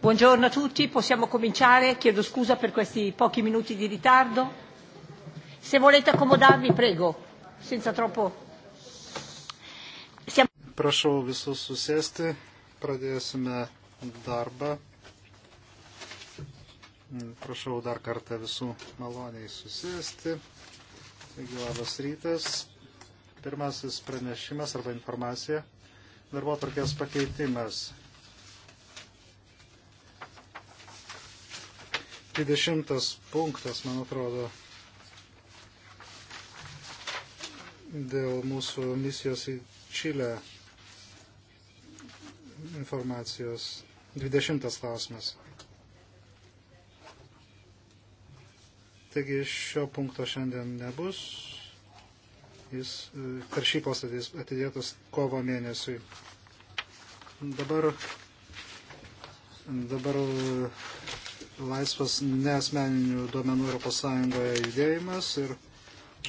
Buongiorno a tutti, possiamo cominciare? Chiedo scusa per questi pochi minuti di ritardo. Se volete accomodarvi, prego, senza troppo. Siamo... Prašau visus susėsti, pradėsime darbą. Prašau dar kartą visų maloniai susėsti. Taigi labas rytas. Pirmasis pranešimas arba informacija. Darbo tvarkės pakeitimas. 20 punktas, man atrodo, dėl mūsų misijos į Čilę informacijos. 20 klausimas. Taigi šio punkto šiandien nebus. Jis e, per šį posėdį atidėtas kovo mėnesiui. Dabar, dabar laisvas nesmeninių duomenų ES judėjimas ir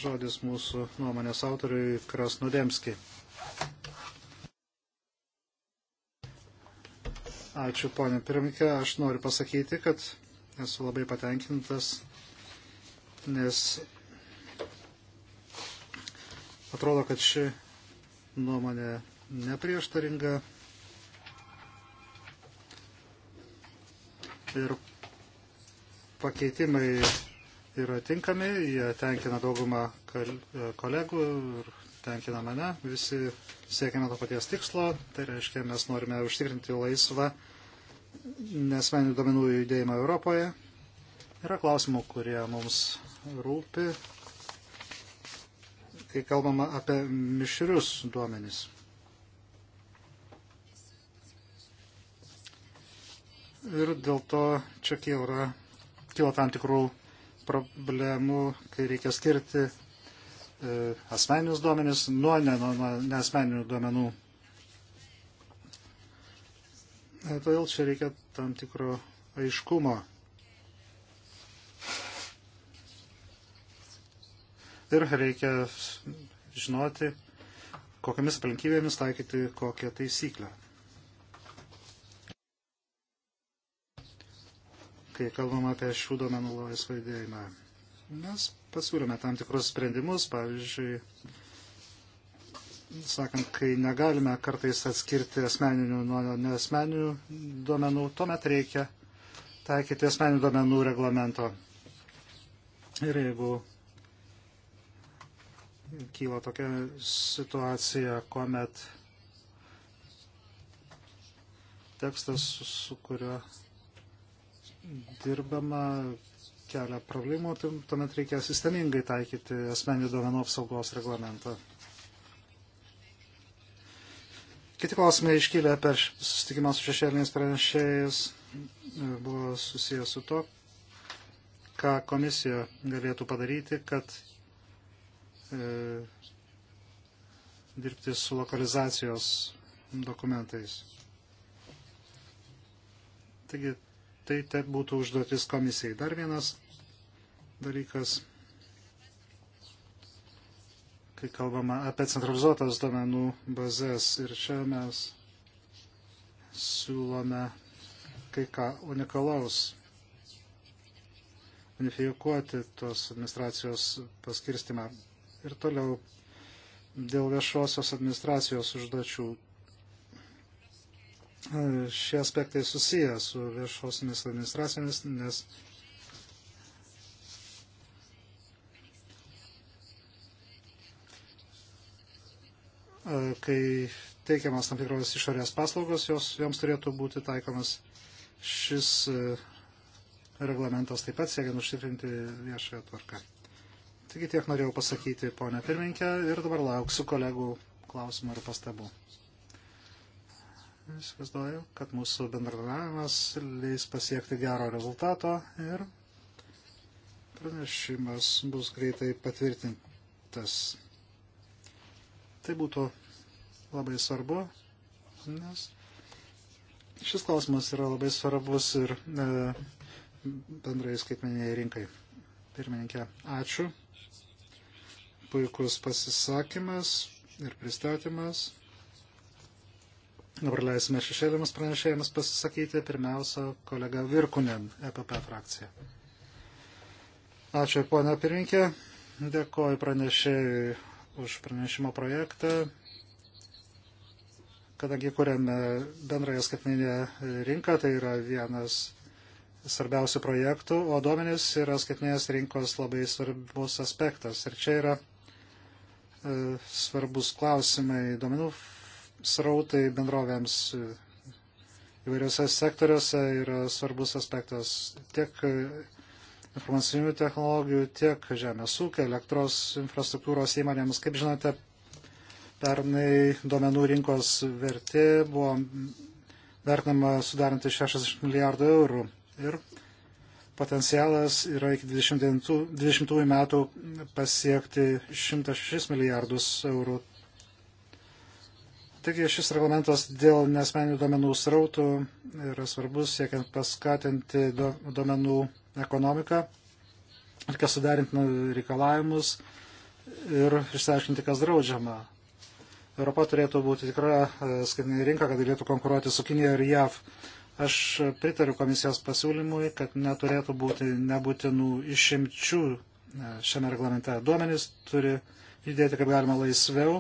žodis mūsų nuomonės autoriui Krasnodemski. Ačiū, ponė pirmininkė. Aš noriu pasakyti, kad esu labai patenkintas, nes atrodo, kad ši nuomonė neprieštaringa ir pakeitimai yra tinkami, jie tenkina daugumą e, kolegų ir tenkina mane. Visi siekime to paties tikslo, tai reiškia, mes norime užtikrinti laisvą nesmenių domenų judėjimą Europoje. Yra klausimų, kurie mums rūpi, kai kalbama apie mišrius duomenys. Ir dėl to čia kyla kilo tam tikrų problemų, kai reikia skirti e, asmeninius duomenis nuo neasmeninių ne, ne duomenų. E, todėl čia reikia tam tikro aiškumo. Ir reikia žinoti, kokiamis aplinkybėmis taikyti kokią taisyklę. kai kalbam apie šių duomenų laisvą judėjimą. Mes pasiūlėme tam tikrus sprendimus, pavyzdžiui, sakant, kai negalime kartais atskirti asmeninių nuo neasmeninių duomenų, tuomet reikia taikyti asmeninių duomenų reglamento. Ir jeigu kyla tokia situacija, kuomet tekstas, su, su kurio dirbama kelia problemų, tuomet reikia sistemingai taikyti asmenių duomenų apsaugos reglamentą. Kiti klausimai iškylę per susitikimą su šešėliniais pranešėjais e, buvo susijęs su to, ką komisija galėtų padaryti, kad e, dirbti su lokalizacijos dokumentais. Taigi Tai te būtų užduotis komisijai. Dar vienas dalykas, kai kalbama apie centralizuotas domenų bazės. Ir čia mes siūlome kai ką unikalaus unifikuoti tos administracijos paskirstimą. Ir toliau dėl viešosios administracijos užduočių šie aspektai susiję su viešosiamis administracijomis, nes e, kai teikiamas tam tikros išorės paslaugos, jos, joms turėtų būti taikomas šis e, reglamentas taip pat siekiant užtikrinti viešąją tvarką. Taigi tiek norėjau pasakyti, ponė pirminkė, ir dabar lauksiu kolegų klausimų ir pastabų įsivaizduoju, kad mūsų bendradarbiavimas leis pasiekti gero rezultato ir pranešimas bus greitai patvirtintas. Tai būtų labai svarbu, nes šis klausimas yra labai svarbus ir e, bendrai skaitmeniniai rinkai. Pirmininkė, ačiū. Puikus pasisakymas ir pristatymas. Dabar leisime šešėliams pranešėjams pasisakyti. Pirmiausia, kolega Virkunen, EPP frakcija. Ačiū, ponia pirminkė. Dėkoju pranešėjui už pranešimo projektą. Kadangi kuriame bendrąją skaitminę rinką, tai yra vienas svarbiausių projektų, o duomenys yra skaitinės rinkos labai svarbus aspektas. Ir čia yra e, svarbus klausimai duomenų srautai bendrovėms įvairiose sektoriuose yra svarbus aspektas tiek informacinių technologijų, tiek žemės ūkio, elektros infrastruktūros įmonėms. Kaip žinote, pernai duomenų rinkos vertė buvo vertinama sudarinti 60 milijardų eurų ir potencialas yra iki 20, 20 metų pasiekti 106 milijardus eurų. Taigi šis reglamentas dėl nesmenių duomenų srautų yra svarbus siekiant paskatinti duomenų ekonomiką. Reikia sudarinti nu, reikalavimus ir išsiaiškinti, kas draudžiama. Europa turėtų būti tikra e, skaitinė rinka, kad galėtų konkuruoti su Kinija ir JAV. Aš pritariu komisijos pasiūlymui, kad neturėtų būti nebūtinų išimčių e, šiame reglamente. Duomenys turi judėti kaip galima laisviau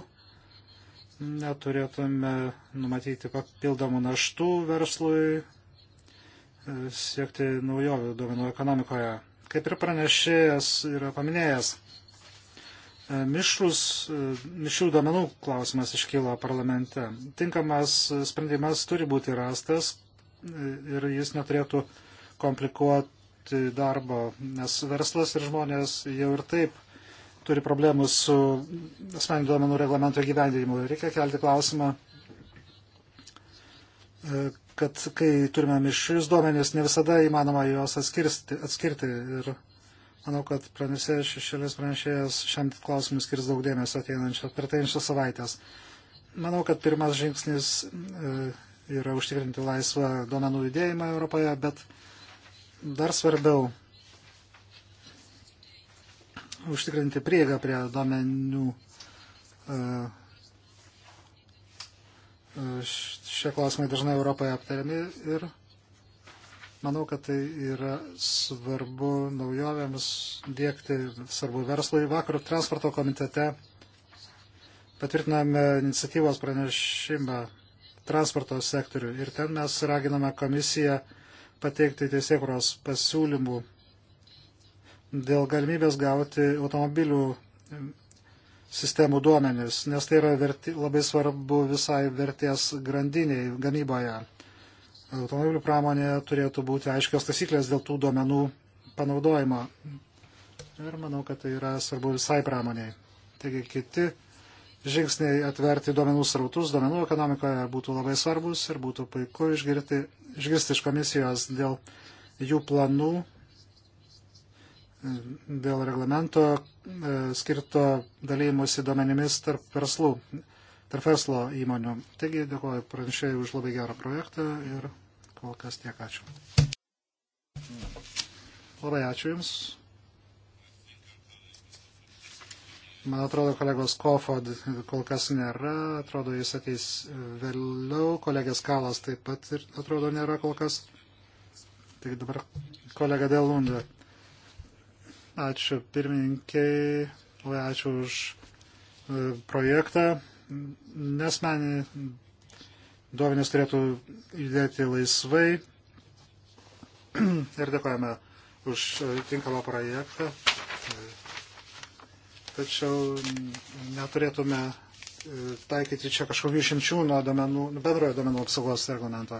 neturėtume numatyti papildomų naštų verslui e, siekti naujovių duomenų ekonomikoje. Kaip ir pranešėjas yra paminėjęs, e, mišrus, e, mišrių duomenų klausimas iškyla parlamente. Tinkamas sprendimas turi būti rastas ir jis neturėtų komplikuoti darbo, nes verslas ir žmonės jau ir taip turi problemų su asmeninių duomenų reglamento gyvendinimu. Reikia kelti klausimą, e, kad kai turime mišrius duomenys, ne visada įmanoma juos atskirsti, atskirti. Ir manau, kad pranešėjas šešėlės pranešėjas šiam klausimui skirs daug dėmesio ateinančią, per ateinančią savaitęs. Manau, kad pirmas žingsnis e, yra užtikrinti laisvą duomenų judėjimą Europoje, bet dar svarbiau užtikrinti prieigą prie duomenių. E, e, šie klausimai dažnai Europoje aptariami ir manau, kad tai yra svarbu naujovėms dėkti, svarbu verslui. Vakar transporto komitete patvirtiname iniciatyvos pranešimą transporto sektorių ir ten mes raginame komisiją pateikti teisėkuros pasiūlymų dėl galimybės gauti automobilių sistemų duomenis, nes tai yra verti, labai svarbu visai vertės grandiniai gamyboje. Automobilių pramonėje turėtų būti aiškios taisyklės dėl tų duomenų panaudojimo. Ir manau, kad tai yra svarbu visai pramoniai. Taigi kiti žingsniai atverti duomenų srautus duomenų ekonomikoje būtų labai svarbus ir būtų puiku išgirti, išgirsti iš komisijos dėl jų planų dėl reglamento e, skirto dalymusi duomenimis tarp verslų, tarp verslo įmonių. Taigi dėkuoju pranešėjai už labai gerą projektą ir kol kas tiek ačiū. Labai ačiū Jums. Man atrodo, kolegos Kofod kol kas nėra, atrodo, jis ateis e, vėliau, kolegės Kalas taip pat ir atrodo nėra kol kas. Taigi dabar kolega Delundė. Ačiū pirmininkiai, labai ačiū už e, projektą. Nesmenį duomenės turėtų judėti laisvai. Ir dėkojame už e, tinkamą projektą. Tačiau neturėtume e, taikyti čia kažkokių išimčių nuo domenų, bendrojo domenų apsaugos reglamento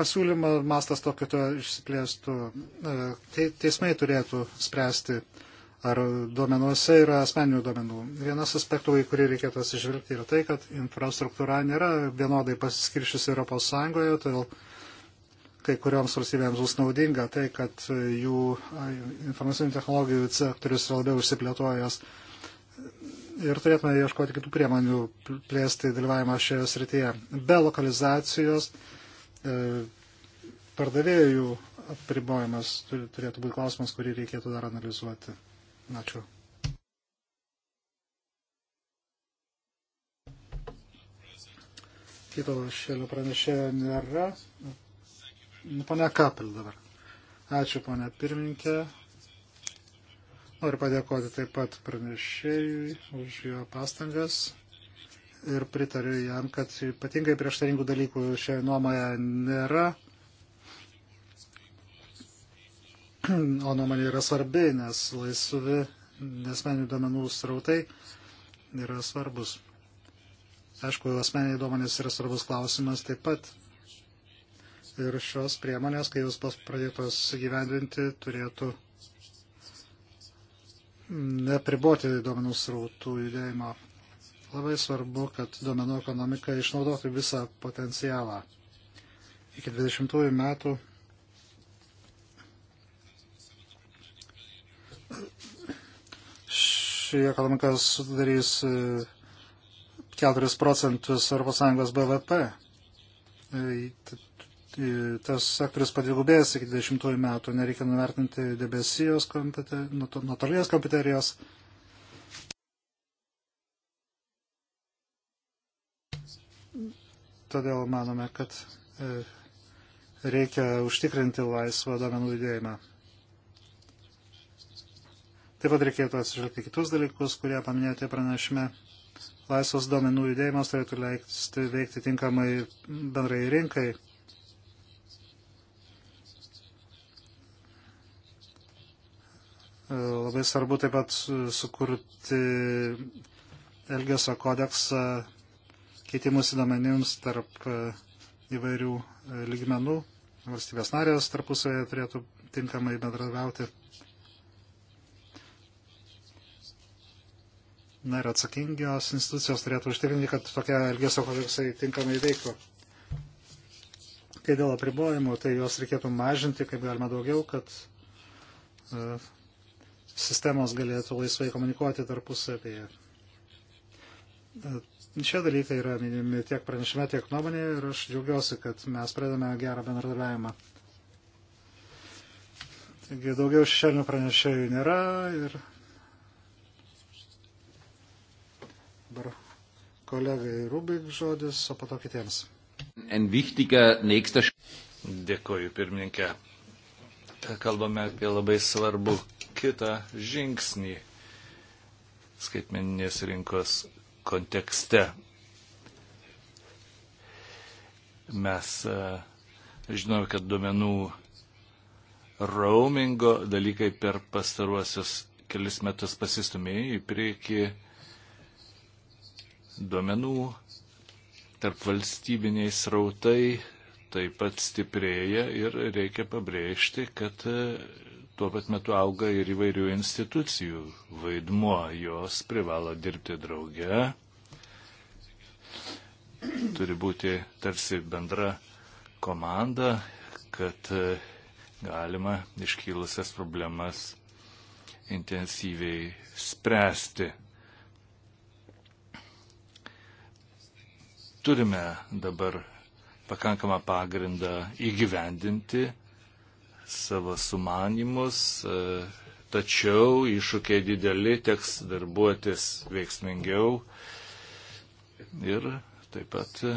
pasiūlymą mastas tokio to išsiplėstų. E, teismai turėtų spręsti, ar duomenuose yra asmeninių duomenų. Vienas aspektų, į kurį reikėtų atsižvelgti, yra tai, kad infrastruktūra nėra vienodai pasiskiršiusi Europos Sąjungoje, todėl kai kurioms valstybėms bus naudinga tai, kad jų informacinių technologijų sektorius labiau išsiplėtojęs. Ir turėtume ieškoti kitų priemonių plėsti dalyvavimą šioje srityje. Be lokalizacijos E, pardavėjų apribojimas turėtų būti klausimas, kurį reikėtų dar analizuoti. Ačiū. Kito šėlio pranešėjo nėra. Nu, pane Kapel dabar. Ačiū, pane pirmininkė. Noriu padėkoti taip pat pranešėjui už jo pastangas ir pritariu jam, kad ypatingai prieštaringų dalykų šioje nuomoje nėra. O nuomonė yra svarbi, nes laisvi nesmenių duomenų srautai yra svarbus. Aišku, asmeniai duomenys yra svarbus klausimas taip pat. Ir šios priemonės, kai jūs bus pradėtos gyvendinti, turėtų nepriboti duomenų srautų judėjimo. Labai svarbu, kad duomenų ekonomika išnaudotų visą potencialą. Iki 20 metų ši ekonomika sudarys 4 e, procentus ES BVP. E, tas sektorius padvigubės iki 20 metų, nereikia nuvertinti debesijos nuotolės kompiuterijos. Nu, todėl manome, kad e, reikia užtikrinti laisvą domenų judėjimą. Taip pat reikėtų atsižvelgti kitus dalykus, kurie paminėti pranešime. Laisvas domenų judėjimas turėtų leisti veikti tinkamai bendrai rinkai. E, labai svarbu taip pat sukurti Elgesio kodeksą keitimus duomenims tarp e, įvairių e, lygmenų. Valstybės narės tarpusavėje turėtų tinkamai bendradarbiauti. Na ir atsakingios institucijos turėtų užtikrinti, kad tokia elgesio kodeksai tinkamai veiktų. Kai dėl apribojimų, tai juos reikėtų mažinti kaip galima daugiau, kad uh, sistemos galėtų laisvai komunikuoti tarpusavėje šie dalykai yra minimi tiek pranešime, tiek nuomonėje ir aš džiaugiuosi, kad mes pradedame gerą bendradarbiavimą. Taigi daugiau šešėlinių pranešėjų nėra ir dabar kolegai Rubik žodis, o po to kitiems. Dėkoju, pirmininkė. Kalbame apie labai svarbų kitą žingsnį skaitmeninės rinkos kontekste. Mes e, žinome, kad duomenų roamingo dalykai per pastaruosius kelis metus pasistumėjo į priekį duomenų tarp valstybiniai srautai taip pat stiprėja ir reikia pabrėžti, kad e, tuo pat metu auga ir įvairių institucijų vaidmuo, jos privalo dirbti drauge, turi būti tarsi bendra komanda, kad e, galima iškylusias problemas intensyviai spręsti. Turime dabar pakankamą pagrindą įgyvendinti savo sumanimus, e, tačiau iššūkiai dideli, teks darbuotis veiksmingiau ir taip pat e,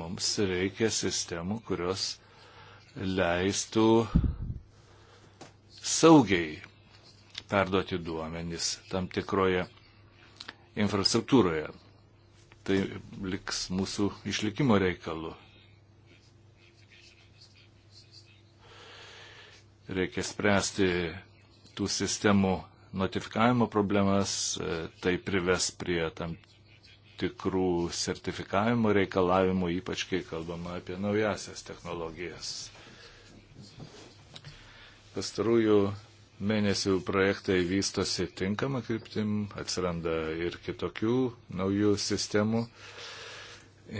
mums reikia sistemų, kurios leistų saugiai perduoti duomenys tam tikroje infrastruktūroje. Tai liks mūsų išlikimo reikalu. Reikia spręsti tų sistemų notifikavimo problemas, e, tai prives prie tam tikrų sertifikavimo reikalavimų, ypač kai kalbama apie naujasias technologijas. Pastarųjų mėnesių projektai vystosi tinkama kryptim, atsiranda ir kitokių naujų sistemų.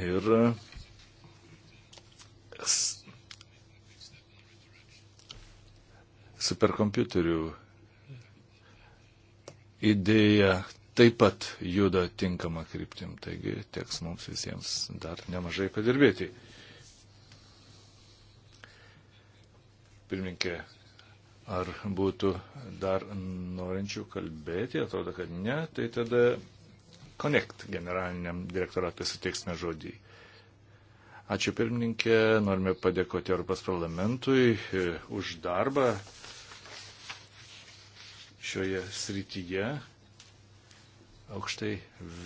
Ir superkompiuterių idėja taip pat juda tinkama kryptim, taigi teks mums visiems dar nemažai padirbėti. Pirminkė, ar būtų dar norinčių kalbėti, atrodo, kad ne, tai tada Connect generaliniam direktoratui suteiksime žodį. Ačiū pirmininkė, norime padėkoti Europos parlamentui e, už darbą šioje srityje. Aukštai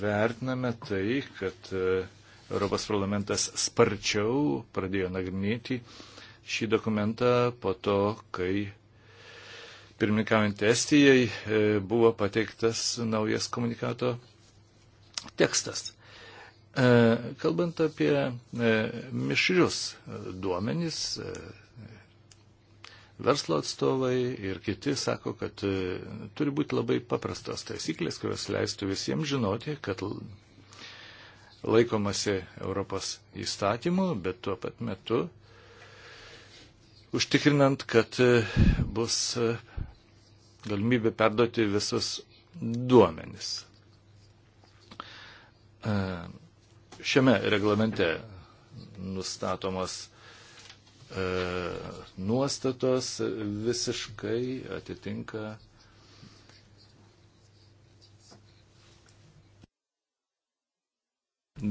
vertiname tai, kad e, Europos parlamentas sparčiau pradėjo nagrinėti šį dokumentą po to, kai pirmininkaujant Estijai e, buvo pateiktas naujas komunikato tekstas. E, kalbant apie mišrius duomenys, verslo atstovai ir kiti sako, kad e, turi būti labai paprastos taisyklės, kurios leistų visiems žinoti, kad laikomasi Europos įstatymų, bet tuo pat metu užtikrinant, kad e, bus e, galimybė perduoti visus duomenis. Šiame reglamente nustatomos E, nuostatos visiškai atitinka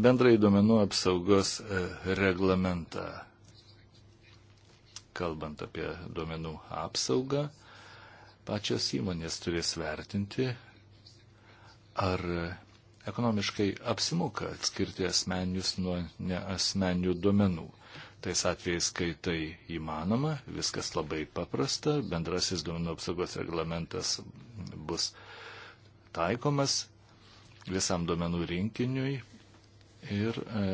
bendrai duomenų apsaugos e, reglamentą. Kalbant apie duomenų apsaugą, pačios įmonės turės vertinti, ar ekonomiškai apsimoka atskirti asmeninius nuo neasmeninių duomenų tais atvejais, kai tai įmanoma, viskas labai paprasta, bendrasis duomenų apsaugos reglamentas bus taikomas visam duomenų rinkiniui ir e,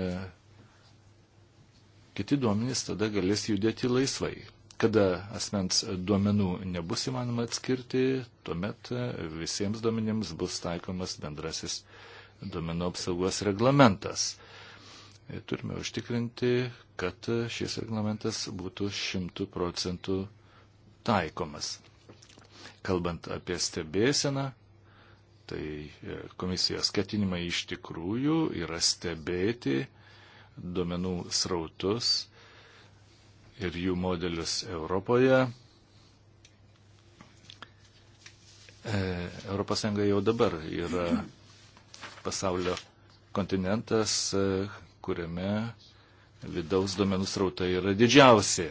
kiti duomenys tada galės judėti laisvai. Kada asmens duomenų nebus įmanoma atskirti, tuomet e, visiems duomenims bus taikomas bendrasis duomenų apsaugos reglamentas turime užtikrinti, kad šis reglamentas būtų šimtų procentų taikomas. Kalbant apie stebėseną, tai e, komisijos ketinimai iš tikrųjų yra stebėti duomenų srautus ir jų modelius Europoje. ES jau dabar yra pasaulio kontinentas, e, kuriame vidaus duomenų srautai yra didžiausi.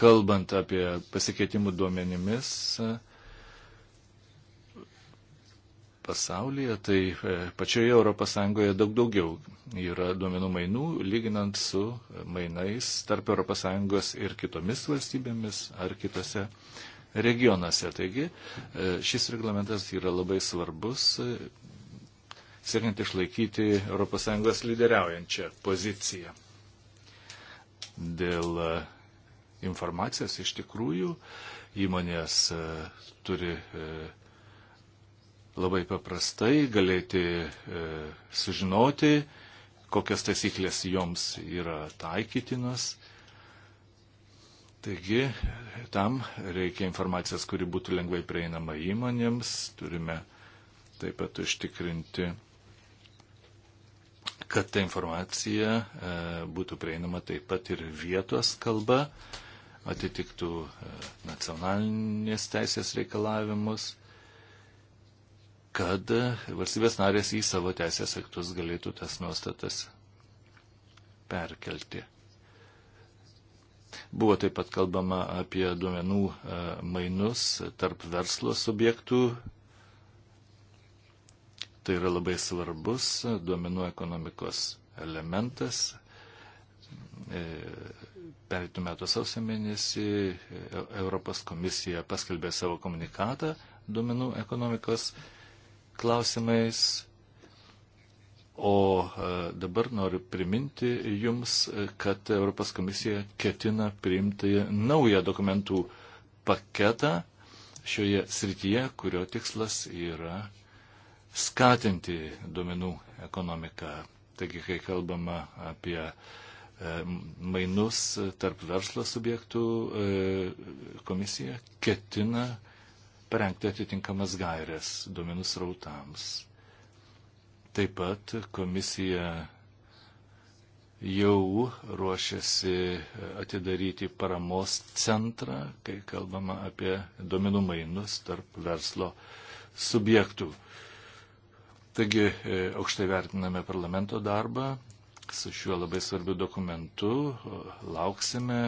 Kalbant apie pasikeitimų duomenimis e, pasaulyje, tai e, pačioje ES daug daugiau yra duomenų mainų, lyginant su mainais tarp ES ir kitomis valstybėmis ar kitose regionuose. Taigi e, šis reglamentas yra labai svarbus siekiant išlaikyti ES lyderiaujančią poziciją. Dėl e, informacijos iš tikrųjų įmonės e, turi e, labai paprastai galėti sužinoti, kokias taisyklės joms yra taikytinas. Taigi tam reikia informacijos, kuri būtų lengvai prieinama įmonėms. Turime taip pat užtikrinti kad ta informacija e, būtų prieinama taip pat ir vietos kalba, atitiktų e, nacionalinės teisės reikalavimus, kad valstybės narės į savo teisės aktus galėtų tas nuostatas perkelti. Buvo taip pat kalbama apie duomenų e, mainus tarp verslo subjektų Tai yra labai svarbus duomenų ekonomikos elementas. E, Pereitų metų sausio mėnesį e, Europos komisija paskelbė savo komunikatą duomenų ekonomikos klausimais. O e, dabar noriu priminti Jums, kad Europos komisija ketina priimti naują dokumentų paketą šioje srityje, kurio tikslas yra skatinti duomenų ekonomiką. Taigi, kai kalbama apie e, mainus tarp verslo subjektų, e, komisija ketina parengti atitinkamas gairias duomenų srautams. Taip pat komisija jau ruošiasi atidaryti paramos centrą, kai kalbama apie duomenų mainus tarp verslo subjektų. Taigi e, aukštai vertiname parlamento darbą su šiuo labai svarbiu dokumentu. Lauksime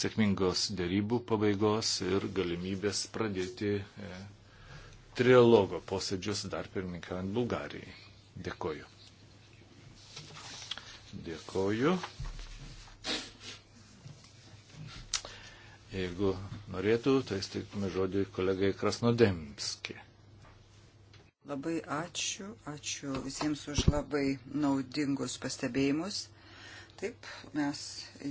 sėkmingos dėrybų pabaigos ir galimybės pradėti e, trilogo posėdžius dar pirmininkant Bulgarijai. Dėkoju. Dėkoju. Jeigu norėtų, tai steiktume žodį kolegai Krasnodemski. Labai ačiū, ačiū visiems už labai naudingus pastebėjimus. Taip, mes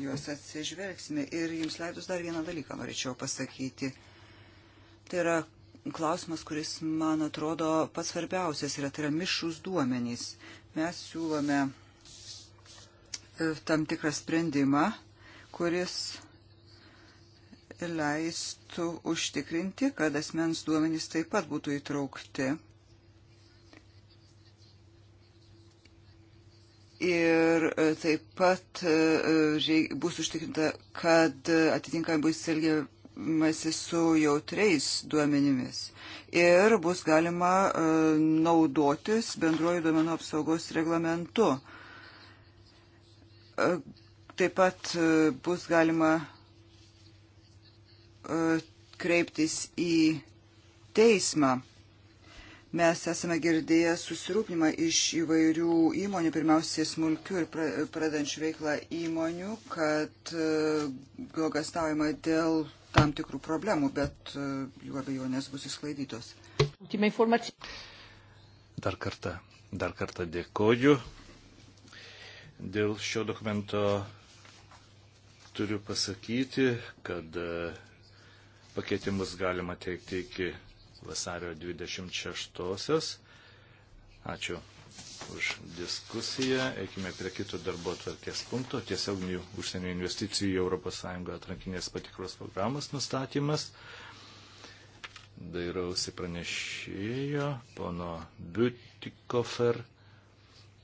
juos atsižvelgsime. Ir jums leidus dar vieną dalyką norėčiau pasakyti. Tai yra klausimas, kuris, man atrodo, pats svarbiausias yra, tai yra mišus duomenys. Mes siūlome e, tam tikrą sprendimą, kuris leistų užtikrinti, kad asmens duomenys taip pat būtų įtraukti ir e, taip pat e, e, bus užtikrinta, kad atitinkamai bus elgiamasi su jautriais duomenimis ir bus galima naudotis bendruoju duomenų apsaugos reglamentu. Taip pat bus galima kreiptis į teismą Mes esame girdėję susirūpinimą iš įvairių įmonių, pirmiausiai smulkių ir pradedančių veiklą įmonių, kad e, nuogastaujama dėl tam tikrų problemų, bet e, jų abejonės bus išsklaidytos. Dar kartą, dar kartą dėkoju. Dėl šio dokumento turiu pasakyti, kad e, pakeitimus galima teikti iki vasario 26-osios. Ačiū už diskusiją. Eikime prie kito darbo tvarkės punkto. Tiesioginių užsienio investicijų į ES atrankinės patikros programos nustatymas. Dairausi pranešėjo, pono Butikofer.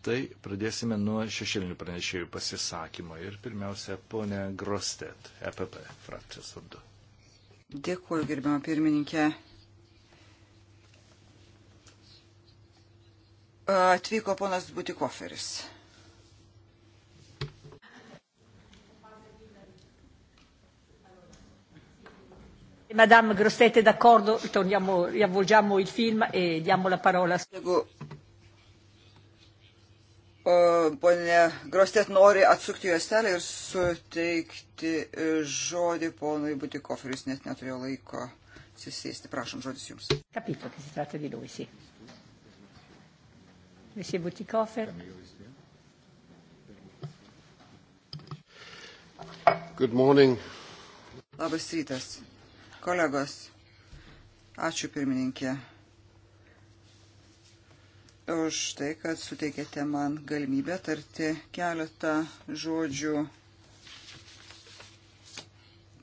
Tai pradėsime nuo šešėlinių pranešėjų pasisakymo. Ir pirmiausia, ponė Grostet, EPP frakcijos vardu. Dėkuoju, gerbiamą pirmininkę. atvyko ponas Butikoferis. Madame Grosset è d'accordo, torniamo, riavvolgiamo il film e diamo la parola. Jeigu e, ponė Grostet nori atsukti juostelę ir suteikti e, žodį ponui Butikoferius, nes neturėjo laiko susėsti. Prašom, žodis jums. Capito, che si tratta di lui, sì. Si. Monsieur Butikofer. Good morning. Labas rytas, kolegos. Ačiū pirmininkė už tai, kad suteikėte man galimybę tarti keletą žodžių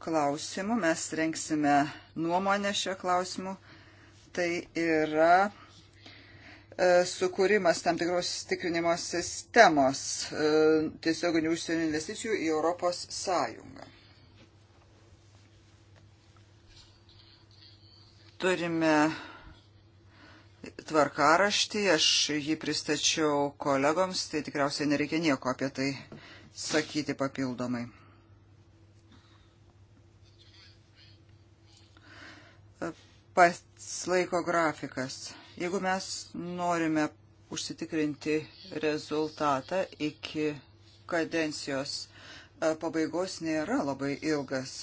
klausimų. Mes renksime nuomonę šio klausimu. Tai yra E, sukūrimas tam tikros tikrinimo sistemos e, tiesioginių užsienio investicijų į Europos Sąjungą. Turime tvarkaraštį, aš jį pristačiau kolegoms, tai tikriausiai nereikia nieko apie tai sakyti papildomai. Pats laiko grafikas. Jeigu mes norime užsitikrinti rezultatą iki kadencijos e, pabaigos nėra labai ilgas.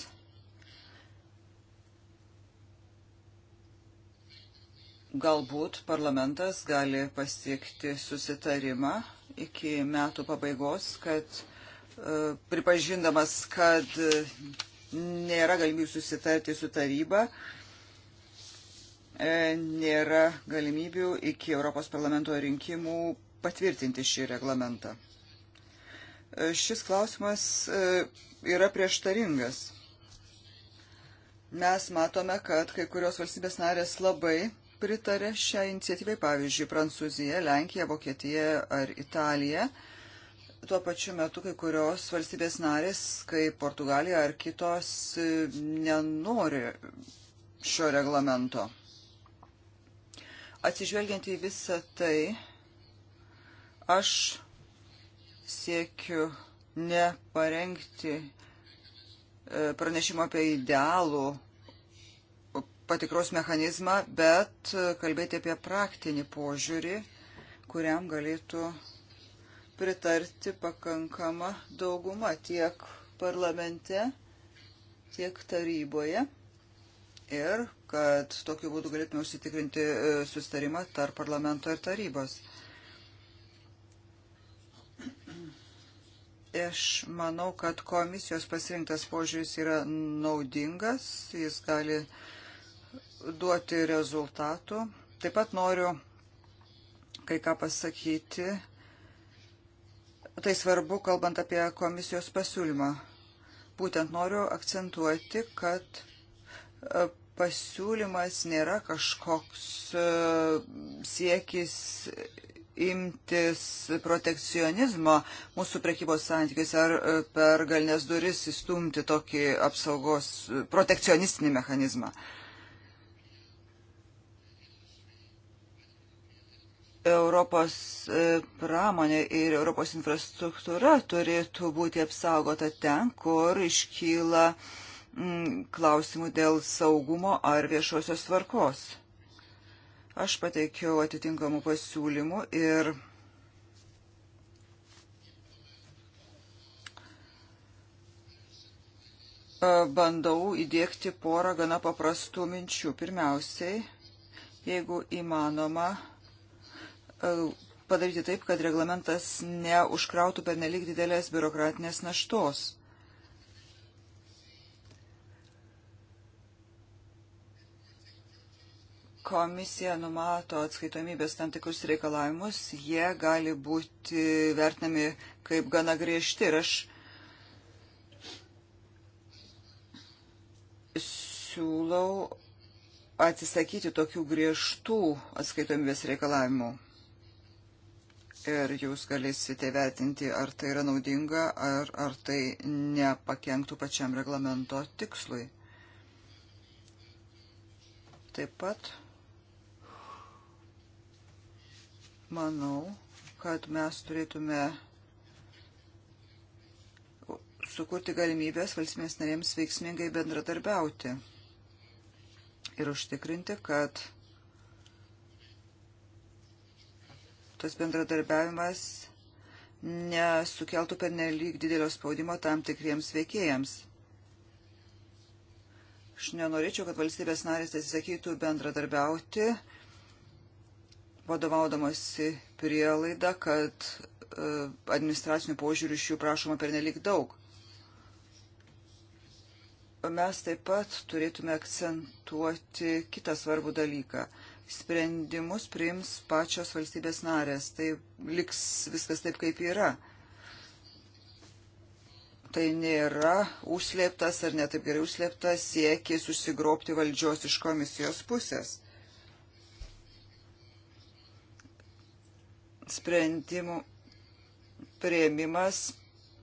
Galbūt parlamentas gali pasiekti susitarimą iki metų pabaigos, kad e, pripažindamas, kad e, nėra galimybių susitarti su taryba, E, nėra galimybių iki Europos parlamento rinkimų patvirtinti šį reglamentą. E, šis klausimas e, yra prieštaringas. Mes matome, kad kai kurios valstybės narės labai pritarė šią iniciatyvai, pavyzdžiui, Prancūzija, Lenkija, Vokietija ar Italija. Tuo pačiu metu kai kurios valstybės narės, kaip Portugalija ar kitos, nenori šio reglamento. Atsižvelgiant į visą tai, aš siekiu neparengti e, pranešimo apie idealų patikros mechanizmą, bet e, kalbėti apie praktinį požiūrį, kuriam galėtų pritarti pakankama dauguma tiek parlamente, tiek taryboje ir kad tokiu būdu galėtume užsitikrinti e, sustarimą tarp parlamento ir tarybos. Aš manau, kad komisijos pasirinktas požiūris yra naudingas, jis gali duoti rezultatų. Taip pat noriu kai ką pasakyti. Tai svarbu, kalbant apie komisijos pasiūlymą. Būtent noriu akcentuoti, kad e, pasiūlymas nėra kažkoks e, siekis imtis protekcionizmo mūsų prekybos santykius ar e, per galines duris įstumti tokį apsaugos e, protekcionistinį mechanizmą. Europos pramonė ir Europos infrastruktūra turėtų būti apsaugota ten, kur iškyla uh, Mm, klausimų dėl saugumo ar viešosios tvarkos. Aš pateikiau atitinkamų pasiūlymų ir e, bandau įdėkti porą gana paprastų minčių. Pirmiausiai, jeigu įmanoma, e, padaryti taip, kad reglamentas neužkrautų per nelik didelės biurokratinės naštos. komisija numato atskaitomybės tam tikrus reikalavimus, jie gali būti vertinami kaip gana griežti. Ir aš siūlau atsisakyti tokių griežtų atskaitomybės reikalavimų. Ir jūs galėsite vertinti, ar tai yra naudinga, ar, ar tai nepakenktų pačiam reglamento tikslui. Taip pat manau, kad mes turėtume sukurti galimybės valstybės narėms veiksmingai bendradarbiauti ir užtikrinti, kad tas bendradarbiavimas nesukeltų per nelyg didelio spaudimo tam tikriems veikėjams. Aš nenorėčiau, kad valstybės narės atsisakytų bendradarbiauti vadovaudamosi prielaida, kad e, administracinių požiūrių iš jų prašoma pernelik daug. Mes taip pat turėtume akcentuoti kitą svarbų dalyką. Sprendimus priims pačios valstybės narės. Tai liks viskas taip, kaip yra. Tai nėra užslėptas ar netaip gerai užslėptas siekis susigrobti valdžios iš komisijos pusės sprendimų prieimimas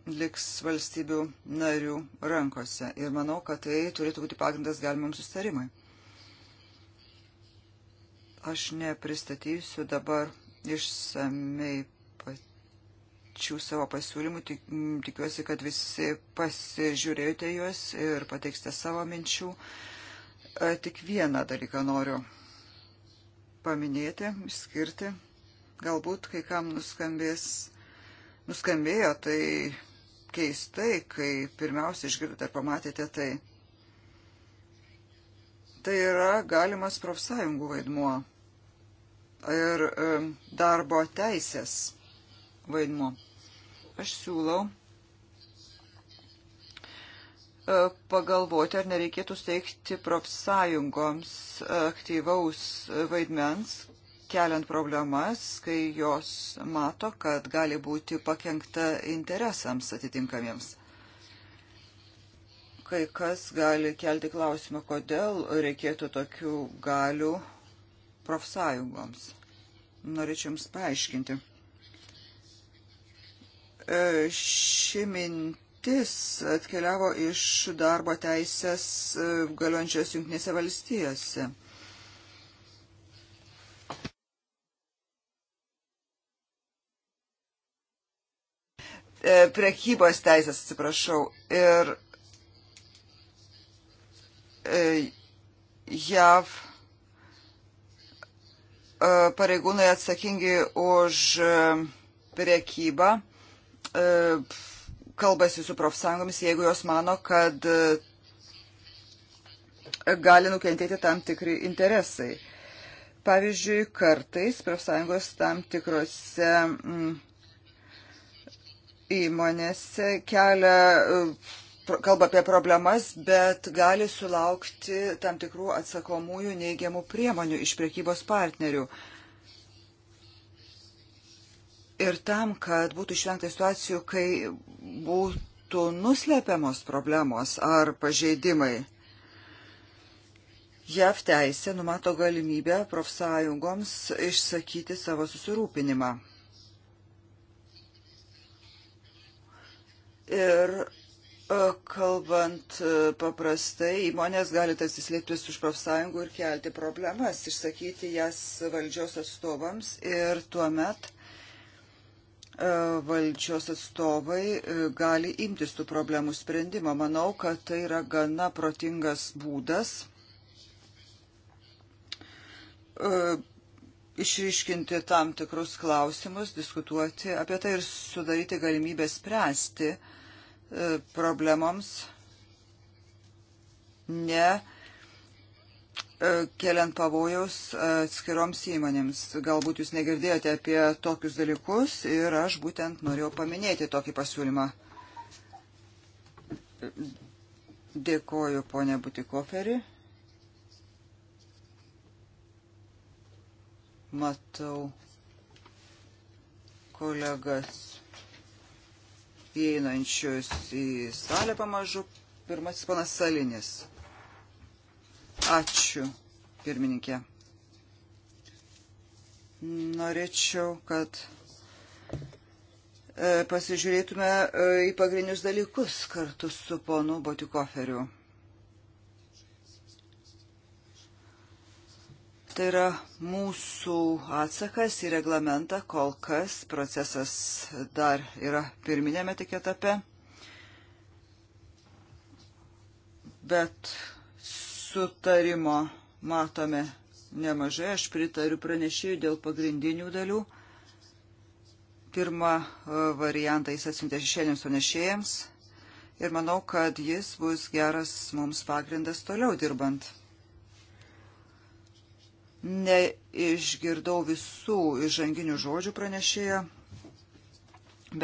liks valstybių narių rankose. Ir manau, kad tai turėtų būti pagrindas galimam sustarimui. Aš nepristatysiu dabar išsamei pačių savo pasiūlymų. Tik, tikiuosi, kad visi pasižiūrėjote juos ir pateiksite savo minčių. E, tik vieną dalyką noriu paminėti, išskirti. Galbūt kai kam nuskambės, nuskambėjo tai keistai, kai pirmiausia išgirdote ar pamatėte tai. Tai yra galimas profsąjungų vaidmuo ir darbo teisės vaidmuo. Aš siūlau e, pagalvoti, ar nereikėtų steigti profsąjungoms e, aktyvaus vaidmens, keliant problemas, kai jos mato, kad gali būti pakengta interesams atitinkamiems. Kai kas gali kelti klausimą, kodėl reikėtų tokių galių profsąjungoms. Norėčiau Jums paaiškinti. E, ši mintis atkeliavo iš darbo teisės e, galiojančios Junktinėse valstijose E, prekybos teisės, atsiprašau, ir e, JAV e, pareigūnai atsakingi už prekybą kalbasi su profsąjungomis, jeigu jos mano, kad gali nukentėti tam tikri interesai. Pavyzdžiui, kartais profsąjungos tam tikrose. Mm, įmonėse kelia, e, kalba apie problemas, bet gali sulaukti tam tikrų atsakomųjų neigiamų priemonių iš priekybos partnerių. Ir tam, kad būtų išvengta situacijų, kai būtų nuslepiamos problemos ar pažeidimai. JAV teisė numato galimybę profsąjungoms išsakyti savo susirūpinimą. Ir e, kalbant e, paprastai, įmonės gali tarsi slėptis už profsąjungų ir kelti problemas, išsakyti jas valdžios atstovams ir tuomet e, valdžios atstovai gali imtis tų problemų sprendimo. Manau, kad tai yra gana protingas būdas išryškinti tam tikrus klausimus, diskutuoti apie tai ir sudaryti galimybę spręsti uh, E, problemoms, ne e, keliant pavojaus e, atskiroms įmonėms. Galbūt jūs negirdėjote apie tokius dalykus ir aš būtent norėjau paminėti tokį pasiūlymą. Dėkoju, ponė Butikoferi. Matau kolegas įeinančius į salę pamažu. Pirmasis ponas Salinis. Ačiū, pirmininkė. Norėčiau, kad e, pasižiūrėtume e, į pagrindinius dalykus kartu su ponu Botikoferiu. Tai yra mūsų atsakas į reglamentą, kol kas procesas dar yra pirminėme tik etape, bet sutarimo matome nemažai, aš pritariu pranešėjų dėl pagrindinių dalių. Pirmą e, variantą jis atsintė šešėlėms pranešėjams ir manau, kad jis bus geras mums pagrindas toliau dirbant. Neišgirdau visų išžanginių žodžių pranešėjo,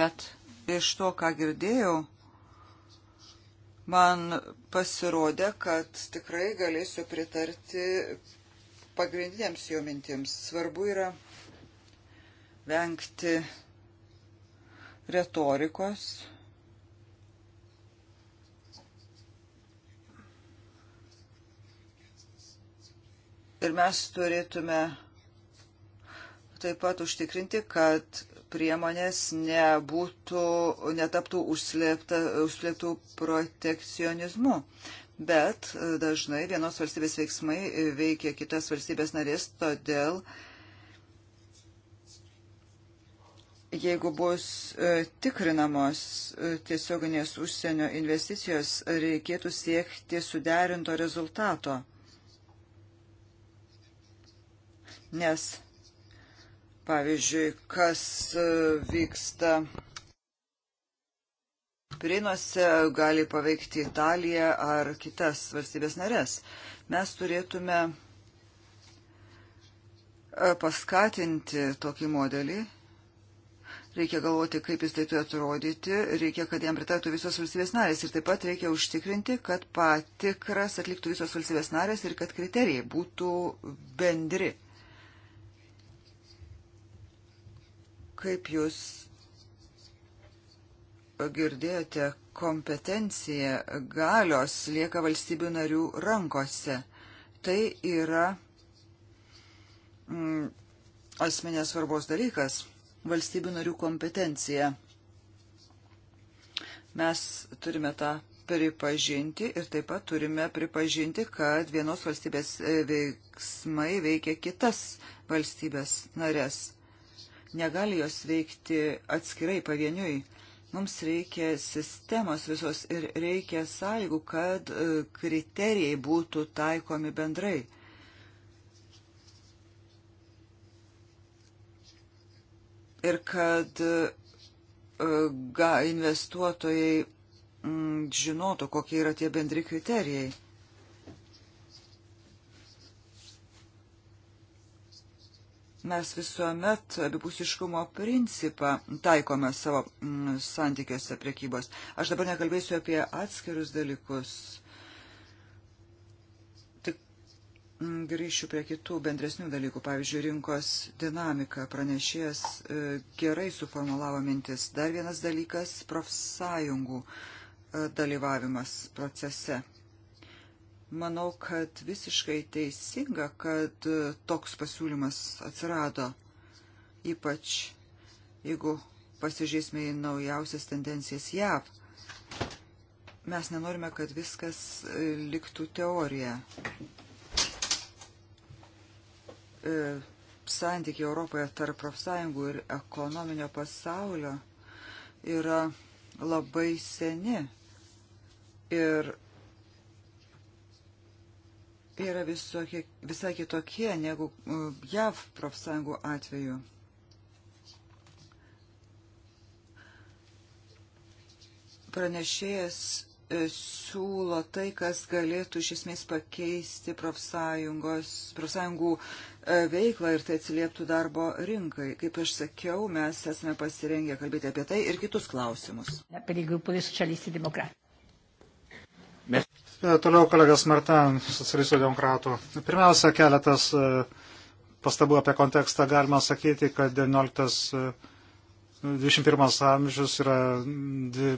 bet iš to, ką girdėjau, man pasirodė, kad tikrai galėsiu pritarti pagrindiniams jo mintims. Svarbu yra vengti retorikos Ir mes turėtume taip pat užtikrinti, kad priemonės nebūtų, netaptų užslėpta, užslėptų protekcionizmu. Bet e, dažnai vienos valstybės veiksmai veikia kitas valstybės narės, todėl jeigu bus e, tikrinamos e, tiesioginės užsienio investicijos, reikėtų siekti suderinto rezultato. nes, pavyzdžiui, kas e, vyksta Pirinuose gali paveikti Italiją ar kitas valstybės narės. Mes turėtume e, paskatinti tokį modelį. Reikia galvoti, kaip jis tai turi atrodyti, reikia, kad jam pritartų visos valstybės narės ir taip pat reikia užtikrinti, kad patikras atliktų visos valstybės narės ir kad kriterijai būtų bendri. Kaip jūs girdėjote, kompetencija galios lieka valstybių narių rankose. Tai yra mm, asmenės svarbos dalykas - valstybių narių kompetencija. Mes turime tą pripažinti ir taip pat turime pripažinti, kad vienos valstybės e, veiksmai veikia kitas valstybės narės negali jos veikti atskirai pavieniui. Mums reikia sistemos visos ir reikia sąlygų, kad e, kriterijai būtų taikomi bendrai. Ir kad e, investuotojai mm, žinotų, kokie yra tie bendri kriterijai. Mes visuomet abipusiškumo principą taikome savo mm, santykiuose priekybos. Aš dabar nekalbėsiu apie atskirus dalykus. Tik mm, grįšiu prie kitų bendresnių dalykų. Pavyzdžiui, rinkos dinamika pranešėjas e, gerai suformulavo mintis. Dar vienas dalykas - profsąjungų e, dalyvavimas procese. Manau, kad visiškai teisinga, kad e, toks pasiūlymas atsirado, ypač jeigu pasižiūrėsime į naujausias tendencijas JAV. Mes nenorime, kad viskas e, liktų teorija. E, santykiai Europoje tarp profsąjungų ir ekonominio pasaulio yra labai seni. Ir Tai yra visokie, visai kitokie negu e, JAV profsąjungų atveju. Pranešėjas e, siūlo tai, kas galėtų iš esmės pakeisti profsąjungų e, veiklą ir tai atsilieptų darbo rinkai. Kaip aš sakiau, mes esame pasirengę kalbėti apie tai ir kitus klausimus. E, toliau kolegas Martin, socialistų demokratų. Pirmiausia, keletas e, pastabų apie kontekstą. Galima sakyti, kad 19, 21 e, amžius yra dvi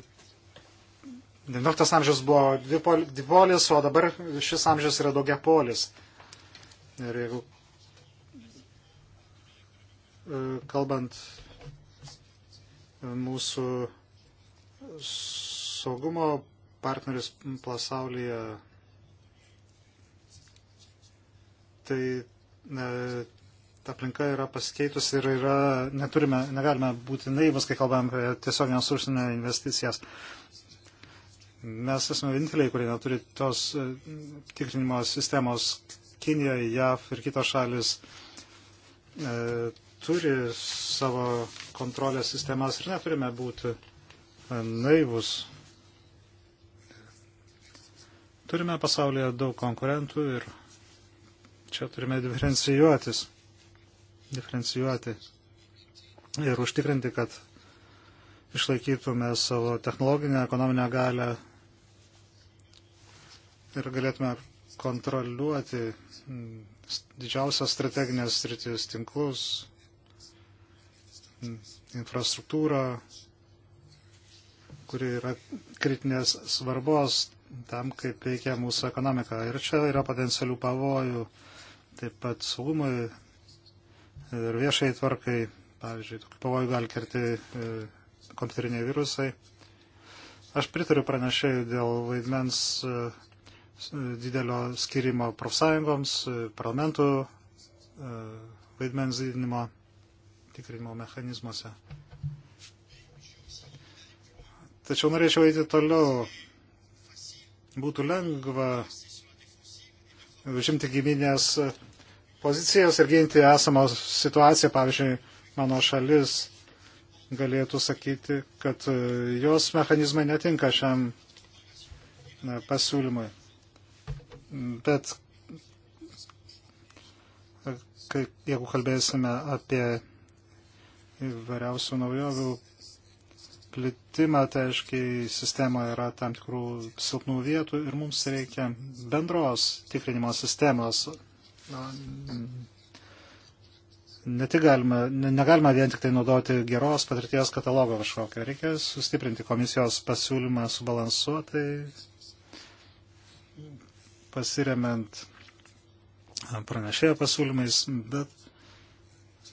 19 amžius buvo dvipolis, o dabar šis amžius yra daugiapolis. Ir jeigu kalbant mūsų saugumo partnerius pasaulyje, tai e, ta aplinka yra pasikeitus ir yra, neturime, negalime būti naivus, kai kalbame apie tiesioginės užsienio investicijas. Mes esame vieninteliai, kurie neturi tos e, tikrinimo sistemos. Kinija, JAV ir kitos šalis e, turi savo kontrolės sistemas ir neturime būti e, naivus Turime pasaulyje daug konkurentų ir čia turime diferencijuotis, diferencijuoti ir užtikrinti, kad išlaikytume savo technologinę, ekonominę galę ir galėtume kontroliuoti didžiausias strateginės sritis tinklus, infrastruktūrą, kuri yra kritinės svarbos tam, kaip veikia mūsų ekonomika. Ir čia yra potencialių pavojų taip pat saugumui ir viešai tvarkai. Pavyzdžiui, tokių pavojų gali kerti e, kompiuteriniai virusai. Aš pritariu pranešėjų dėl vaidmens e, e, didelio skirimo profsąjungoms, parlamentų vaidmens didinimo tikrinimo mechanizmuose. Tačiau norėčiau eiti toliau būtų lengva žimti giminės pozicijas ir ginti esamą situaciją. Pavyzdžiui, mano šalis galėtų sakyti, kad jos mechanizmai netinka šiam pasiūlymui. Bet kai, jeigu kalbėsime apie įvairiausių naujovių plitimą, tai aiškiai sistemoje yra tam tikrų silpnų vietų ir mums reikia bendros tikrinimo sistemos. Ne tik galima, ne, negalima vien tik tai naudoti geros patirties katalogo kažkokio. Reikia sustiprinti komisijos pasiūlymą subalansuotai, pasiremiant pranešėjo pasiūlymais, bet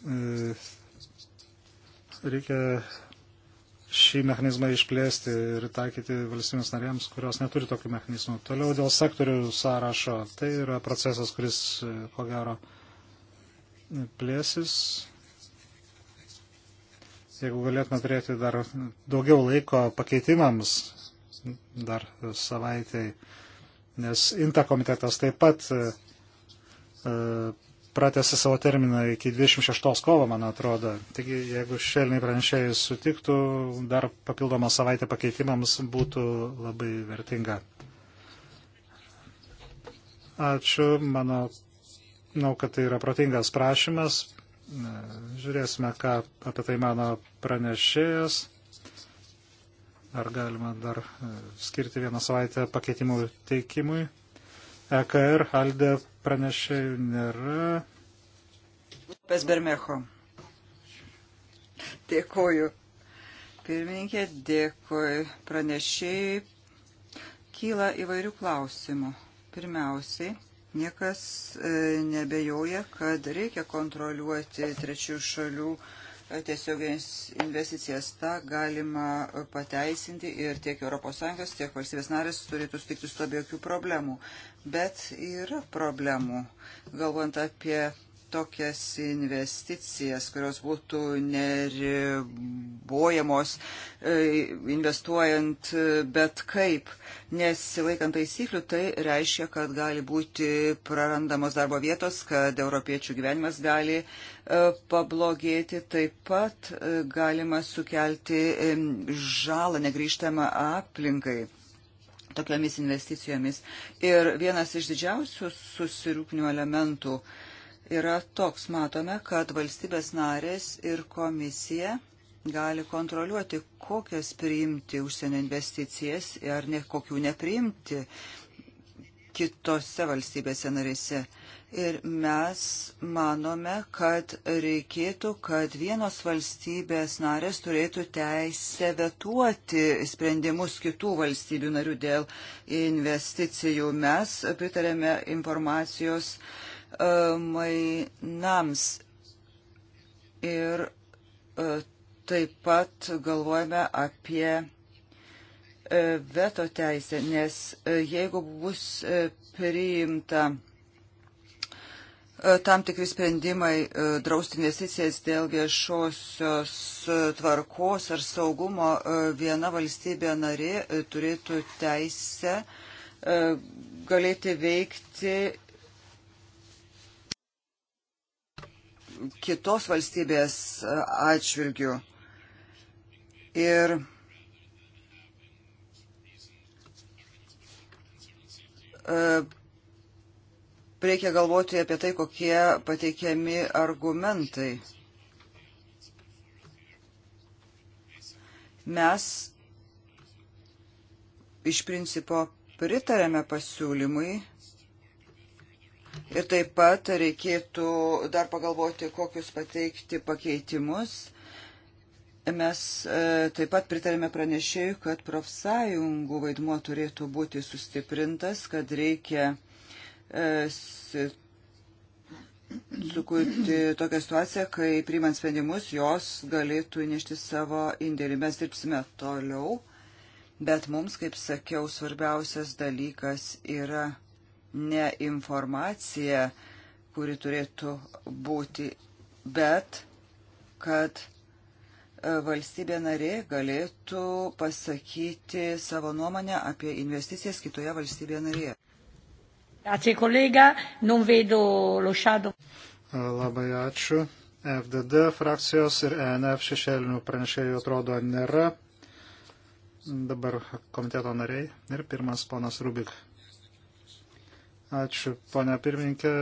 e, reikia šį mechanizmą išplėsti ir taikyti valstybėms narėms, kurios neturi tokių mechanizmų. Toliau dėl sektorių sąrašo. Tai yra procesas, kuris, e, ko gero, plėsis. Jeigu galėtume turėti dar daugiau laiko pakeitimams, dar savaitėj, nes INTA komitetas taip pat e, e, pratęsė savo terminą iki 26 kovo, man atrodo. Taigi, jeigu šelniai pranešėjai sutiktų, dar papildoma savaitė pakeitimams būtų labai vertinga. Ačiū, mano, manau, kad tai yra protingas prašymas. Žiūrėsime, ką apie tai mano pranešėjas. Ar galima dar e, skirti vieną savaitę pakeitimų teikimui. EKR, Alde pranešėjų nėra. Lopes Bermecho. Dėkoju. Pirmininkė, dėkui. Pranešėjai kyla įvairių klausimų. Pirmiausiai, niekas e, nebejoja, kad reikia kontroliuoti trečių šalių e, tiesioginės investicijas. Ta galima pateisinti ir tiek ES, tiek valstybės narės turėtų stikti su to be jokių problemų. Bet yra problemų, galvojant apie tokias investicijas, kurios būtų neribojamos e, investuojant e, bet kaip, nesilaikant taisyklių, tai reiškia, kad gali būti prarandamos darbo vietos, kad europiečių gyvenimas gali e, pablogėti, taip pat galima sukelti žalą negryžtamą aplinkai tokiamis investicijomis. Ir vienas iš didžiausių susirūpnių elementų yra toks. Matome, kad valstybės narės ir komisija gali kontroliuoti, kokias priimti užsienio investicijas ar ne, kokių nepriimti kitose valstybėse narėse. Ir mes manome, kad reikėtų, kad vienos valstybės narės turėtų teisę vetuoti sprendimus kitų valstybių narių dėl investicijų. Mes pritarėme informacijos e, mainams ir e, taip pat galvojame apie e, veto teisę, nes jeigu bus priimta E, tam tikri sprendimai e, drausti investicijas dėl viešosios e, tvarkos ar saugumo viena valstybė narė turėtų teisę galėti veikti kitos valstybės atžvilgių. Ir reikia galvoti apie tai, kokie pateikiami argumentai. Mes iš principo pritarėme pasiūlymui ir taip pat reikėtų dar pagalvoti, kokius pateikti pakeitimus. Mes e, taip pat pritarėme pranešėjui, kad profsąjungų vaidmuo turėtų būti sustiprintas, kad reikia E, sukurti tokią situaciją, kai priimant sprendimus jos galėtų įnešti savo indėlį. Mes dirbsime toliau, bet mums, kaip sakiau, svarbiausias dalykas yra ne informacija, kuri turėtų būti, bet kad e, valstybė narė galėtų pasakyti savo nuomonę apie investicijas kitoje valstybėje narėje. Ačiū kolega, non vedo lo shadow. Labai ačiū. FDD frakcijos ir ENF šešėlinių pranešėjų atrodo nėra. Dabar komiteto nariai ir pirmas ponas Rubik. Ačiū, ponia pirmininkė.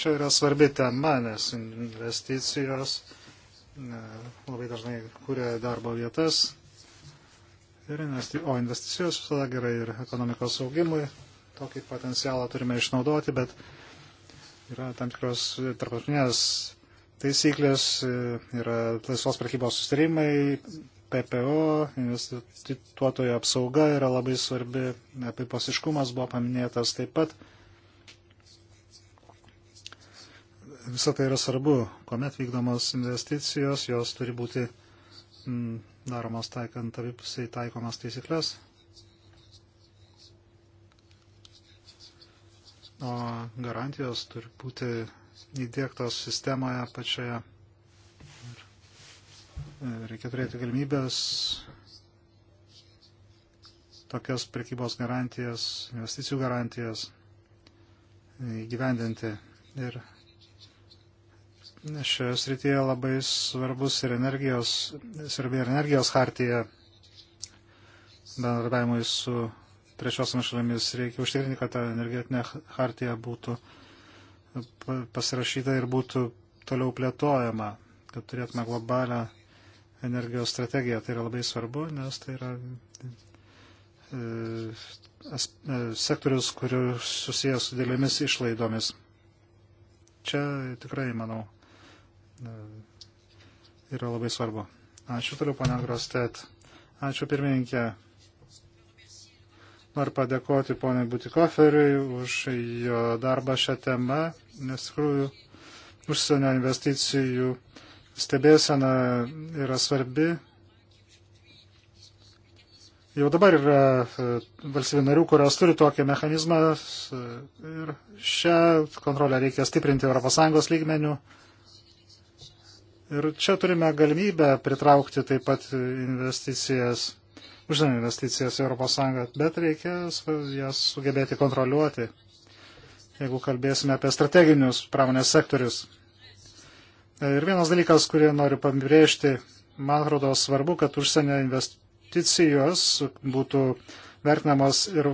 Čia yra svarbi tema, nes investicijos e, labai dažnai kūrė darbo vietas. Ir investi o investicijos visada gerai ir ekonomikos augimui, tokį potencialą turime išnaudoti, bet yra tam tikros tarptautinės taisyklės, yra laisvos prekybos sustarimai, PPO, investuotojo apsauga yra labai svarbi, apipasiškumas buvo paminėtas taip pat. Visą tai yra svarbu, kuomet vykdomos investicijos, jos turi būti mm, daromos taikant abipusiai taikomas taisyklės. o garantijos turi būti įdėktos sistemoje pačioje. Ir e, reikia turėti galimybės tokias prekybos garantijas, investicijų garantijas įgyvendinti. Ir šioje srityje labai svarbus ir energijos, svarbi ir energijos hartija bendradarbiavimui su trečiosiomis šalimis. Reikia užtikrinti, kad ta energetinė hartija būtų pasirašyta ir būtų toliau plėtojama, kad turėtume globalią energijos strategiją. Tai yra labai svarbu, nes tai yra e, e, sektorius, kuris susijęs su dėlėmis išlaidomis. Čia tikrai, manau, e, yra labai svarbu. Ačiū toliau, pana Grostet. Ačiū pirmininkė. Noriu padėkoti ponui Butikoferiui už jo darbą šią temą, nes tikrųjų užsienio investicijų stebėsena yra svarbi. Jau dabar yra e, valstybių narių, kurios turi tokį mechanizmą e, ir šią kontrolę reikia stiprinti ES lygmenių. Ir čia turime galimybę pritraukti taip pat investicijas užsienio investicijas į ES, bet reikia jas sugebėti kontroliuoti, jeigu kalbėsime apie strateginius pramonės sektorius. E, ir vienas dalykas, kurį noriu pabrėžti, man atrodo svarbu, kad užsienio investicijos būtų vertinamos ir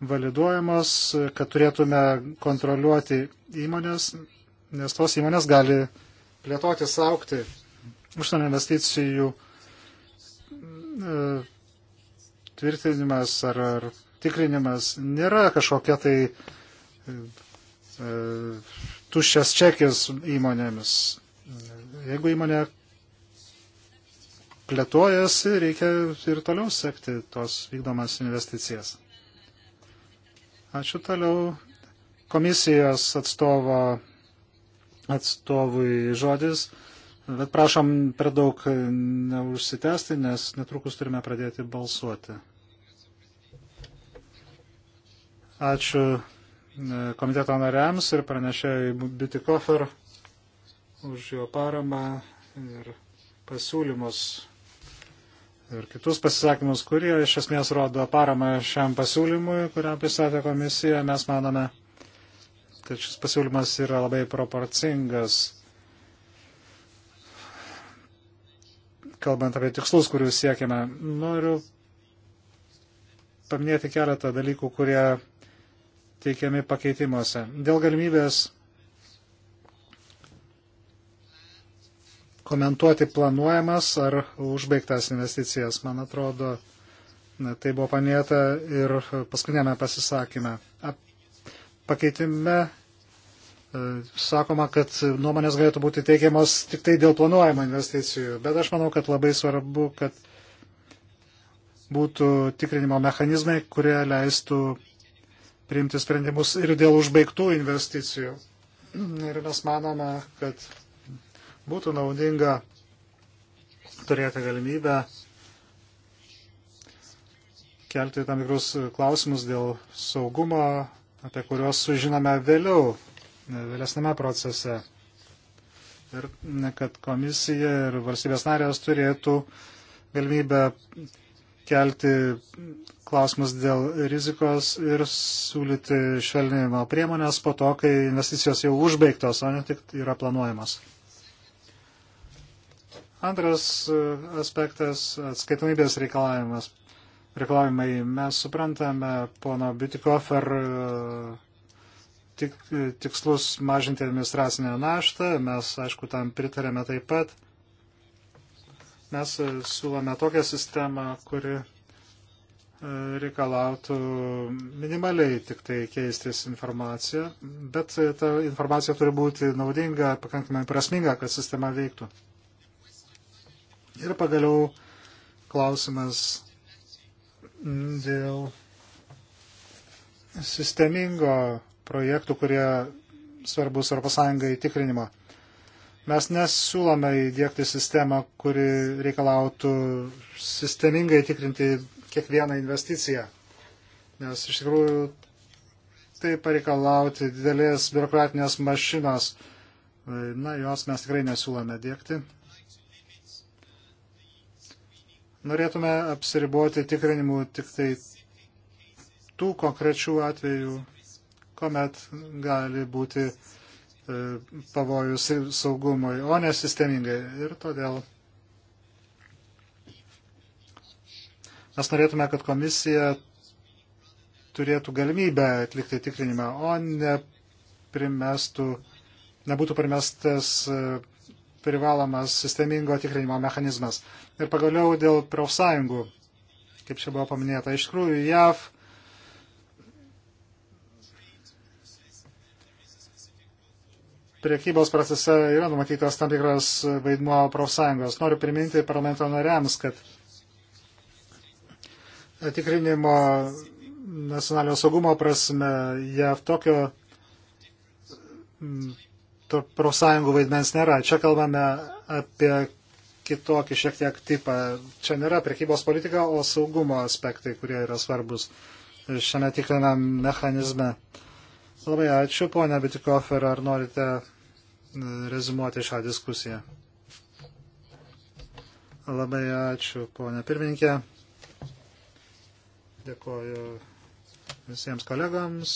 validuojamos, kad turėtume kontroliuoti įmonės, nes tos įmonės gali plėtotis, aukti. Užsienio investicijų E, tvirtinimas ar, ar tikrinimas nėra kažkokia tai e, e, tuščias čekis įmonėmis. Jeigu įmonė plėtojasi, reikia ir toliau sekti tos vykdomas investicijas. Ačiū toliau komisijos atstovo, atstovui žodis. Bet prašom per daug neužsitęsti, nes netrukus turime pradėti balsuoti. Ačiū e, komiteto nariams ir pranešėjai Bitikofer už jo paramą ir pasiūlymus ir kitus pasisakymus, kurie iš esmės rodo paramą šiam pasiūlymui, kuriam pristatė komisija. Mes manome, kad šis pasiūlymas yra labai proporcingas kalbant apie tikslus, kurių siekiame, noriu paminėti keletą dalykų, kurie teikiami pakeitimuose. Dėl galimybės komentuoti planuojamas ar užbaigtas investicijas, man atrodo, na, tai buvo paminėta ir paskutinėme pasisakyme. Pakeitime sakoma, kad nuomonės galėtų būti teikiamos tik tai dėl planuojamų investicijų, bet aš manau, kad labai svarbu, kad būtų tikrinimo mechanizmai, kurie leistų priimti sprendimus ir dėl užbaigtų investicijų. Ir mes manome, kad būtų naudinga turėti galimybę kelti tam tikrus klausimus dėl saugumo, apie kuriuos sužinome vėliau vėlesname procese. Ir kad komisija ir valstybės narės turėtų galimybę kelti klausimus dėl rizikos ir siūlyti švelninimo priemonės po to, kai investicijos jau užbaigtos, o ne tik yra planuojamas. Antras aspektas - atskaitomybės reikalavimas. Reikalavimai mes suprantame pono Bitikofer tik, tikslus mažinti administracinę naštą, mes, aišku, tam pritarėme taip pat. Mes e, siūlome tokią sistemą, kuri e, reikalautų minimaliai tik tai keistis informaciją, bet e, ta informacija turi būti naudinga, pakankamai prasminga, kad sistema veiktų. Ir pagaliau klausimas dėl sistemingo projektų, kurie svarbus ES tikrinimo. Mes nesiūlome įdėkti sistemą, kuri reikalautų sistemingai tikrinti kiekvieną investiciją, nes iš tikrųjų tai pareikalauti didelės biurokratinės mašinos. Na, jos mes tikrai nesiūlome dėkti. Norėtume apsiriboti tikrinimu tik tai tų konkrečių atvejų, kuomet gali būti e, pavojus saugumui, o ne sistemingai. Ir todėl mes norėtume, kad komisija turėtų galimybę atlikti tikrinimą, o ne primestų, nebūtų primestas e, privalomas sistemingo tikrinimo mechanizmas. Ir pagaliau dėl profsąjungų, kaip čia buvo paminėta, iš tikrųjų JAV priekybos procese yra numatytas tam tikras vaidmuo profsąjungos. Noriu priminti parlamento nariams, kad tikrinimo nacionalinio saugumo prasme JAV tokio mm, to profsąjungų vaidmens nėra. Čia kalbame apie kitokį šiek tiek tipą. Čia nėra priekybos politika, o saugumo aspektai, kurie yra svarbus šiame tikrinam mechanizme. Labai ačiū, ponia Bitikofer, ar norite rezumuoti šią diskusiją. Labai ačiū, ponė pirmininkė. Dėkoju visiems kolegams,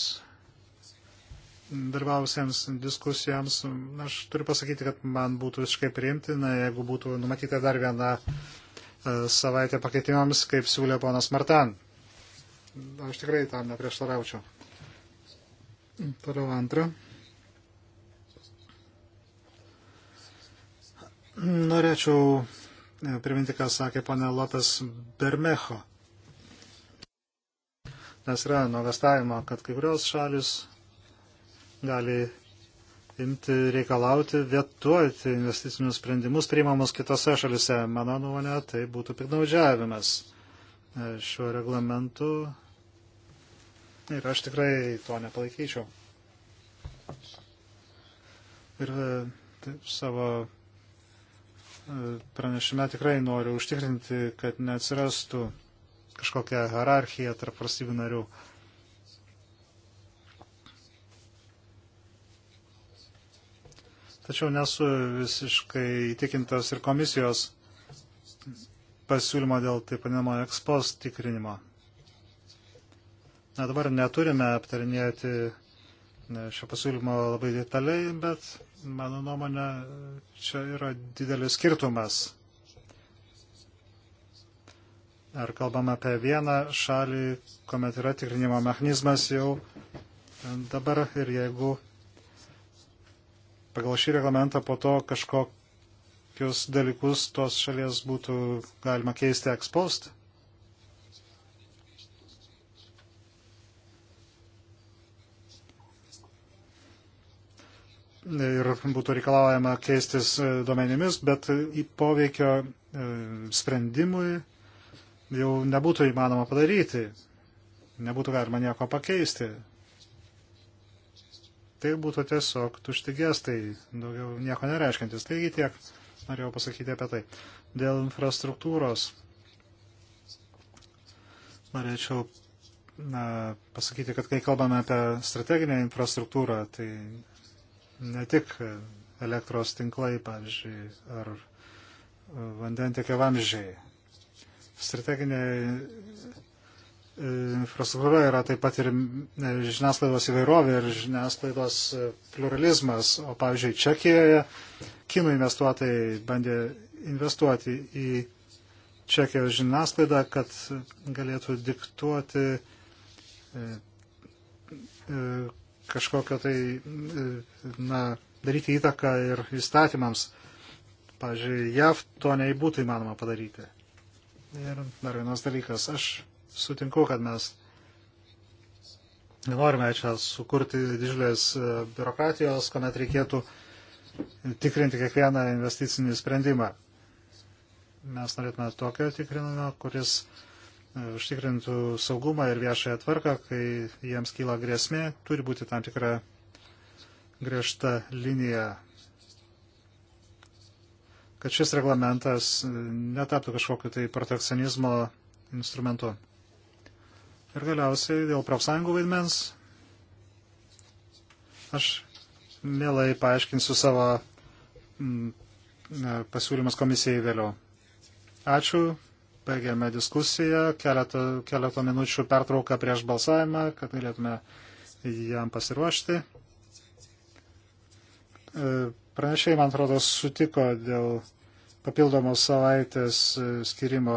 darbavusiems diskusijams. Aš turiu pasakyti, kad man būtų visiškai priimtina, jeigu būtų numatyta dar viena e, savaitė pakeitimams, kaip siūlė ponas Martan. Aš tikrai tam neprieštaraučiau. Toliau antrą. Norėčiau e, priminti, ką sakė ponė Lopes Bermecho. Nes yra nuogastavimo, kad kai kurios šalis gali imti reikalauti vietuoti investicinius sprendimus priimamus kitose šalise. Mano nuomonė, tai būtų piknaudžiavimas e, šiuo reglamentu ir aš tikrai to nepalaikyčiau. Ir e, taip, savo pranešime tikrai noriu užtikrinti, kad neatsirastų kažkokia hierarchija tarp valstybių narių. Tačiau nesu visiškai įtikintas ir komisijos pasiūlymo dėl taip vadinamo ekspos tikrinimo. Na dabar neturime aptarinėti šio pasiūlymo labai detaliai, bet Mano nuomonė, čia yra didelis skirtumas. Ar kalbam apie vieną šalį, kuomet yra tikrinimo mechanizmas jau dabar ir jeigu pagal šį reglamentą po to kažkokius dalykus tos šalies būtų galima keisti ekspost, ir būtų reikalaujama keistis e, duomenimis, bet į poveikio e, sprendimui jau nebūtų įmanoma padaryti, nebūtų galima nieko pakeisti. Tai būtų tiesiog tuštigės, tai daugiau nieko nereiškintis. Taigi tiek norėjau pasakyti apie tai. Dėl infrastruktūros norėčiau na, pasakyti, kad kai kalbame apie strateginę infrastruktūrą, tai ne tik elektros tinklai, pavyzdžiui, ar e, vandentikio vamzdžiai. Strateginė e, infrastruktūra yra taip pat ir e, žiniasklaidos įvairovė ir žiniasklaidos pluralizmas. O pavyzdžiui, Čekijoje kinų investuotojai bandė investuoti į Čekijos žiniasklaidą, kad galėtų diktuoti kažkokią tai, na, daryti įtaką ir įstatymams. Pavyzdžiui, JAV to neįbūtų įmanoma padaryti. Ir dar vienas dalykas, aš sutinku, kad mes nenorime čia sukurti didžiulės e, biurokratijos, kuomet reikėtų tikrinti kiekvieną investicinį sprendimą. Mes norėtume tokio tikrinimo, kuris uh, užtikrintų saugumą ir viešąją tvarką, kai jiems kyla grėsmė, turi būti tam tikra griežta linija, kad šis reglamentas netaptų kažkokiu tai protekcionizmo instrumentu. Ir galiausiai dėl profsąjungų vaidmens aš mielai paaiškinsiu savo mm, pasiūlymas komisijai vėliau. Ačiū baigiame diskusiją, keletą, keletą minučių pertrauką prieš balsavimą, kad galėtume jam pasiruošti. E, Pranešiai, man atrodo, sutiko dėl papildomos savaitės e, skirimo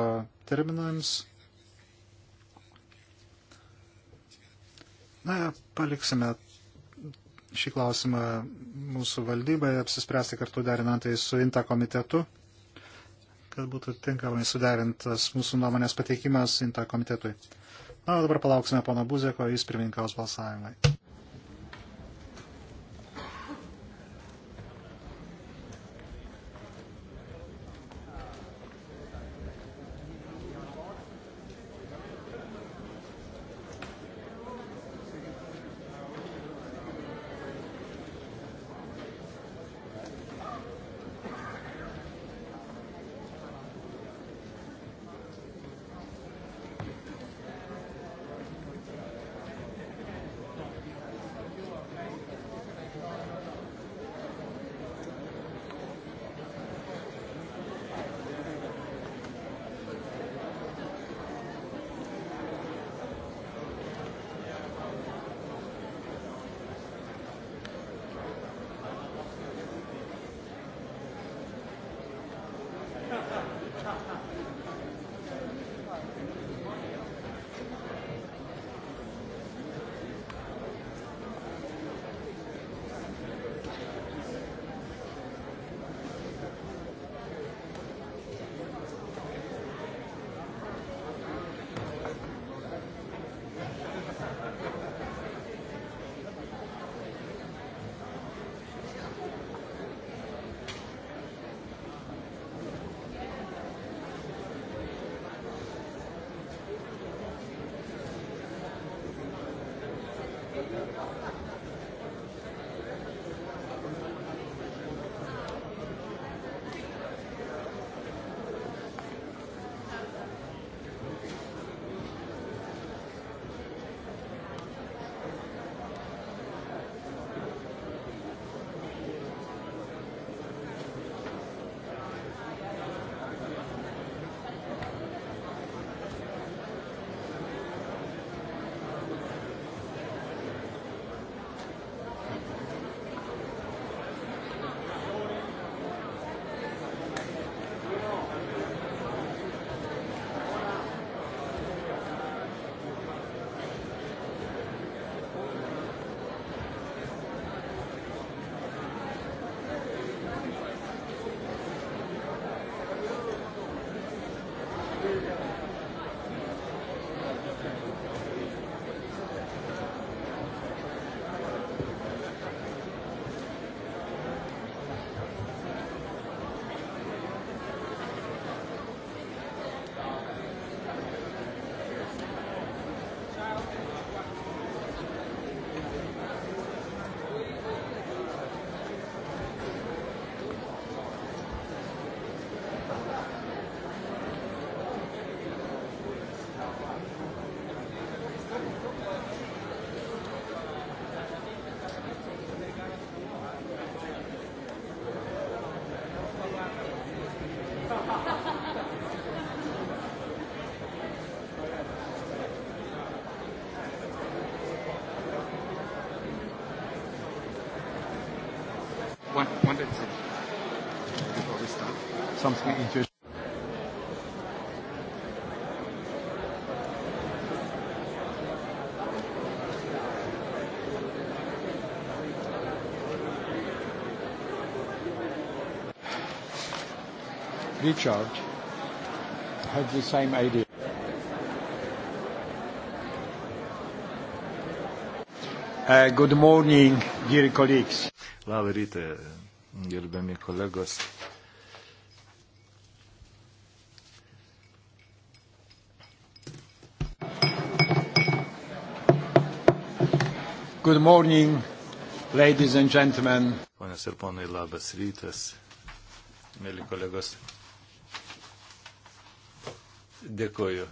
terminams. Na, paliksime šį klausimą mūsų valdybai apsispręsti kartu derinantai su INTA komitetu kad būtų tinkamai suderintas mūsų nuomonės pateikimas inta komitetui. Na, o dabar palauksime pono Buzeko, jis pirmininkaus balsavimai. something interesting. Richard had the same idea. Uh, good morning, dear colleagues. Labą rytą, gerbiami kolegos. Good morning, ladies and gentlemen. Ponas ir ponai, labas rytas, mėly kolegos. Dėkoju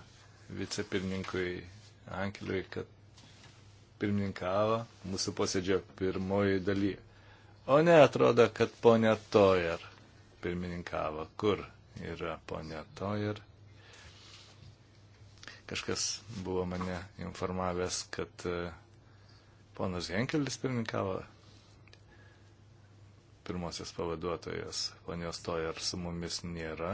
vicepirmininkui Ankeliui, kad pirmininkavo mūsų posėdžio pirmoji daly. O ne, atrodo, kad ponia Tojer pirmininkavo. Kur yra ponia Tojer? Kažkas buvo mane informavęs, kad uh, Ponas Henkelis pirmininkavo pirmasis pavaduotojas, ponios Tojer su mumis nėra.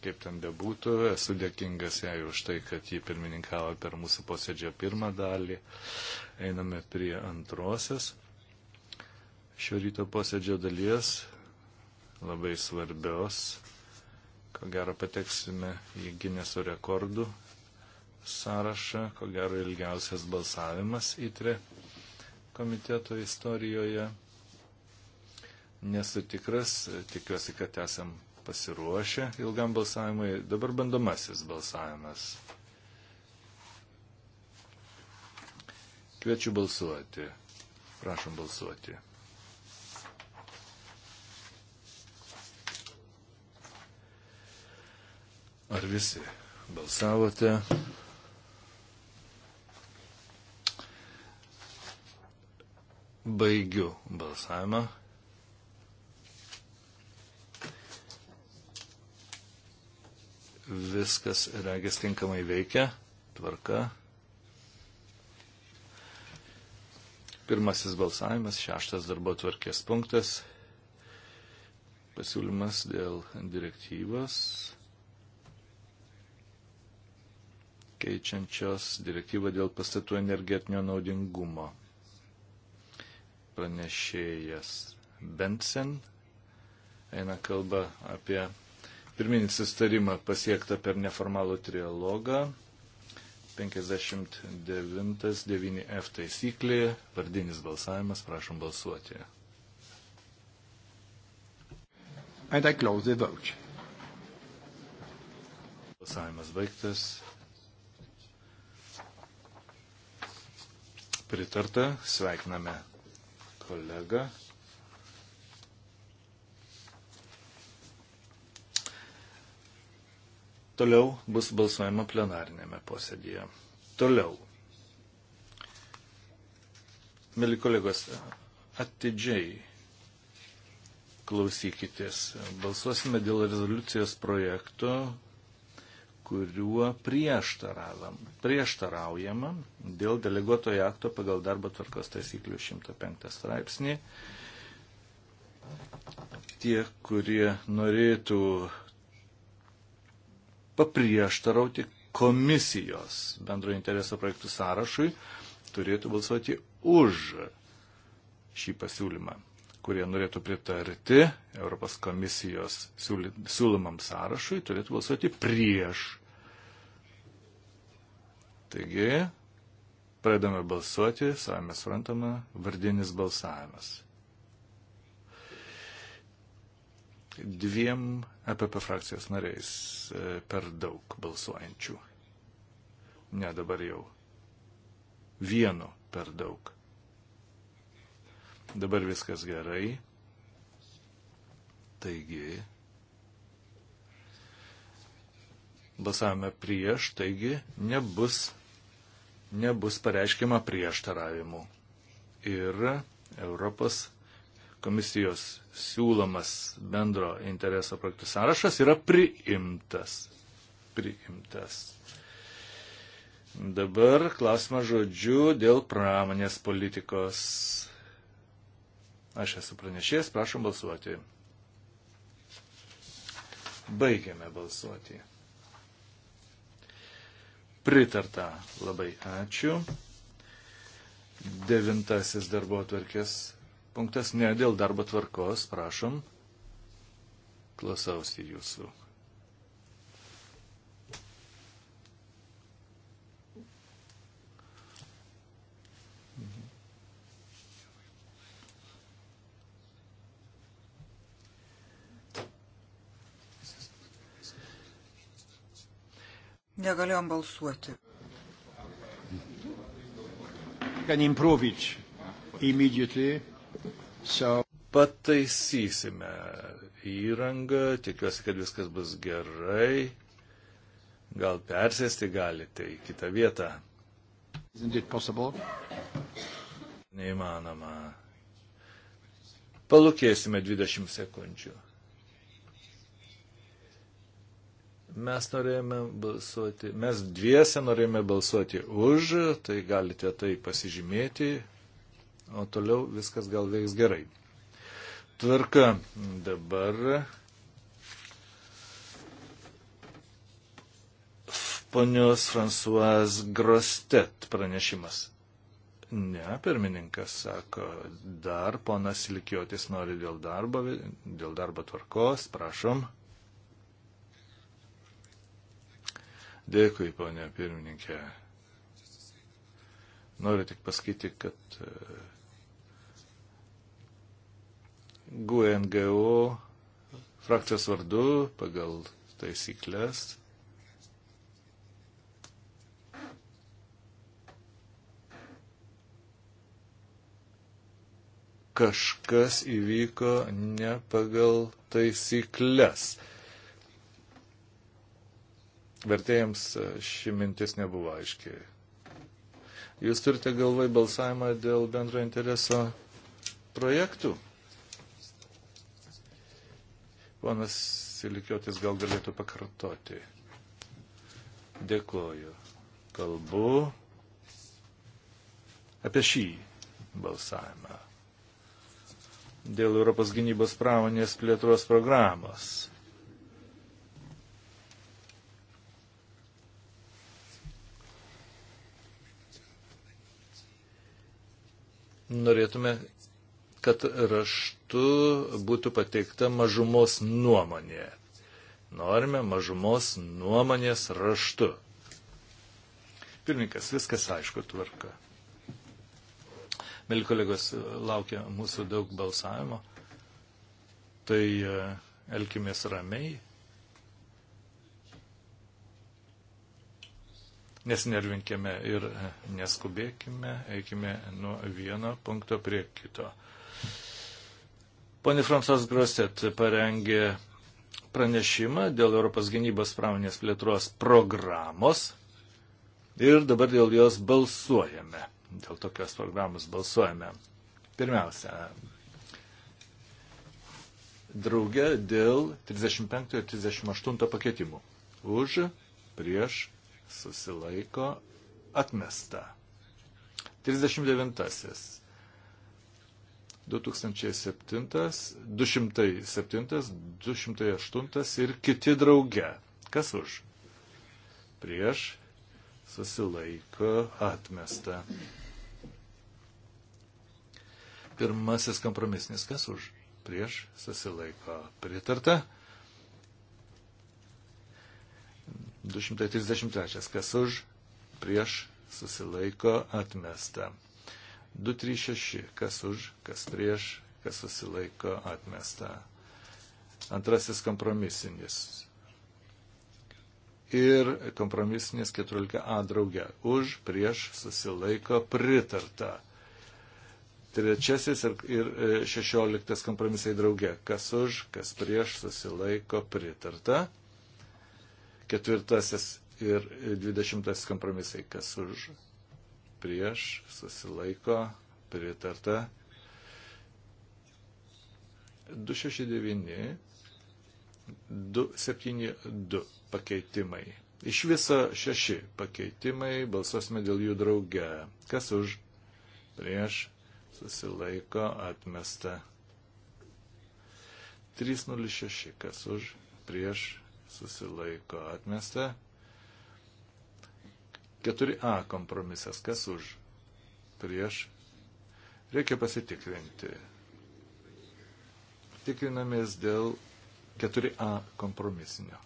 Kaip ten bebūtų, esu dėkingas jai už tai, kad ji pirmininkavo per mūsų posėdžio pirmą dalį. Einame prie antrosios šio ryto posėdžio dalies, labai svarbios. Ko gero pateksime į Gineso rekordų sąrašą, ko gero ilgiausias balsavimas įtre komiteto istorijoje. Nesu tikras, tikiuosi, kad esam pasiruošę ilgam balsavimui. Dabar bandomasis balsavimas. Kviečiu balsuoti. Prašom balsuoti. Ar visi balsavote? Baigiu balsavimą. Viskas regis tinkamai veikia. Tvarka. Pirmasis balsavimas, šeštas darbo tvarkės punktas. Pasiūlymas dėl direktyvos keičiančios direktyvą dėl pastatų energetinio naudingumo pranešėjas Bensen. Eina kalba apie pirminį sustarimą pasiektą per neformalų trialogą. 59.9f taisyklė, vardinis balsavimas, prašom balsuoti. And I close the vote. Balsavimas baigtas. Pritarta, sveikiname kolegą. Toliau bus balsuojama plenarinėme posėdėje. Toliau. Mėly kolegos, atidžiai klausykitės. Balsuosime dėl rezoliucijos projekto, kuriuo prieštaraujama dėl deleguotojo akto pagal darbo tvarkos taisyklių 105 straipsnį. Tie, kurie norėtų paprieštarauti komisijos bendro intereso projektų sąrašui, turėtų balsuoti už šį pasiūlymą kurie norėtų pritarti Europos komisijos siūlomam sąrašui, turėtų balsuoti prieš. Taigi, pradame balsuoti, savame suprantama, vardinis balsavimas. Dviem EPP frakcijos nariais e, per daug balsuojančių. Ne dabar jau. Vienu per daug. Dabar viskas gerai. Taigi, balsavome prieš, taigi nebus, nebus pareiškima prieštaravimų. Ir Europos komisijos siūlomas bendro intereso projektų sąrašas yra priimtas. Priimtas. Dabar klausimas žodžiu dėl pramonės politikos. Aš esu pranešėjęs, prašom balsuoti. Baigiame balsuoti. Pritarta. Labai ačiū. Devintasis darbo atvarkės punktas. Ne dėl darbo tvarkos, prašom. Klausausi jūsų. Negalėjom balsuoti. So... Pataisysime įrangą, tikiuosi, kad viskas bus gerai. Gal persėsti galite į kitą vietą. Neįmanoma. Palūkėsime 20 sekundžių. Mes norėjome balsuoti, mes dviese norėjome balsuoti už, tai galite tai pasižymėti, o toliau viskas gal veiks gerai. Tvarka dabar ponios Fransuas Grostet pranešimas. Ne, pirmininkas sako, dar ponas Likiotis nori dėl darbo, dėl darbo tvarkos, prašom. Dėkui, ponė pirmininkė. Noriu tik pasakyti, kad e, GUNGO frakcijos vardu pagal taisyklės kažkas įvyko ne pagal taisyklės. Vertėjams e, ši mintis nebuvo aiškiai. Jūs turite galvai balsavimą dėl bendro intereso projektų. Ponas Silikiotis gal galėtų pakartoti. Dėkoju. Kalbu apie šį balsavimą dėl Europos gynybos pramonės plėtros programos. norėtume, kad raštu būtų pateikta mažumos nuomonė. Norime mažumos nuomonės raštu. Pirmininkas, viskas aišku tvarka. Mėly kolegos, laukia mūsų daug balsavimo. Tai e, elkimės ramiai, Nesnervinkime ir neskubėkime, eikime nuo vieno punkto prie kito. Pone Fransos Groset parengė pranešimą dėl Europos gynybos pramonės plėtros programos ir dabar dėl jos balsuojame. Dėl tokios programos balsuojame. Pirmiausia, drauge dėl 35 ir 38 pakeitimų. Už, prieš, susilaiko, atmesta. 39. 2007, 207, 208 ir kiti drauge. Kas už? Prieš susilaiko atmesta. Pirmasis kompromisnis. Kas už? Prieš susilaiko pritarta. 233. Kas už, prieš, susilaiko, atmesta. 236. Kas už, kas prieš, kas susilaiko, atmesta. Antrasis kompromisinis. Ir kompromisinis 14a draugė. Už, prieš, susilaiko, pritarta. Trečiasis ir, ir e, šešioliktas kompromisai draugė. Kas už, kas prieš, susilaiko, pritarta. Ketvirtasis ir dvidešimtasis kompromisai, kas už, prieš, susilaiko, pritarta. 269, 272 pakeitimai. Iš viso šeši pakeitimai, balsuosime dėl jų drauge. Kas už, prieš, susilaiko, atmesta. 306, kas už, prieš, susilaiko atmesta. 4A kompromisas, kas už, prieš, reikia pasitikrinti. Tikrinamės dėl 4A kompromisinio.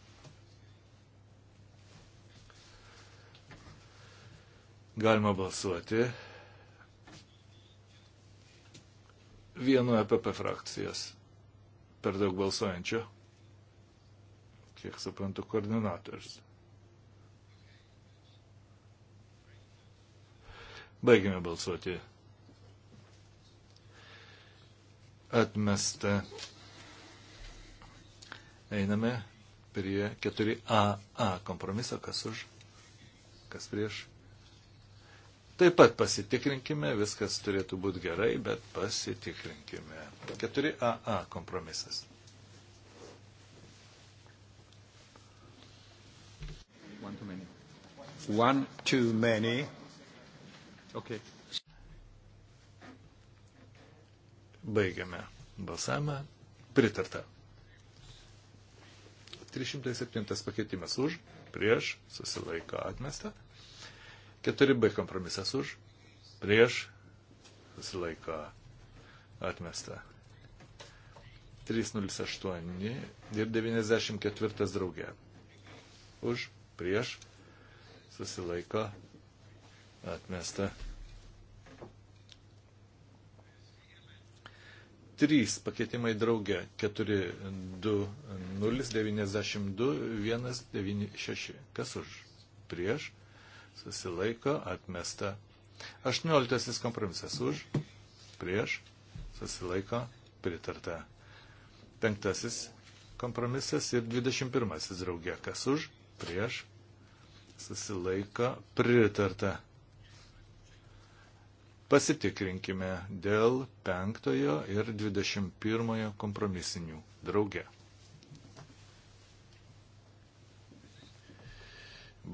Galima balsuoti vienu EPP frakcijas per daug balsuojančio kiek suprantu, koordinatorius. Baigime balsuoti. Atmesta. Einame prie 4AA kompromiso, kas už, kas prieš. Taip pat pasitikrinkime, viskas turėtų būti gerai, bet pasitikrinkime. 4AA kompromisas. One too many. One too many. Okay. Baigiame balsavimą. Pritarta. 307 pakeitimas už, prieš, susilaiko atmesta. 4B kompromisas už, prieš, susilaiko atmesta. 308 ir 94 draugė. Už, prieš, susilaiko, atmesta. Trys pakeitimai draugė 420-92-196. Kas už? Prieš. Susilaiko. Atmesta. 18 kompromisas už. Prieš. Susilaiko. Pritarta. Penktasis kompromisas ir 21 draugė. Kas už? Prieš susilaiko pritarta. Pasitikrinkime dėl penktojo ir dvidešimt pirmojo kompromisinių drauge.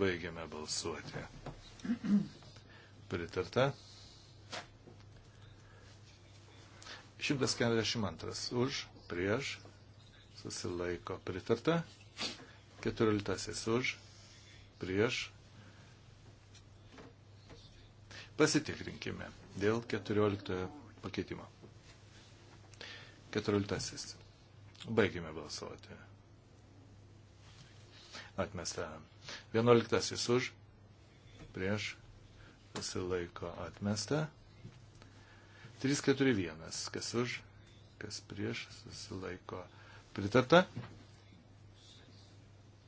Baigiame balsuoti. Pritarta. 142 už, prieš, susilaiko pritarta. 14 už, prieš. Pasitikrinkime dėl 14 pakeitimo. 14. Baigime balsuoti. Atmesta. 11 už, prieš, pasilaiko atmesta. 341. Kas už, kas prieš, susilaiko pritarta.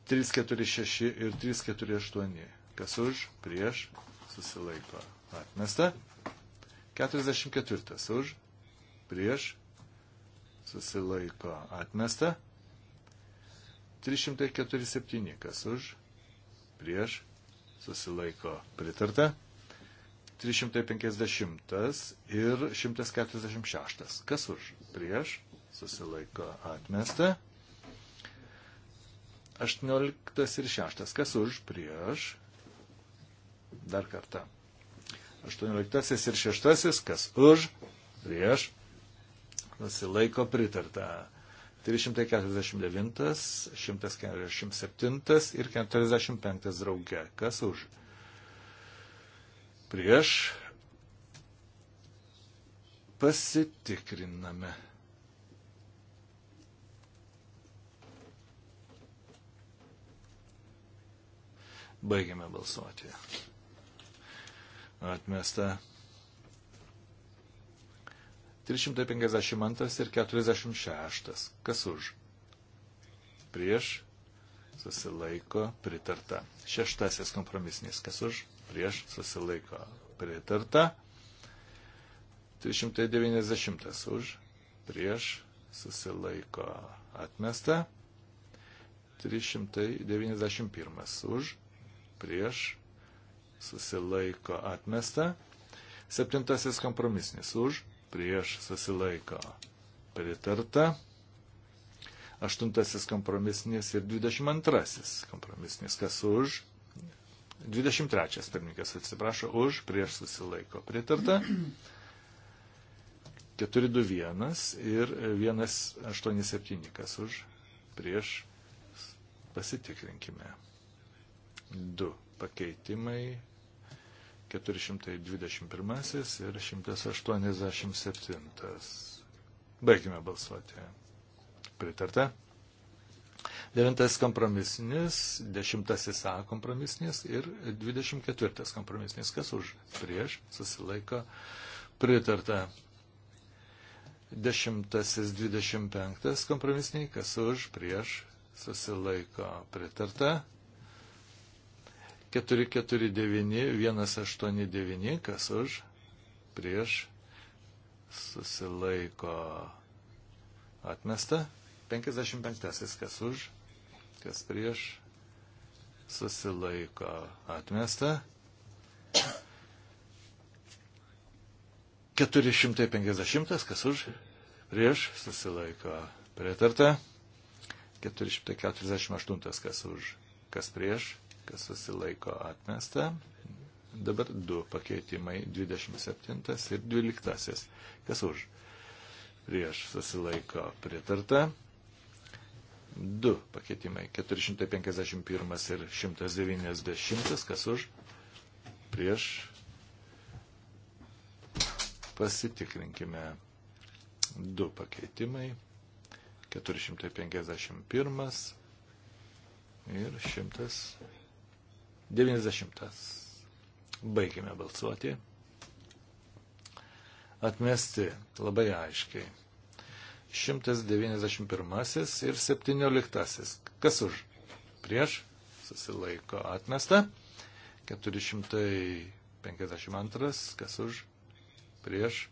346 ir 348. Kas už, prieš, susilaiko. Atmesta. 44. Už, prieš, susilaiko. Atmesta. 347. Kas už, prieš, susilaiko. Pritarta. 350 ir 146. Kas už, prieš, susilaiko. Atmesta. 18 ir 6. Kas už? Prieš. Dar kartą. 18 ir 6. Kas už? Prieš. Nusilaiko pritarta. 349, 147 ir 45 drauge. Kas už? Prieš. Pasitikriname. Baigiame balsuoti. Atmesta. 352 ir 46. Kas už? Prieš. Susilaiko. Pritarta. Šeštasis kompromisinis. Kas už? Prieš. Susilaiko. Pritarta. 390 už. Prieš. Susilaiko. Atmesta. 391 už prieš, susilaiko atmesta. Septintasis kompromisnis už, prieš, susilaiko pritarta. Aštuntasis kompromisnis ir dvidešimt antrasis kompromisnis, kas už. 23 pirmininkas atsiprašo už, prieš susilaiko pritarta. 421 ir 187, kas už prieš pasitikrinkime du pakeitimai 421 ir 187. Baigime balsuoti. Pritarta. Devintas kompromisnis, dešimtasis A kompromisnis ir 24 kompromisnis. Kas už prieš susilaiko pritarta. Dešimtasis 25 kompromisniai, kas už prieš susilaiko pritarta. 449, 189, kas už, prieš, susilaiko atmesta. 55, kas už, kas prieš, susilaiko atmesta. 450, kas už, prieš, susilaiko pritarta. 448, kas už, kas prieš, kas susilaiko atmesta. Dabar du pakeitimai, 27 ir 12. Kas už? Prieš susilaiko pritarta. Du pakeitimai, 451 ir 190. Kas už? Prieš pasitikrinkime. Du pakeitimai, 451 ir 190. 90. Baigime balsuoti. Atmesti labai aiškiai. 191 ir 17. Kas už? Prieš susilaiko atmesta. 452. Kas už? Prieš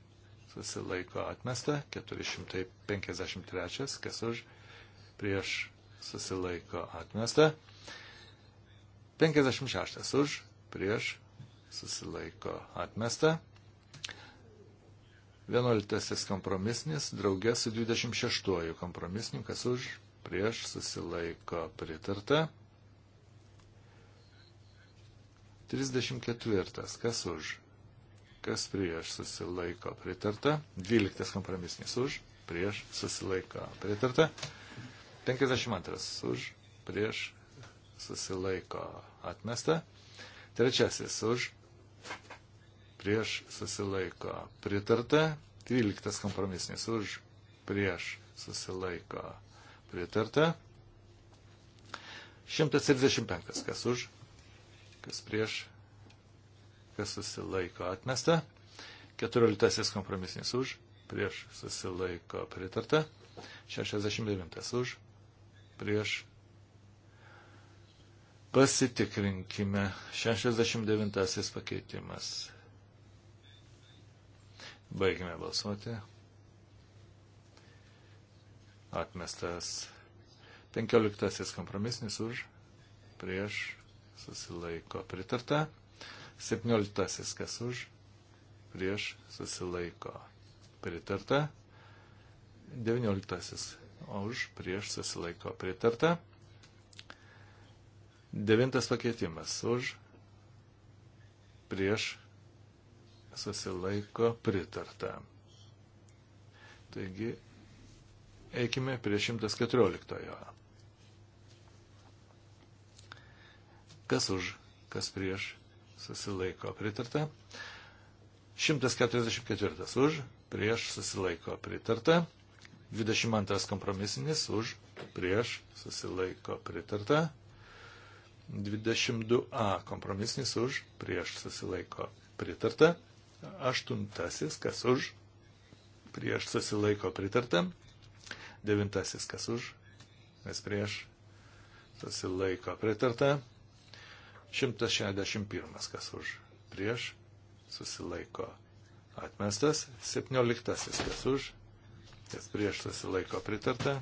susilaiko atmesta. 453. Kas už? Prieš susilaiko atmesta. 56 už, prieš, susilaiko atmesta. 11 kompromisnis, draugė su 26 kompromisnikas už, prieš, susilaiko pritarta. 34. Kas už? Kas prieš susilaiko pritarta? 12. Kompromisnis už, prieš susilaiko pritarta. 52. Už, prieš susilaiko atmesta. Trečiasis už, prieš susilaiko pritarta. Tryliktas kompromisinis už, prieš susilaiko pritarta. 135 kas už, kas prieš, kas susilaiko atmesta. 14 kompromisinis už, prieš susilaiko pritarta. 69 už, prieš Pasitikrinkime. 69 pakeitimas. Baigime balsuoti. Atmestas 15 kompromisnis už, prieš, susilaiko pritarta. 17 kas už, prieš, susilaiko pritarta. 19 už, prieš, susilaiko pritarta. Devintas pakeitimas už prieš susilaiko pritarta. Taigi, eikime prie 114. Kas už, kas prieš susilaiko pritarta. 144 už, prieš susilaiko pritarta. 22 kompromisinis už, prieš susilaiko pritarta. 22a kompromisinis už, prieš susilaiko pritarta. Aštuntasis, kas už, prieš susilaiko pritarta. Devintasis, kas už, nes prieš susilaiko pritarta. 161, kas už, prieš susilaiko atmestas. 17, kas už, nes prieš susilaiko pritarta.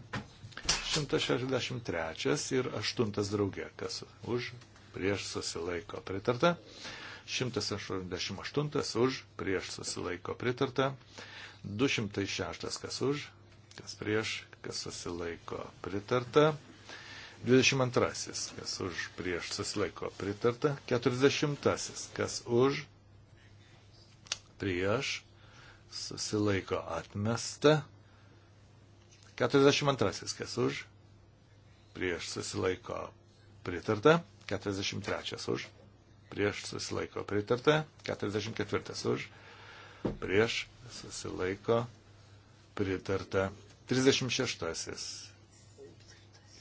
163 ir 8 draugė, kas už, prieš susilaiko pritarta. 188 už, prieš susilaiko pritarta. 206 kas už, kas prieš, kas susilaiko pritarta. 22 kas už, prieš susilaiko pritarta. 40 kas už, prieš susilaiko atmesta. 42. Kas už? Prieš susilaiko pritarta. 43. Už. Prieš susilaiko pritarta. 44. Už. Prieš susilaiko pritarta. 36.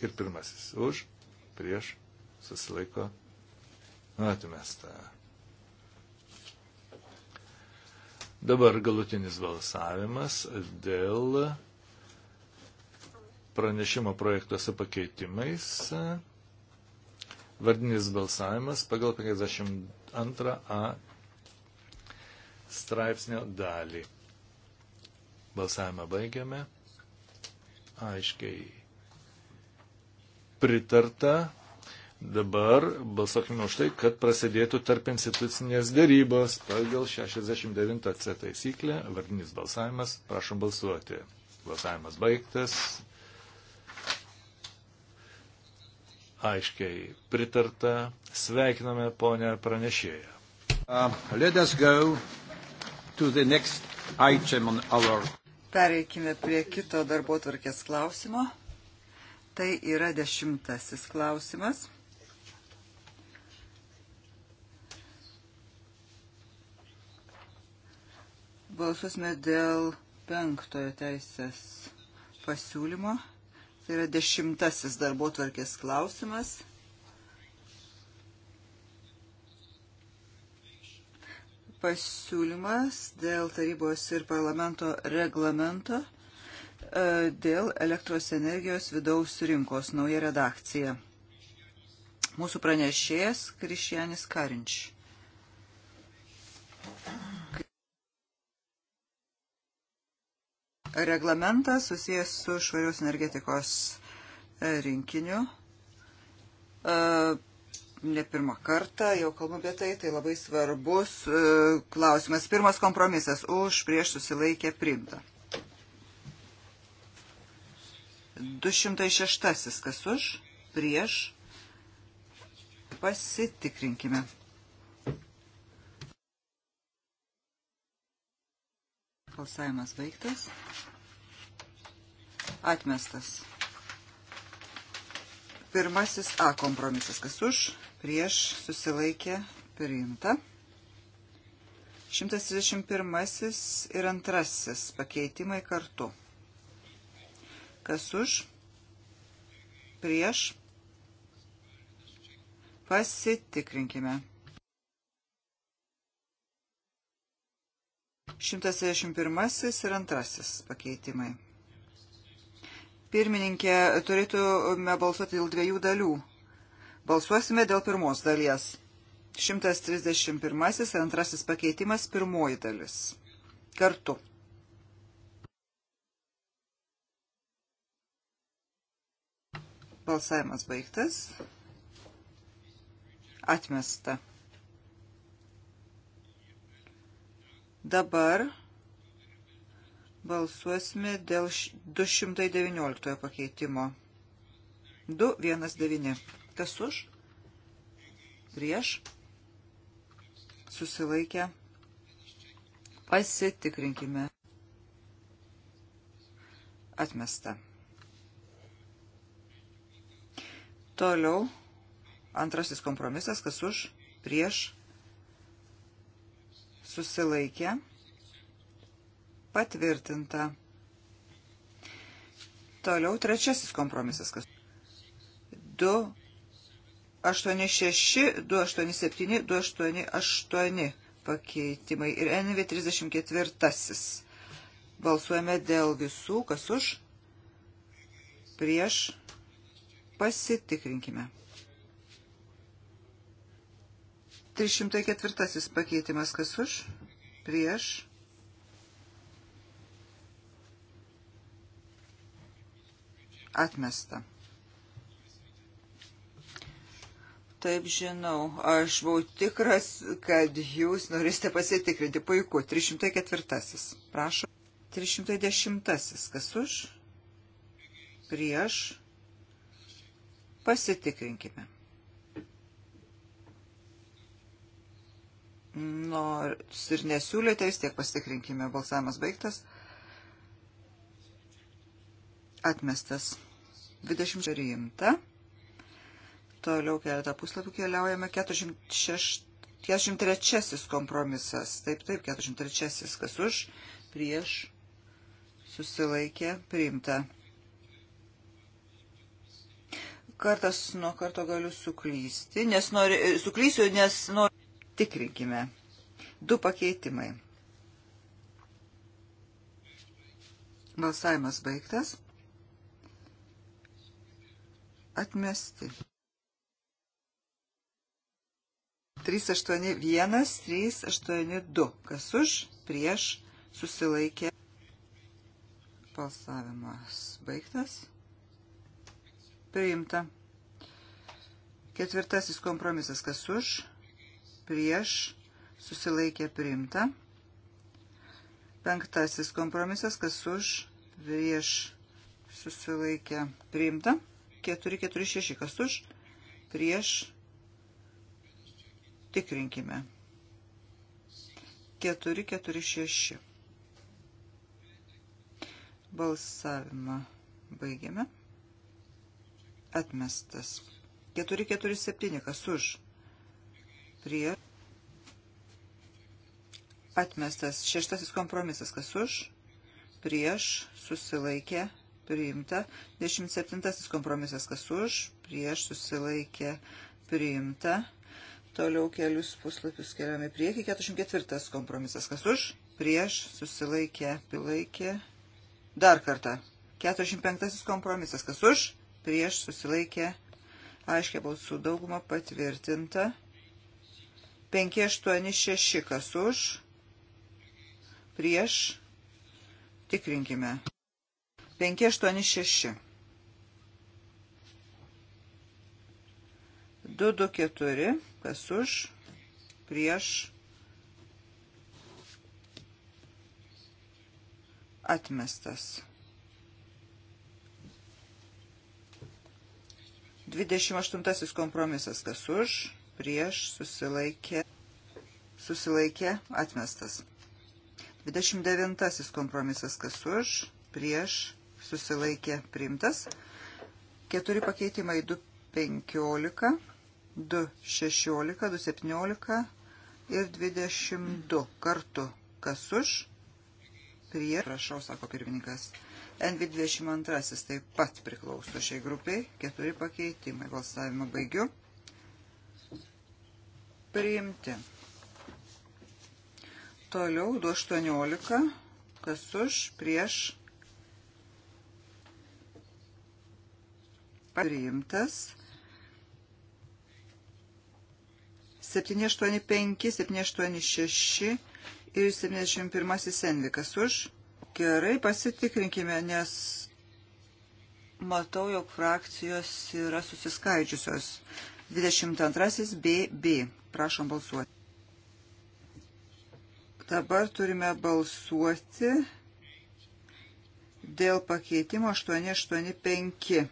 Ir pirmasis. Už. Prieš susilaiko atmesta. Dabar galutinis balsavimas dėl pranešimo projekto su pakeitimais. Vardinis balsavimas pagal 52a straipsnio dalį. Balsavimą baigiame. Aiškiai pritarta. Dabar balsuokime už tai, kad prasidėtų tarp institucinės dėrybos pagal 69 C taisyklę. Vardinis balsavimas. Prašom balsuoti. Balsavimas baigtas. aiškiai pritarta. Sveikiname ponę pranešėją. Uh, our... Pereikime prie kito darbo tvarkės klausimo. Tai yra dešimtasis klausimas. Balsuosime dėl penktojo teisės pasiūlymo. Tai yra dešimtasis darbo tvarkės klausimas. Pasiūlymas dėl tarybos ir parlamento reglamento e, dėl elektros energijos vidaus rinkos nauja redakcija. Mūsų pranešėjas Krišianis Karinčiai. reglamentą susijęs su švarios energetikos e, rinkiniu. E, ne pirmą kartą jau kalbu apie tai, tai labai svarbus e, klausimas. Pirmas kompromisas už prieš susilaikę primta. 206 kas už prieš pasitikrinkime. Balsavimas baigtas. Atmestas. Pirmasis A kompromisas. Kas už? Prieš susilaikė priimta. 131 ir antrasis pakeitimai kartu. Kas už? Prieš? Pasitikrinkime. 161 ir antrasis pakeitimai. Pirmininkė, turėtume balsuoti dėl dviejų dalių. Balsuosime dėl pirmos dalies. 131 ir antrasis pakeitimas pirmoji dalis. Kartu. Balsavimas baigtas. Atmesta. Dabar balsuosime dėl 219 pakeitimo. 219. Kas už? Prieš? Susilaikę? Pasitikrinkime. Atmesta. Toliau antrasis kompromisas, kas už, prieš, susilaikė, patvirtinta. Toliau trečiasis kompromisas. 2, 8, 6, 2, 8, 7, 2, 8, 8 pakeitimai ir NV 34. Balsuojame dėl visų, kas už, prieš, pasitikrinkime. 304 pakeitimas kas už, prieš. Atmesta. Taip žinau, aš buvau tikras, kad jūs norėsite pasitikrinti. Puiku, 304. Prašau. 310. Kas už? Prieš. Pasitikrinkime. Nors ir nesiūlėte, vis tiek pasitikrinkime. Balsavimas baigtas. Atmestas. 20 rimta. Toliau keletą puslapių keliaujame. 46, 43 kompromisas. Taip, taip, 43. Kas už? Prieš. Susilaikė. Priimta. Kartas nuo karto galiu suklysti, nes nori, suklysiu, nes noriu Tikrinkime. Du pakeitimai. Balsavimas baigtas. Atmesti. 381, 382. Kas už, prieš, susilaikė. Balsavimas baigtas. Priimta. Ketvirtasis kompromisas. Kas už, prieš, susilaikė priimta. Penktasis kompromisas, kas už, prieš, susilaikė priimta. 446, kas už, prieš, tikrinkime. 446. Balsavimą baigiame. Atmestas. 447, kas už, prieš prie atmestas šeštasis kompromisas, kas už, prieš, susilaikė, priimta, dešimt septintasis kompromisas, kas už, prieš, susilaikė, priimta, toliau kelius puslapius keliame prieki, 44 kompromisas, kas už, prieš, susilaikė, pilaikė, dar kartą, 45 kompromisas, kas už, prieš, susilaikė, aiškia balsų dauguma patvirtinta, 586 kas už, prieš, tikrinkime. 586. 224 kas už, prieš, atmestas. 28 kompromisas kas už prieš, susilaikė, susilaikė, atmestas. 29 kompromisas kas už, prieš, susilaikė, priimtas. Keturi pakeitimai 2.15, 2.16, 2.17 ir 22 kartu kas už, prieš, prašau, sako pirmininkas. NV22 taip pat priklauso šiai grupiai, keturi pakeitimai. Balsavimą baigiu priimti. Toliau 218, kas už, prieš, priimtas. 785, 786 ir 71 senvikas už. Gerai, pasitikrinkime, nes matau, jog frakcijos yra susiskaidžiusios. 22 BB Prašom balsuoti. Dabar turime balsuoti dėl pakeitimo 885,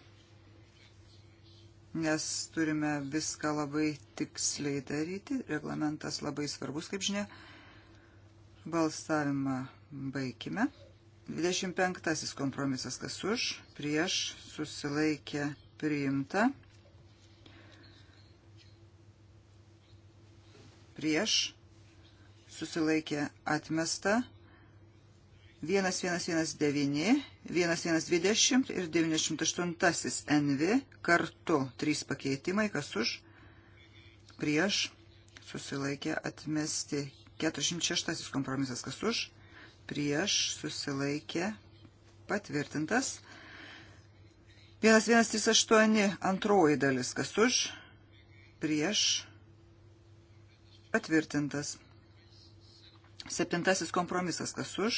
nes turime viską labai tiksliai daryti. Reglamentas labai svarbus, kaip žinia. Balsavimą baigime. 25 kompromisas kas už, prieš, susilaikė, priimta. prieš, susilaikė atmesta, 1119, 1120 ir 98 NV, kartu trys pakeitimai, kas už, prieš, susilaikė atmesti, 46 kompromisas, kas už, prieš, susilaikė patvirtintas, 1138 antroji dalis, kas už, prieš, Patvirtintas. Septintasis kompromisas. Kas už?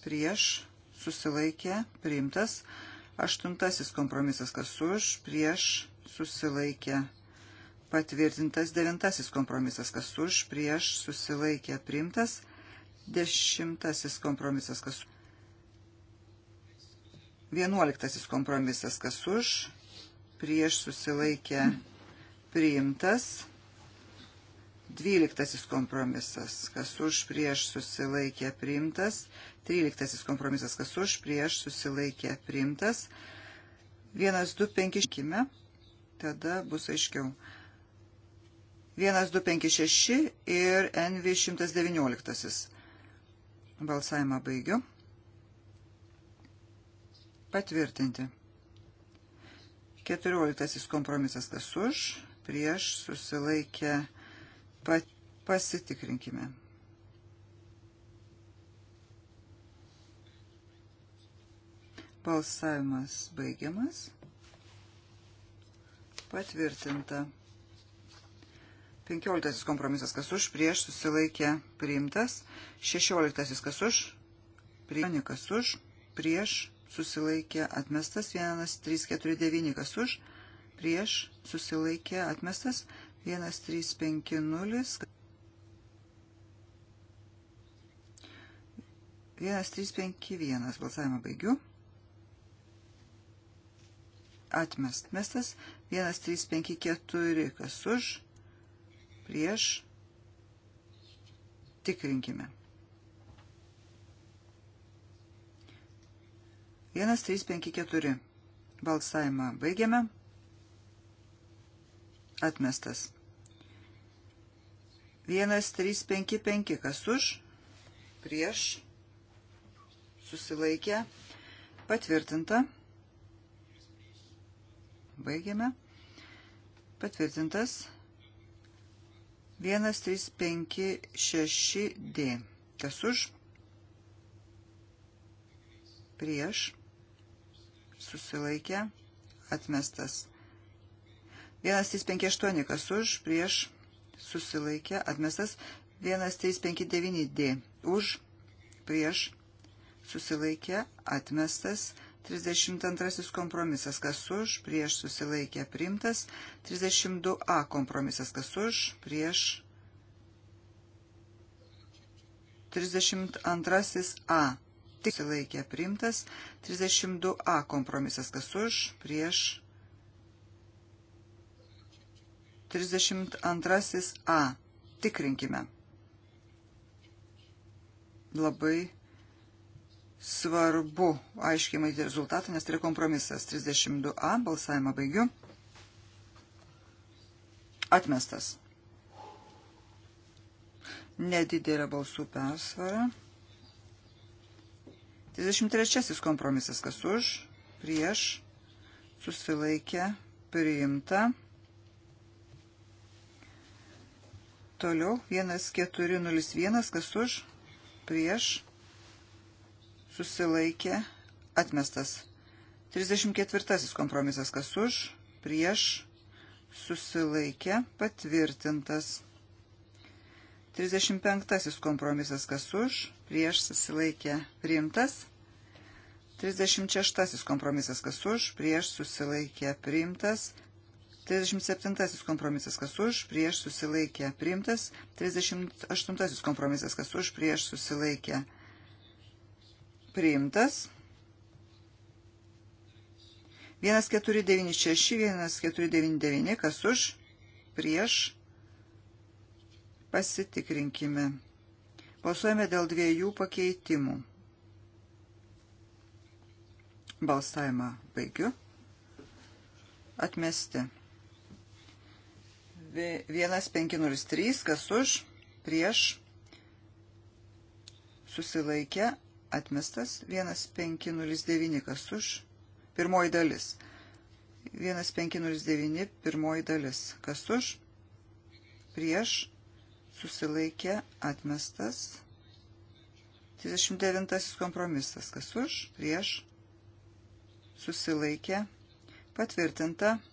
Prieš. Susilaikė. Priimtas. Aštuntasis kompromisas. Kas už? Prieš. Susilaikė. Patvirtintas. Devintasis kompromisas. Kas už? Prieš. Susilaikė. Priimtas. Dešimtasis kompromisas. Kas už? Vienuoliktasis kompromisas. Kas už? Prieš. Susilaikė. Priimtas. 12 kompromisas, kas už prieš susilaikė priimtas, 13 kompromisas, kas už prieš susilaikė priimtas, 1, 2, 5 iškime, tada bus aiškiau. 1, 2, 5, 6 ir NV 119. Balsavimą baigiu. Patvirtinti. 14 kompromisas, kas už prieš susilaikė priimtas Pasitikrinkime. Balsavimas baigiamas. Patvirtinta. 15 kompromisas kas už, prieš susilaikė priimtas. 16 kas už, prieš kas už, prieš susilaikė atmestas. 1, 3, 4, 9 kas už, prieš susilaikė atmestas. 1, 3, 4, 9 kas už 1350. 1351 balsavimą baigiu. Atmest. Mestas 1354 kas už, prieš. Tikrinkime. 1354 balsavimą baigiame. Atmestas. 1355 kas už, prieš, susilaikė, patvirtinta, baigiame, patvirtintas, 1356D, kas už, prieš, susilaikė, atmestas, 1358 kas už, prieš, susilaikė atmestas 1359D už prieš susilaikė atmestas 32 kompromisas kas už prieš susilaikė primtas 32A kompromisas kas už prieš 32A susilaikė primtas 32A kompromisas kas už prieš 32 A. Tikrinkime. Labai svarbu aiškiai matyti rezultatą, nes tai yra kompromisas. 32 A. Balsavimą baigiu. Atmestas. Nedidelė balsų persvara. 33 kompromisas. Kas už? Prieš. Susilaikė. Priimta. Priimta. Toliau 1401, kas už, prieš, susilaikė, atmestas. 34 kompromisas, kas už, prieš, susilaikė, patvirtintas. 35 kompromisas, kas už, prieš, susilaikė, priimtas. 36 kompromisas, kas už, prieš, susilaikė, priimtas. 37 kompromisas kas už, prieš susilaikė priimtas. 38 kompromisas kas už, prieš susilaikė priimtas. 1496, 1499 kas už, prieš pasitikrinkime. Balsuojame dėl dviejų pakeitimų. Balsavimą baigiu. Atmesti. 1503, kas už, prieš, susilaikė, atmestas, 1509, kas už, pirmoji dalis, 1509, pirmoji dalis, kas už, prieš, susilaikė, atmestas, 39 kompromisas, kas už, prieš, susilaikė, patvirtinta, 1509,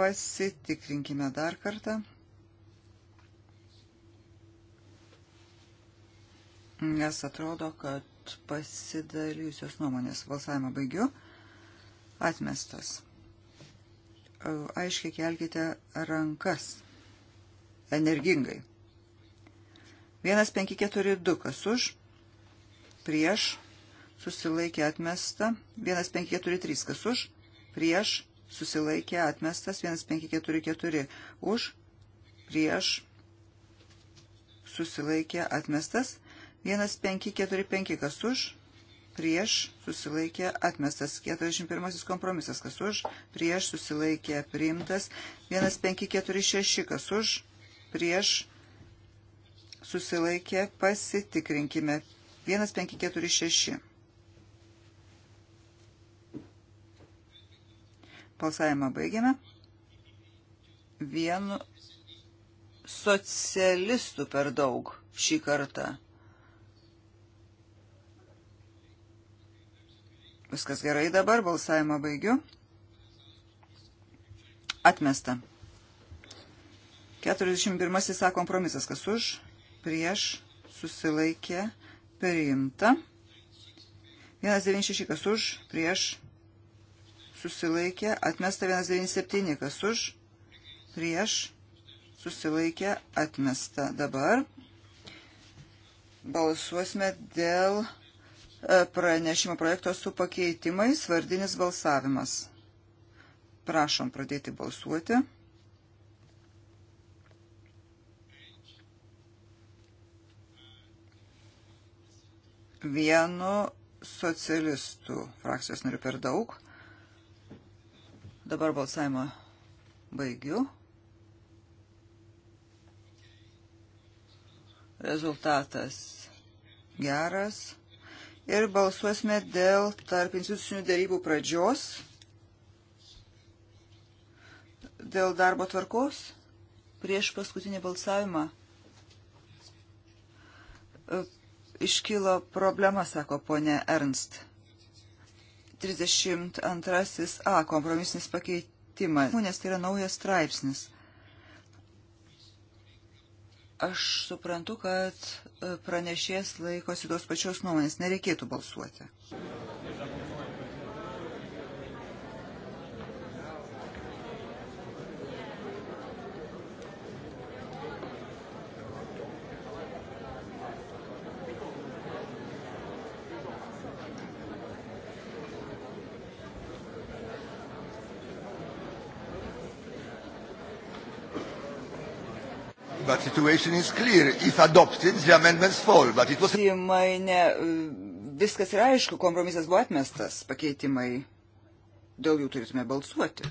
Pasitikrinkime dar kartą. Nes atrodo, kad pasidalyjusios nuomonės balsavimą baigiu. Atmestas. Aiškiai kelkite rankas. Energingai. 1542 kas už, prieš, susilaikė atmesta, 1543 kas už, prieš, susilaikė atmestas 1544 už, prieš susilaikė atmestas 1545 kas už, prieš susilaikė atmestas 41 kompromisas kas už, prieš susilaikė priimtas 1546 kas už, prieš susilaikė pasitikrinkime 1546. Balsavimą baigiame. Vienu socialistų per daug šį kartą. Viskas gerai dabar, balsavimą baigiu. Atmesta. 41 A kompromisas, kas už, prieš, susilaikė, priimta. 196 kas už, prieš, susilaikė, atmesta 197, kas už, prieš, susilaikė, atmesta. Dabar balsuosime dėl e, pranešimo projekto su pakeitimais, vardinis balsavimas. Prašom pradėti balsuoti. Vienu socialistų frakcijos nariu per daug. Dabar balsavimą baigiu. Rezultatas geras. Ir balsuosime dėl tarp institucinių dėrybų pradžios. Dėl darbo tvarkos prieš paskutinį balsavimą e, iškilo problema, sako ponė Ernst. 32 A kompromisinis pakeitimas, nes tai yra naujas straipsnis. Aš suprantu, kad pranešės laikosi tos pačios nuomonės, nereikėtų balsuoti. situation is clear. If adopted, the amendments fall, but it was... Ne, viskas yra aišku, kompromisas buvo atmestas, pakeitimai. Dėl jų turėtume balsuoti.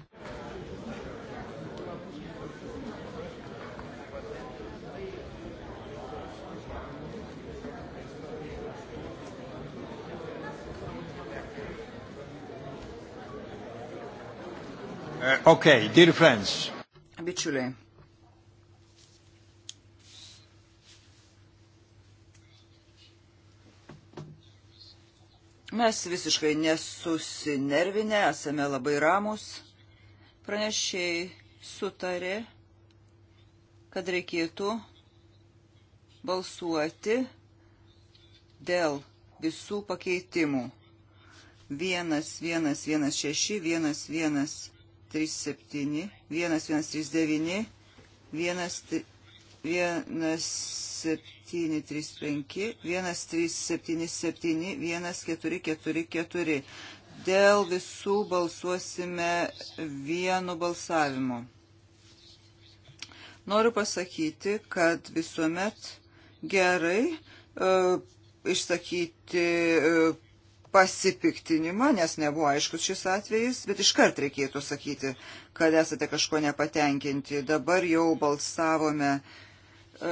Uh, okay, dear friends. Bičiuliai. Mes visiškai nesusinervinę, esame labai ramus. Pranešiai sutarė, kad reikėtų balsuoti dėl visų pakeitimų. 1, 1, 1, 6, 1, 1, 3, 7, 1, 1, 3, 9, 1, 1, 7, 735, 1377, 1444. Dėl visų balsuosime vienu balsavimu. Noriu pasakyti, kad visuomet gerai uh, išsakyti uh, pasipiktinimą, nes nebuvo aiškus šis atvejis, bet iškart reikėtų sakyti, kad esate kažko nepatenkinti. Dabar jau balsavome uh, E,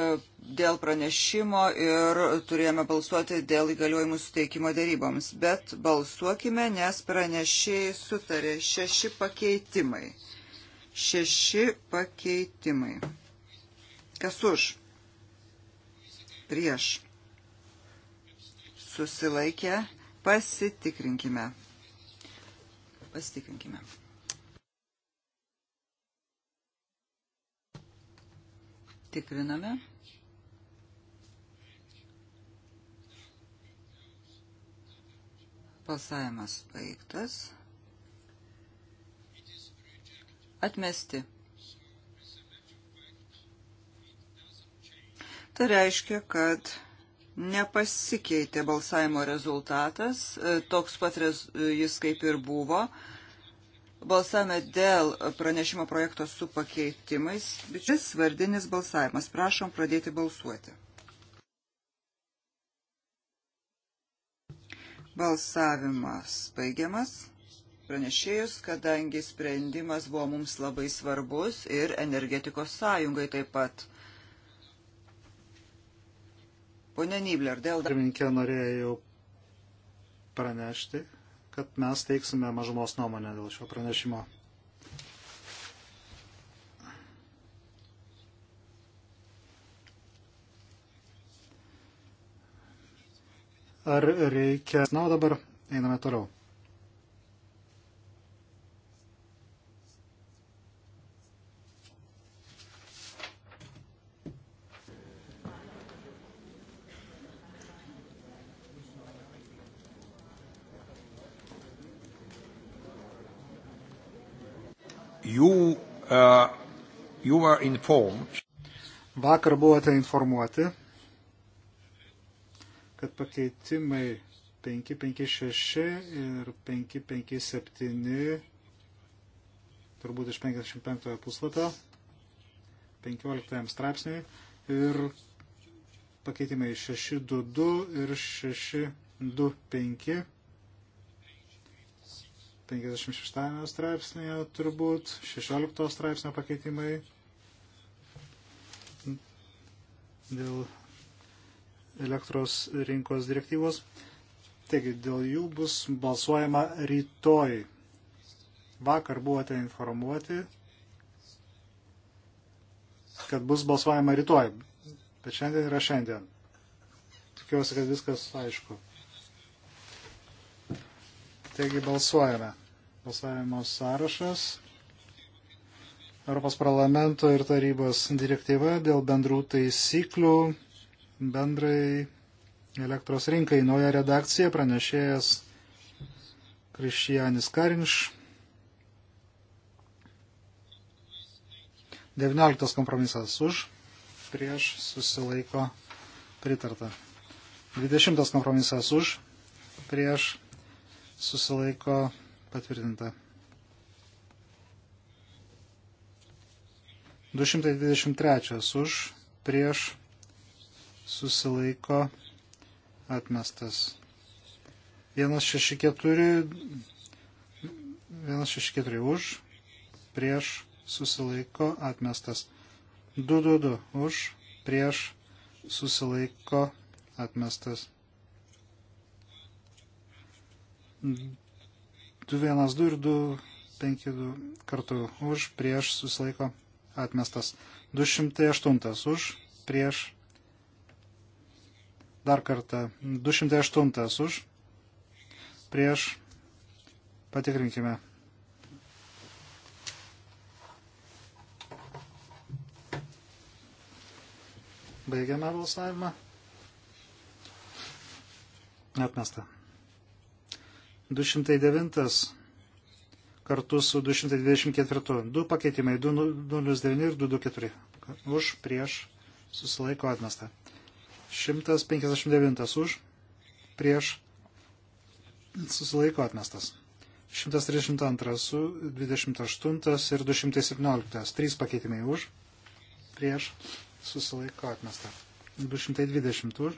dėl pranešimo ir turėjome balsuoti dėl įgaliojimų suteikimo daryboms. Bet balsuokime, nes pranešėjai sutarė šeši pakeitimai. Šeši pakeitimai. Kas už? Prieš. Susilaikę. Pasitikrinkime. Pasitikrinkime. Tikriname. Balsavimas baigtas. Atmesti. Tai reiškia, kad nepasikeitė balsavimo rezultatas, e, toks pat rez, jis kaip ir buvo. Balsavome dėl pranešimo projekto su pakeitimais. Šis vardinis balsavimas. Prašom pradėti balsuoti. Balsavimas baigiamas pranešėjus, kadangi sprendimas buvo mums labai svarbus ir energetikos sąjungai taip pat. Pone Nibler, dėl... Pirminkė norėjau pranešti, kad mes teiksime mažumos nuomonę dėl šio pranešimo. Ar reikia... Na, o dabar einame toliau. you, uh, you were informed. Vakar buvote informuoti, kad pakeitimai 556 ir 557, turbūt iš 55 puslapio, 15 straipsniui ir pakeitimai 622 ir 625 56 straipsnėje turbūt, 16 straipsnio pakeitimai dėl elektros rinkos direktyvos. Taigi, dėl jų bus balsuojama rytoj. Vakar buvote informuoti, kad bus balsuojama rytoj, bet šiandien yra šiandien. Tikiuosi, kad viskas aišku. Taigi balsuojame. Balsavimo sąrašas. Europos parlamento ir tarybos direktyva dėl bendrų taisyklių bendrai elektros rinkai. Nauja redakcija pranešėjas Krišijanis Karinš. 19 kompromisas už, prieš susilaiko pritarta. 20 kompromisas už, prieš susilaiko patvirtinta. 223 už, prieš, susilaiko, atmestas. 164, 164 už, prieš, susilaiko, atmestas. 222 už, prieš, susilaiko, atmestas. 212 ir 252 kartu už, prieš, susilaiko, atmestas. 208 už, prieš, dar kartą, 208 už, prieš, patikrinkime. Baigiame balsavimą. Atmesta. 209 kartu su 224. Du pakeitimai 209 nu, ir 224. Už, prieš, susilaiko atmesta. 159 už, prieš, susilaiko atmestas. 132 su 28 ir 217. Trys pakeitimai už, prieš, susilaiko atmesta. 220 už,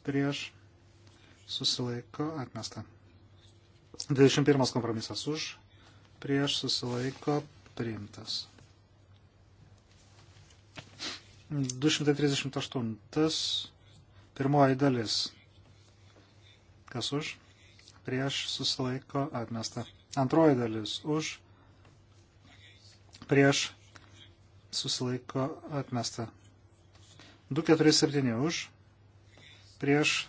prieš, susilaiko atmesta. 21 kompromisas už, prieš susilaiko priimtas. 238. Pirmoji dalis. Kas už? Prieš susilaiko atmesta. Antroji dalis. Už. Prieš susilaiko atmesta. 247 už. Prieš.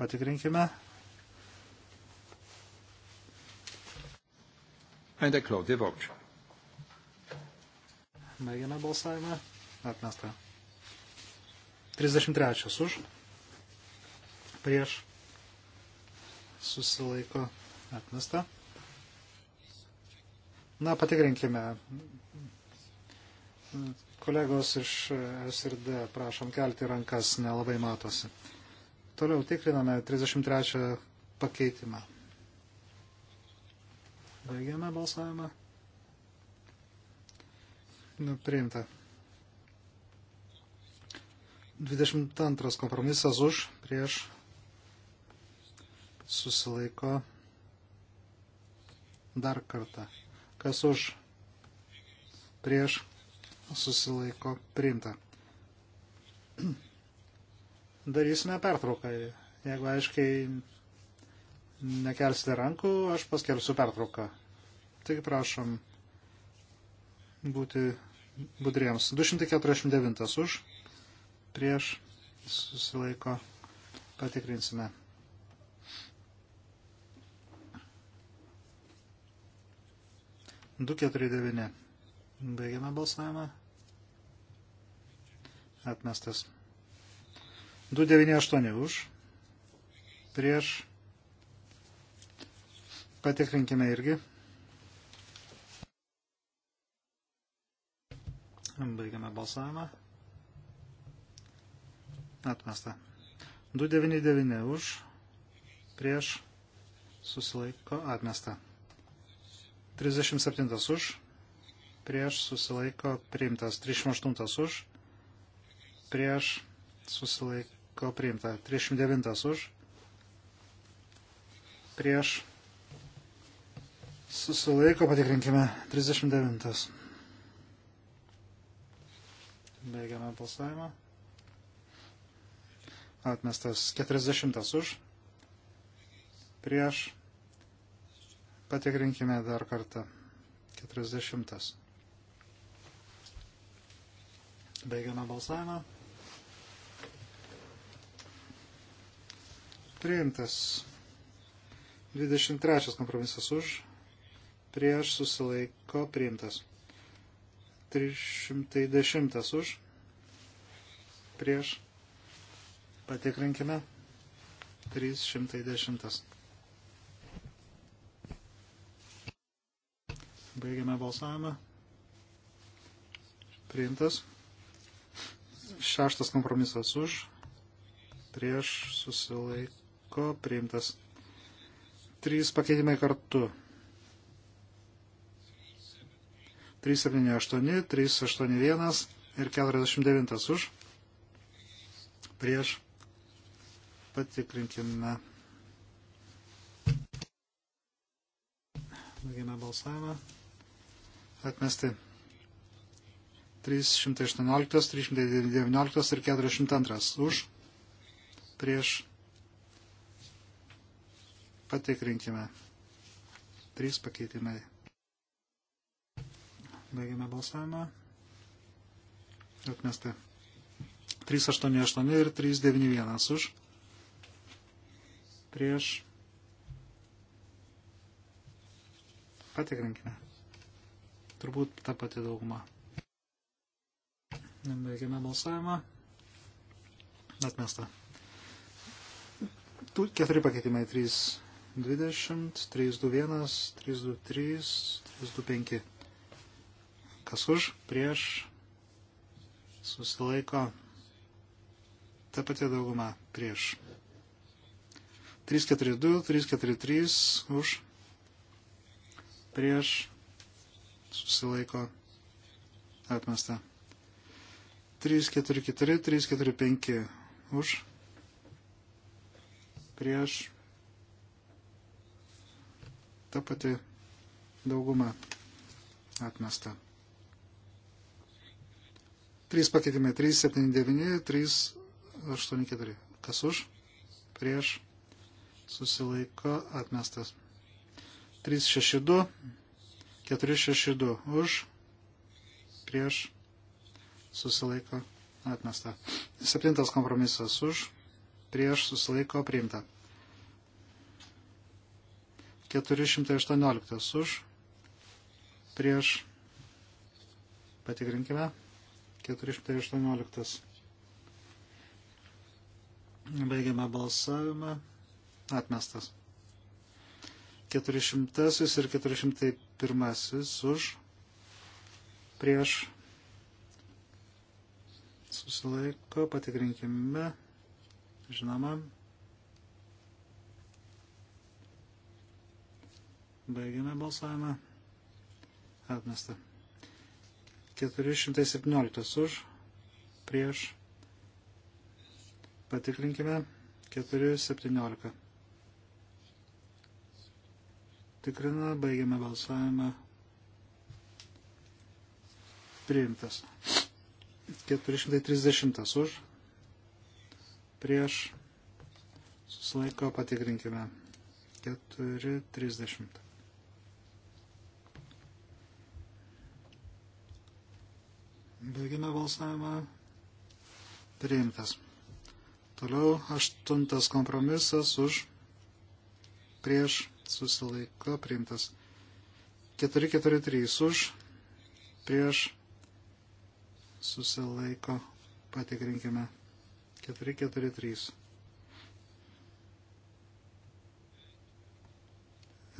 Patikrinkime. And I close the vote. Baigiame balsavimą. Atmesta. 33 už. Prieš. Susilaiko. Atmesta. Na, patikrinkime. Kolegos iš SRD, prašom kelti rankas, nelabai matosi. Toliau tikriname 33 pakeitimą. Baigiame balsavimą. Nu, priimta. 22 kompromisas už, prieš, susilaiko dar kartą. Kas už, prieš, susilaiko priimta. Darysime pertrauką, jeigu aiškiai nekelsite rankų, aš paskelsiu pertrauką. Taigi prašom būti budriems. 249 už, prieš susilaiko patikrinsime. Du keturi devyni. Baigiame balsavimą. Atmestas. 298 už. Prieš patikrinkime irgi. Baigiame balsavimą. Atmesta. 299 už, prieš, susilaiko, atmesta. 37 už, prieš, susilaiko, priimtas. 38 už, prieš, susilaiko, priimta. 39 už, prieš, Susilaiko, patikrinkime. 39. Baigiame balsavimą. Atmestas 40 už. Prieš. Patikrinkime dar kartą. 40. Baigiame balsavimą. Priimtas 23 kompromisas už, prieš susilaiko priimtas. 310 už prieš patikrinkime 310. Baigiame balsavimą. Priimtas. Šeštas kompromisas už prieš susilaiko priimtas. Trys pakeitimai kartu. 378, 381 ir 49 už. Prieš. Patikrinkime. Baigėme balsavimą. Atmesti. 318, 319 ir 402 už. Prieš. Patikrinkime. Trys pakeitimai. Baigiame balsavimą. Atmesta. 388 ir 391 už. Prieš. Patikrinkime. Turbūt ta pati dauguma. Baigiame balsavimą. Atmesta. Tu keturi pakeitimai. 3, 20, 3, 2, 1, 3, 2, 3, 3, 2, 5. Kas už, prieš, susilaiko. Ta pati dauguma prieš. 342, 343 už, prieš, susilaiko, atmesta. 344, 345 už, prieš, ta pati dauguma atmesta. Trys pakeitimai. 379, 384. Kas už? Prieš. Susilaiko atmestas. 362, 462. Už. Prieš. Susilaiko atmesta. Septintas kompromisas už. Prieš. Susilaiko priimta. 418 už. Prieš. Patikrinkime. 418. Baigiame balsavimą. Atmestas. 400 ir 401 už prieš susilaiko, patikrinkime, žinoma, baigiame balsavimą, atmesta. 417 už, prieš, patikrinkime, 417. Tikrina, baigiame balsavimą. Priimtas. 430 už, prieš, susilaiko, patikrinkime, 430. Baigime balsavimą. Priimtas. Toliau aštuntas kompromisas už prieš susilaiko priimtas. 443 už prieš susilaiko patikrinkime. 443.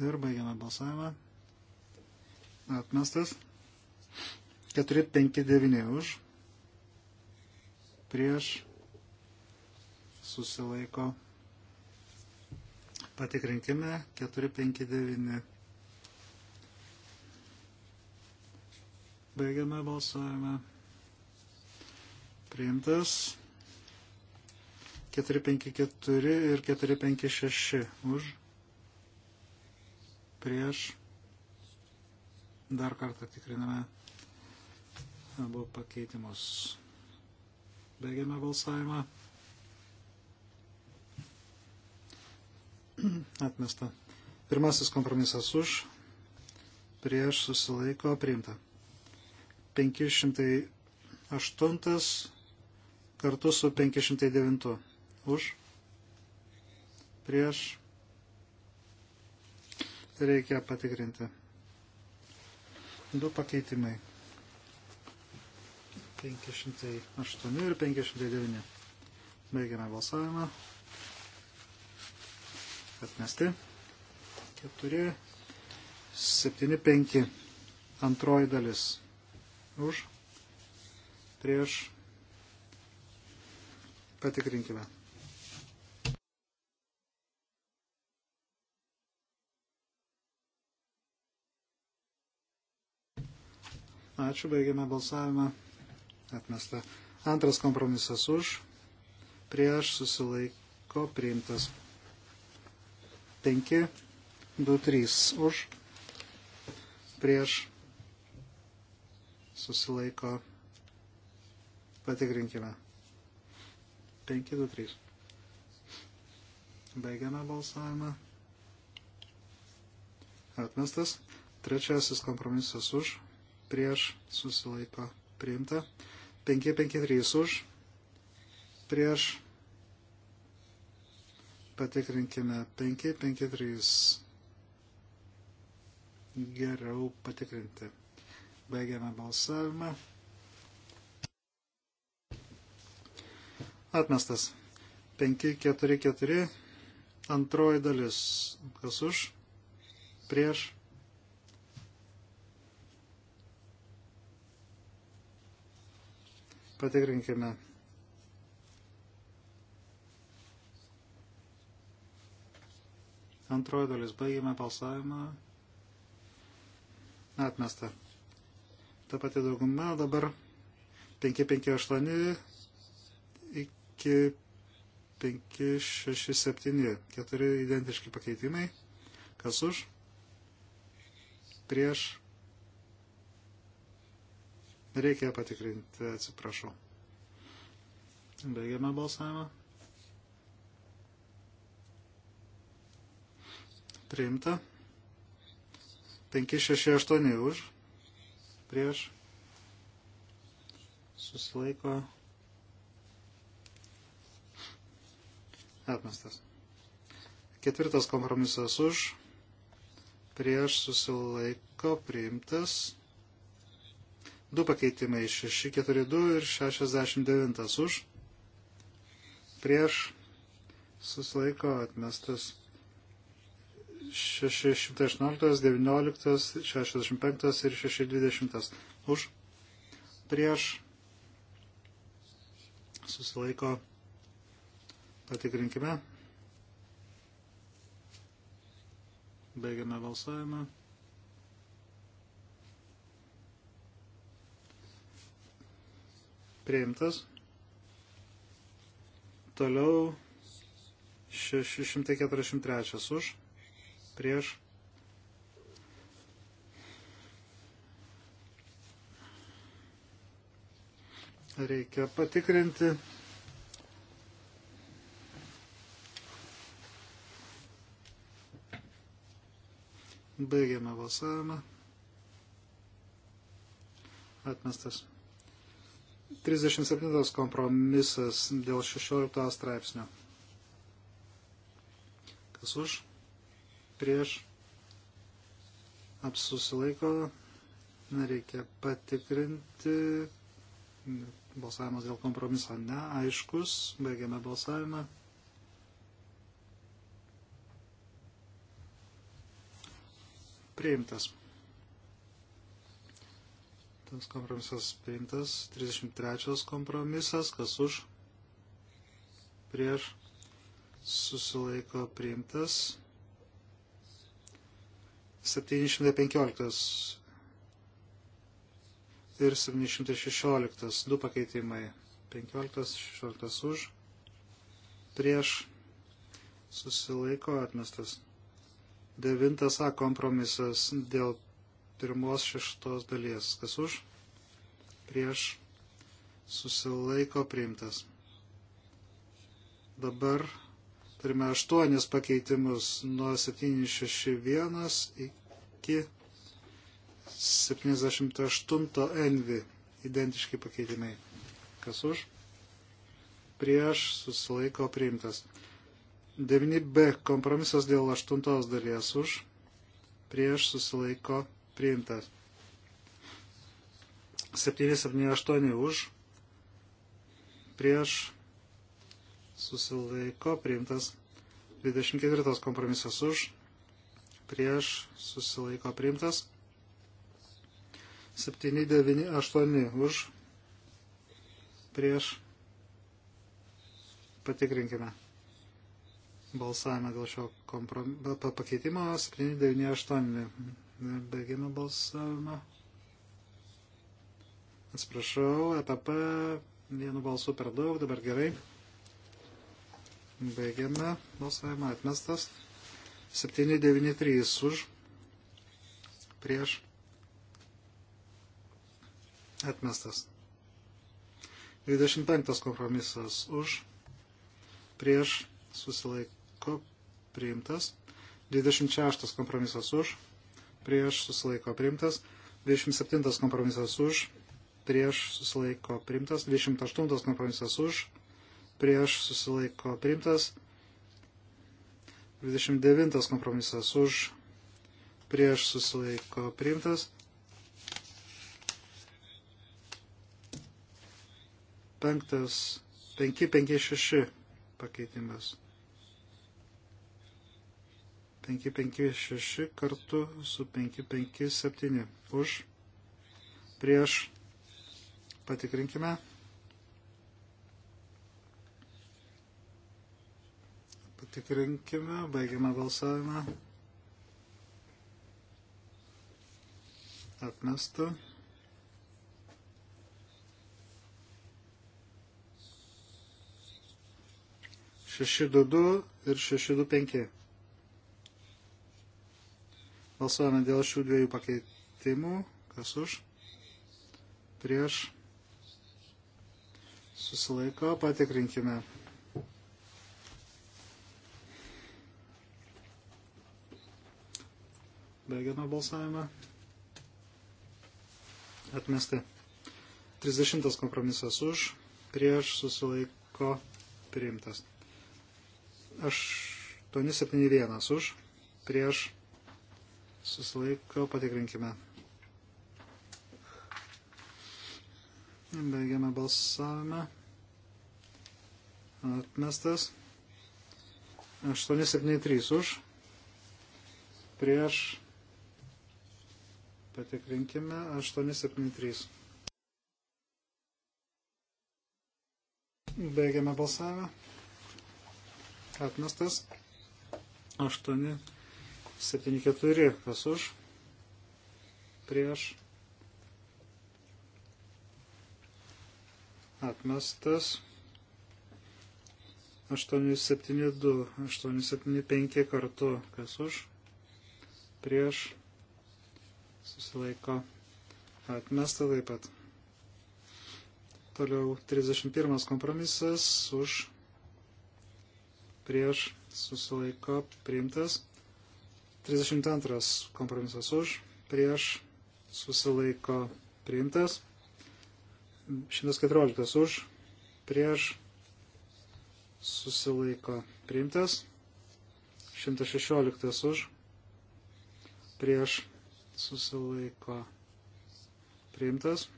Ir baigiame balsavimą. Atmestas. 459 už, prieš, susilaiko. Patikrinkime 459. Baigiame balsavimą. Priimtas 454 ir 456 už, prieš, dar kartą tikriname abu pakeitimus. Baigiame balsavimą. Atmesta. Pirmasis kompromisas už, prieš susilaiko priimta. 508 kartu su 509 už, prieš reikia patikrinti. Du pakeitimai. 508 ir 509. Baigiame balsavimą. Atmesti. 4, 7, 5. Antroji dalis. Už. Prieš. Patikrinkime. Ačiū, baigiame balsavimą atmesta. Antras kompromisas už, prieš susilaiko priimtas. 5, 2, 3 už, prieš susilaiko patikrinkime. 5, 2, 3. Baigiame balsavimą. Atmestas. Trečiasis kompromisas už, prieš susilaiko priimta. 553 už, prieš, patikrinkime 553. Geriau patikrinti. Baigiame balsavimą. Atmestas. 544. Antroji dalis. Kas už? Prieš Patikrinkime. Antroji dalis. Baigėme balsavimą. Atmesta. Ta pati dauguma dabar 558 iki 567. Keturi identiški pakeitimai. Kas už? Prieš Reikia patikrinti, atsiprašau. Baigiame balsavimą. Priimta. 568 už. Prieš. Susilaiko. Atmestas. Ketvirtas kompromisas už. Prieš susilaiko priimtas. Du pakeitimai 642 ir 69 už. Prieš susilaiko atmestas 618, 19, 65 ir 620 už. Prieš susilaiko patikrinkime. Baigiame balsavimą. priimtas. Toliau 643 už, prieš. Reikia patikrinti. Baigiame balsavimą. Atmestas. 37 kompromisas dėl 16 straipsnio. Kas už? Prieš? Apsusilaiko? Nereikia patikrinti. Balsavimas dėl kompromiso neaiškus. Baigiame balsavimą. Priimtas. Tas kompromisas priimtas. 33 kompromisas. Kas už? Prieš. Susilaiko priimtas. 715 ir 716. Du pakeitimai. 15, 16 už. Prieš. Susilaiko atmestas. 9a kompromisas dėl pirmos šeštos dalies. Kas už? Prieš susilaiko priimtas. Dabar turime aštuonis pakeitimus nuo 761 iki 78 envi. Identiški pakeitimai. Kas už? Prieš susilaiko priimtas. 9b kompromisas dėl aštuntos dalies už. Prieš susilaiko priimtas priimtas. 778 už, prieš, susilaiko, priimtas. 24 kompromisas už, prieš, susilaiko, priimtas. 798 už, prieš, patikrinkime balsavimą dėl šio komprom... pakeitimo 798. Baigėme balsavimą. Atsiprašau, EPP vienu balsu per daug, dabar gerai. Baigėme balsavimą atmestas. 793 už, prieš, atmestas. 25 kompromisas už, prieš, susilaiko, priimtas. 26 kompromisas už, prieš susilaiko primtas, 27 kompromisas už, prieš susilaiko primtas, 28 kompromisas už, prieš susilaiko primtas, 29 kompromisas už, prieš susilaiko primtas, 5, 5, 5, 6 pakeitimas. 556 kartu su 557 už prieš patikrinkime. Patikrinkime, baigiame balsavimą. Atmestu. Šeši du du ir šeši du penki. Balsuojame dėl šių dviejų pakeitimų. Kas už? Prieš. Susilaiko, patikrinkime. Baigiame balsavimą. Atmesti. 30 kompromisas už, prieš susilaiko priimtas. 871 už, prieš susilaiko, patikrinkime. Baigiame balsavimą. Atmestas. 873 už. Prieš. Patikrinkime. 873. Baigiame balsavimą. Atmestas. 8. 74, kas už, prieš, atmestas, 872, 875 kartu, kas už, prieš, susilaiko, atmesta taip pat. Toliau 31 kompromisas už, prieš, susilaiko, priimtas. 32 kompromisas už, prieš, susilaiko priimtas. 114 už, prieš, susilaiko priimtas. 116 už, prieš, susilaiko priimtas.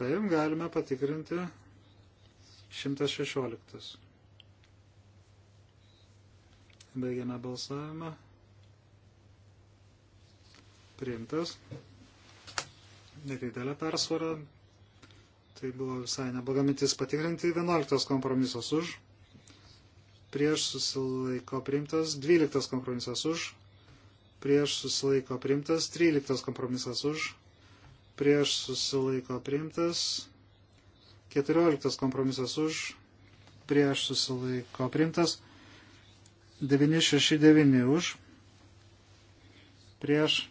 Taip, galime patikrinti 116. Baigiame balsavimą. Priimtas. Nedidelė persvara. Tai buvo visai nebloga mintis patikrinti. 11 kompromisas už. Prieš susilaiko priimtas. 12 kompromisas už. Prieš susilaiko priimtas. 13 kompromisas už. Prieš susilaiko priimtas. 14 kompromisas už. Prieš susilaiko priimtas. 969 už, prieš,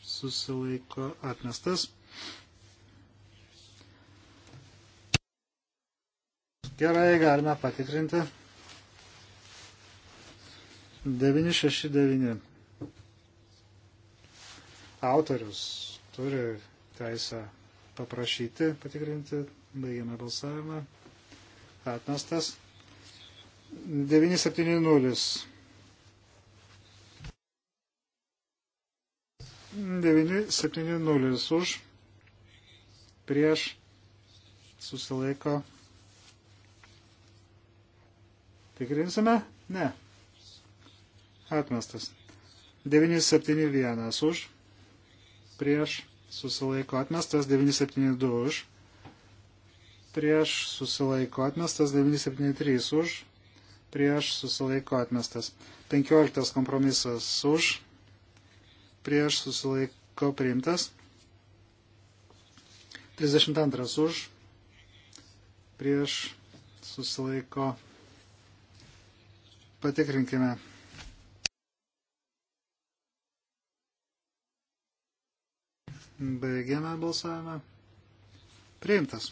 susilaiko atmestas. Gerai, galime patikrinti. 969. Autorius turi teisę paprašyti patikrinti. Baigiame balsavimą. Atmestas. 970. 970 už prieš susilaiko. Tikrinsime? Ne. Atmestas. 971 už prieš susilaiko atmestas 972 už prieš susilaiko atmestas 973 už prieš susilaiko atmestas. 15 kompromisas už, prieš susilaiko priimtas. 32 už, prieš susilaiko. Patikrinkime. Baigiame balsavimą. Priimtas.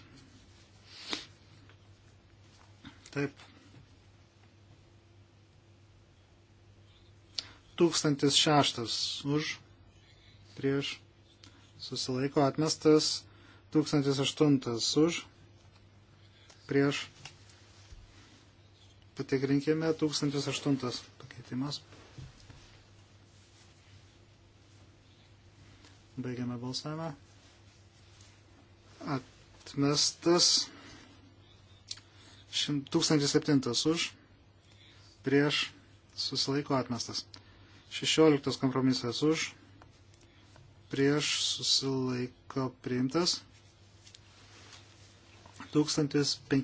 Taip, 1006 už, prieš, susilaiko atmestas, 1008 už, prieš, patikrinkime, 1008 pakeitimas. Baigiame balsavimą. Atmestas 1007 už, prieš, susilaiko atmestas. 16 kompromisas už, prieš susilaiko priimtas. 1050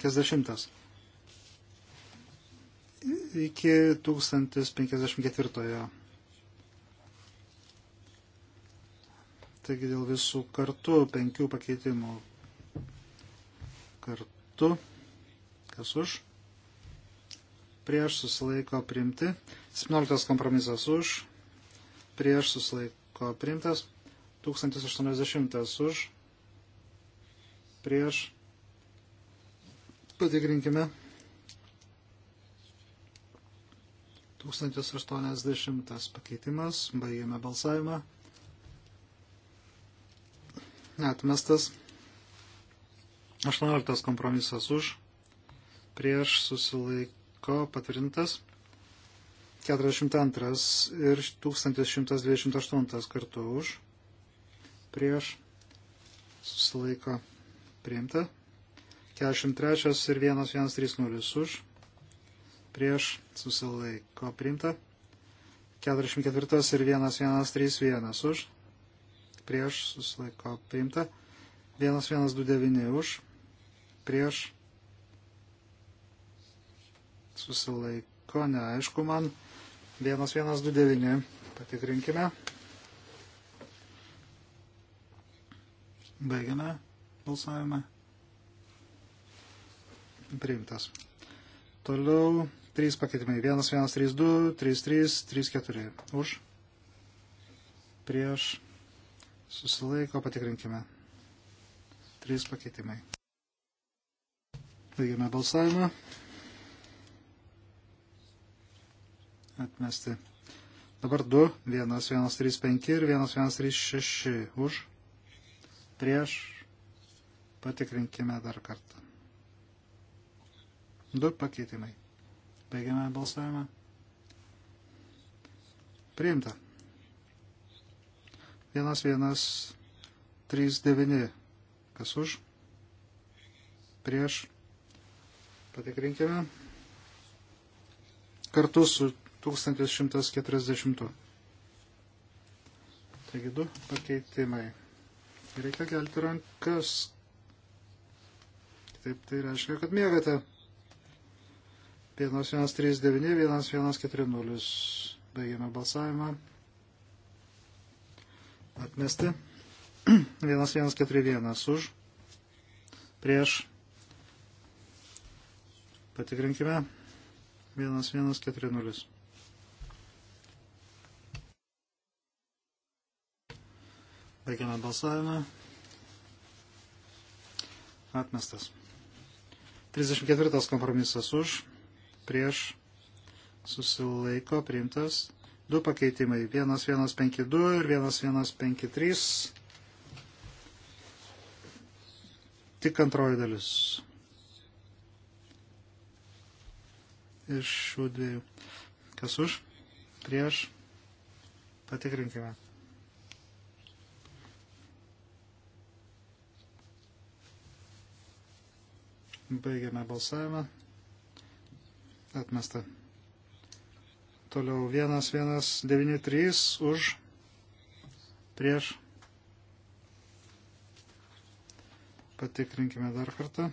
iki 1054. Taigi dėl visų kartų penkių pakeitimų kartu. Kas už? prieš susilaiko priimti, 17 kompromisas už, prieš susilaiko priimtas, 1080 už, prieš, patikrinkime, 1080 pakeitimas, baigėme balsavimą, atmestas, 18 kompromisas už, prieš susilaiko susilaiko patvirtintas. 42 ir 1128 kartu už prieš susilaiko priimta. 43 ir 1130 už prieš susilaiko priimta. 44 ir 1131 už prieš susilaiko priimta. 1129 už prieš susilaiko, neaišku man. 1129 patikrinkime. Baigiame balsavimą. Priimtas. Toliau 3 pakeitimai. 1, 1, 3, 2, 3, 3, 3, 4. Už. Prieš. Susilaiko, patikrinkime. 3 pakeitimai. Baigiame balsavimą. atmesti. Dabar 2, 1, 1, 3, 5 ir 1, 1, 3, 6 už. Prieš. Patikrinkime dar kartą. Du pakeitimai. Baigiame balsavimą. Priimta. 1139. Kas už? Prieš. Patikrinkime. Kartu su 1140. Taigi du pakeitimai. Reikia kelti rankas. Taip tai reiškia, kad mėgate. 1139, 1140. Baigėme balsavimą. Atmesti. 1141 už. Prieš. Patikrinkime. 1140. Baigiame balsavimą. Atmestas. 34 kompromisas už, prieš, susilaiko, priimtas. Du pakeitimai. 1152 ir 1153. Tik antroji dalis. Iš šių dviejų. Kas už? Prieš. Patikrinkime. Baigiame balsavimą. Atmesta. Toliau 1193 už prieš. Patikrinkime dar kartą.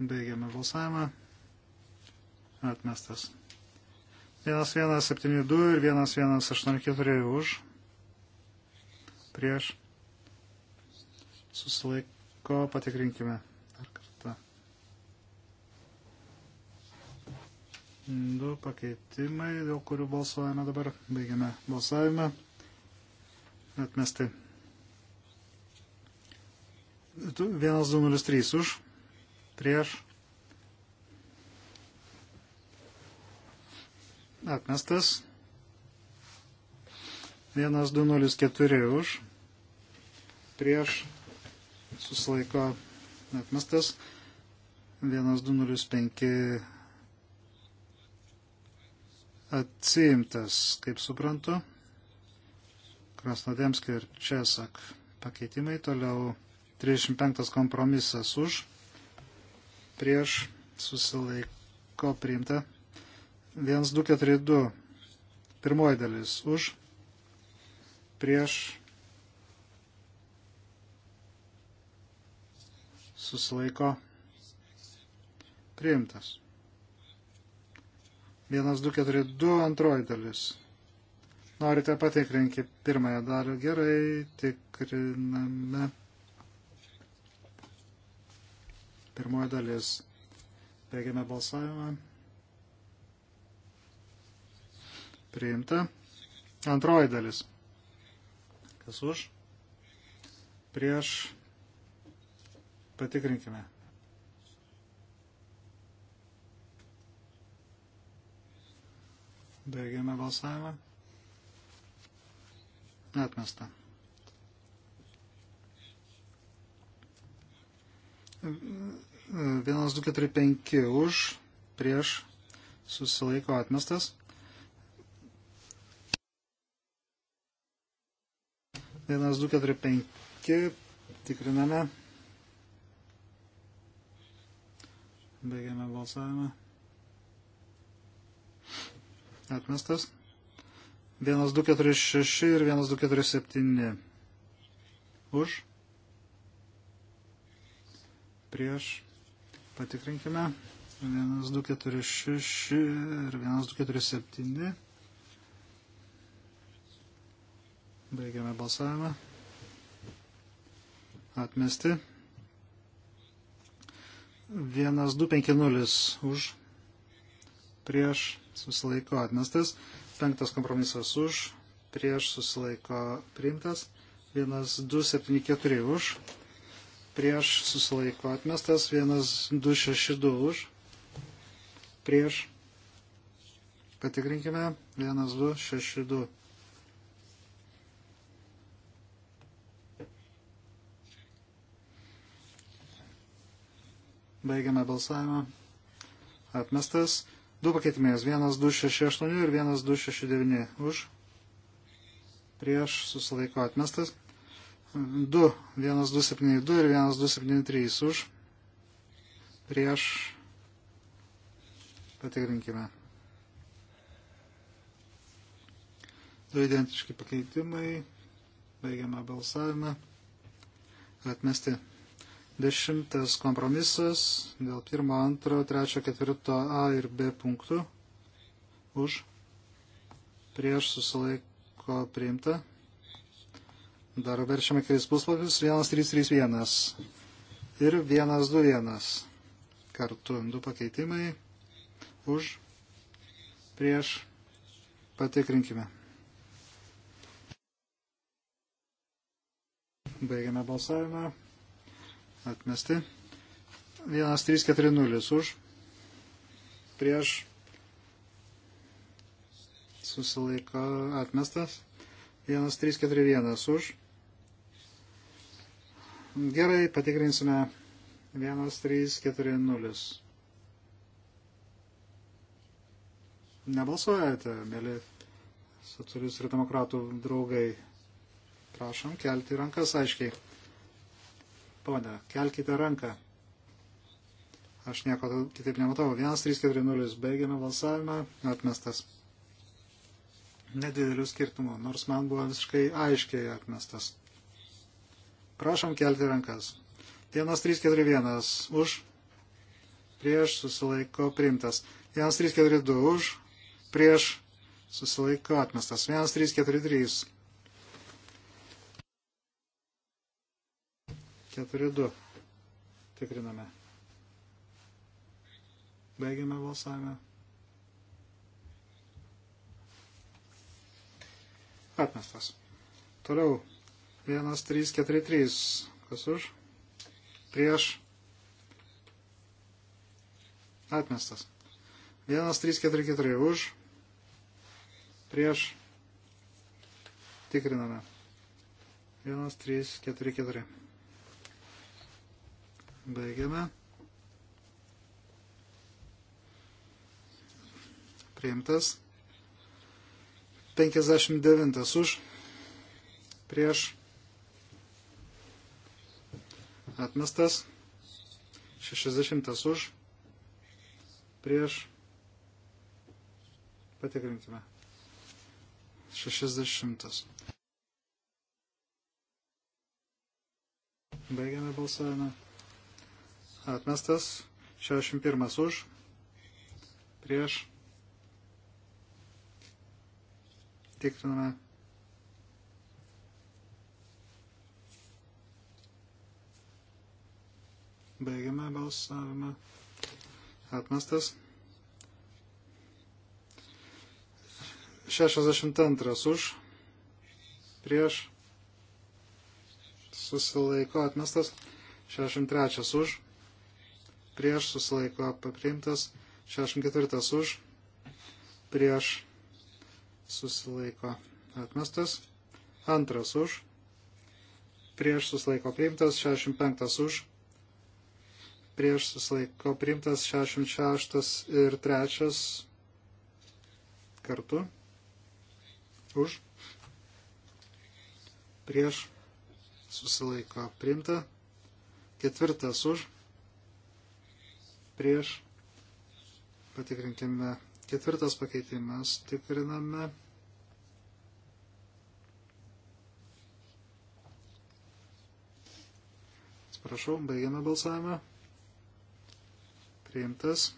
Baigiame balsavimą. Atmestas. 1172 ir 1184 už prieš susilaiko, patikrinkime dar kartą. Du pakeitimai, dėl kurių balsuojame dabar, baigiame balsavimą, atmesti. 1203 už, prieš, atmestas. 1204 už, prieš, atmestas susilaiko atmestas. 1205 atsiimtas, kaip suprantu. Krasnodemskė ir Česak pakeitimai. Toliau 35 kompromisas už. Prieš susilaiko priimta. 1242. Pirmoji dalis už. Prieš susilaiko priimtas. 1242 antroji dalis. Norite patikrinti pirmąją dalį gerai, tikriname. Pirmoji dalis. Baigiame balsavimą. Priimta. Antroji dalis. Kas už? Prieš Patikrinkime. Baigiame balsavimą. Atmesta. Vienas, du, keturi, penki už, prieš, susilaiko atmestas. Vienas, du, keturi, penki, tikriname. Baigiame balsavimą. Atmestas. 1246 ir 1247. Už. Prieš. Patikrinkime. 1246 ir 1247. Baigiame balsavimą. Atmesti. 1250 už, prieš susilaiko atmestas, penktas kompromisas už, prieš susilaiko priimtas, 1274 už, prieš susilaiko atmestas, 1262 už, prieš, patikrinkime, 1262. Baigiame balsavimą. Atmestas. Du pakeitimės. 1268 ir 1269. Už. Prieš susilaiko atmestas. 2. 1272 ir 1273. Už. Prieš. Patikrinkime. Du identiški pakeitimai. Baigiame balsavimą. Atmesti. Dešimtas kompromisas dėl pirmo, antro, trečio, ketvirto A ir B punktų. Už. Prieš susilaiko priimta. Dar verčiame kelis puslapius. 1331 ir 121 kartu du pakeitimai už prieš patikrinkime. Baigiame balsavimą atmesti. 1340 už, prieš susilaiko atmestas. 1341 už. Gerai, patikrinsime 1340. Nebalsuojate, mėly socialistų ir demokratų draugai. Prašom kelti rankas aiškiai. Pone, kelkite ranką. Aš nieko kitaip nematau. 1340 baigiame balsavimą, atmestas. Nedidelių skirtumų, nors man buvo visiškai aiškiai atmestas. Prašom kelti rankas. 1341 už, prieš susilaiko priimtas. 1342 už, prieš susilaiko atmestas. 1343 4-2. Tikriname. Baigiame balsavimą. Atmestas. Toliau. 1-3-4-3. Kas už? Prieš. Atmestas. 1-3-4-4. Už. Prieš. Tikriname. 1-3-4-4. Baigiame. Priimtas. 59 už. Prieš. Atmestas. 60 už. Prieš. Patikrinkime. 60. Baigiame balsavimą atmestas. 61 už, prieš. Tikriname. Baigiame balsavimą. Atmestas. 62 už, prieš. Susilaiko atmestas. 63 už prieš susilaiko priimtas, 64 už, prieš susilaiko atmestas, antras už, prieš susilaiko priimtas, 65 už, prieš susilaiko priimtas, 66 ir trečias kartu, už, prieš susilaiko priimta, ketvirtas už, prieš. Patikrinkime. Ketvirtas pakeitimas. Tikriname. Atsiprašau, baigiame balsavimą. Priimtas.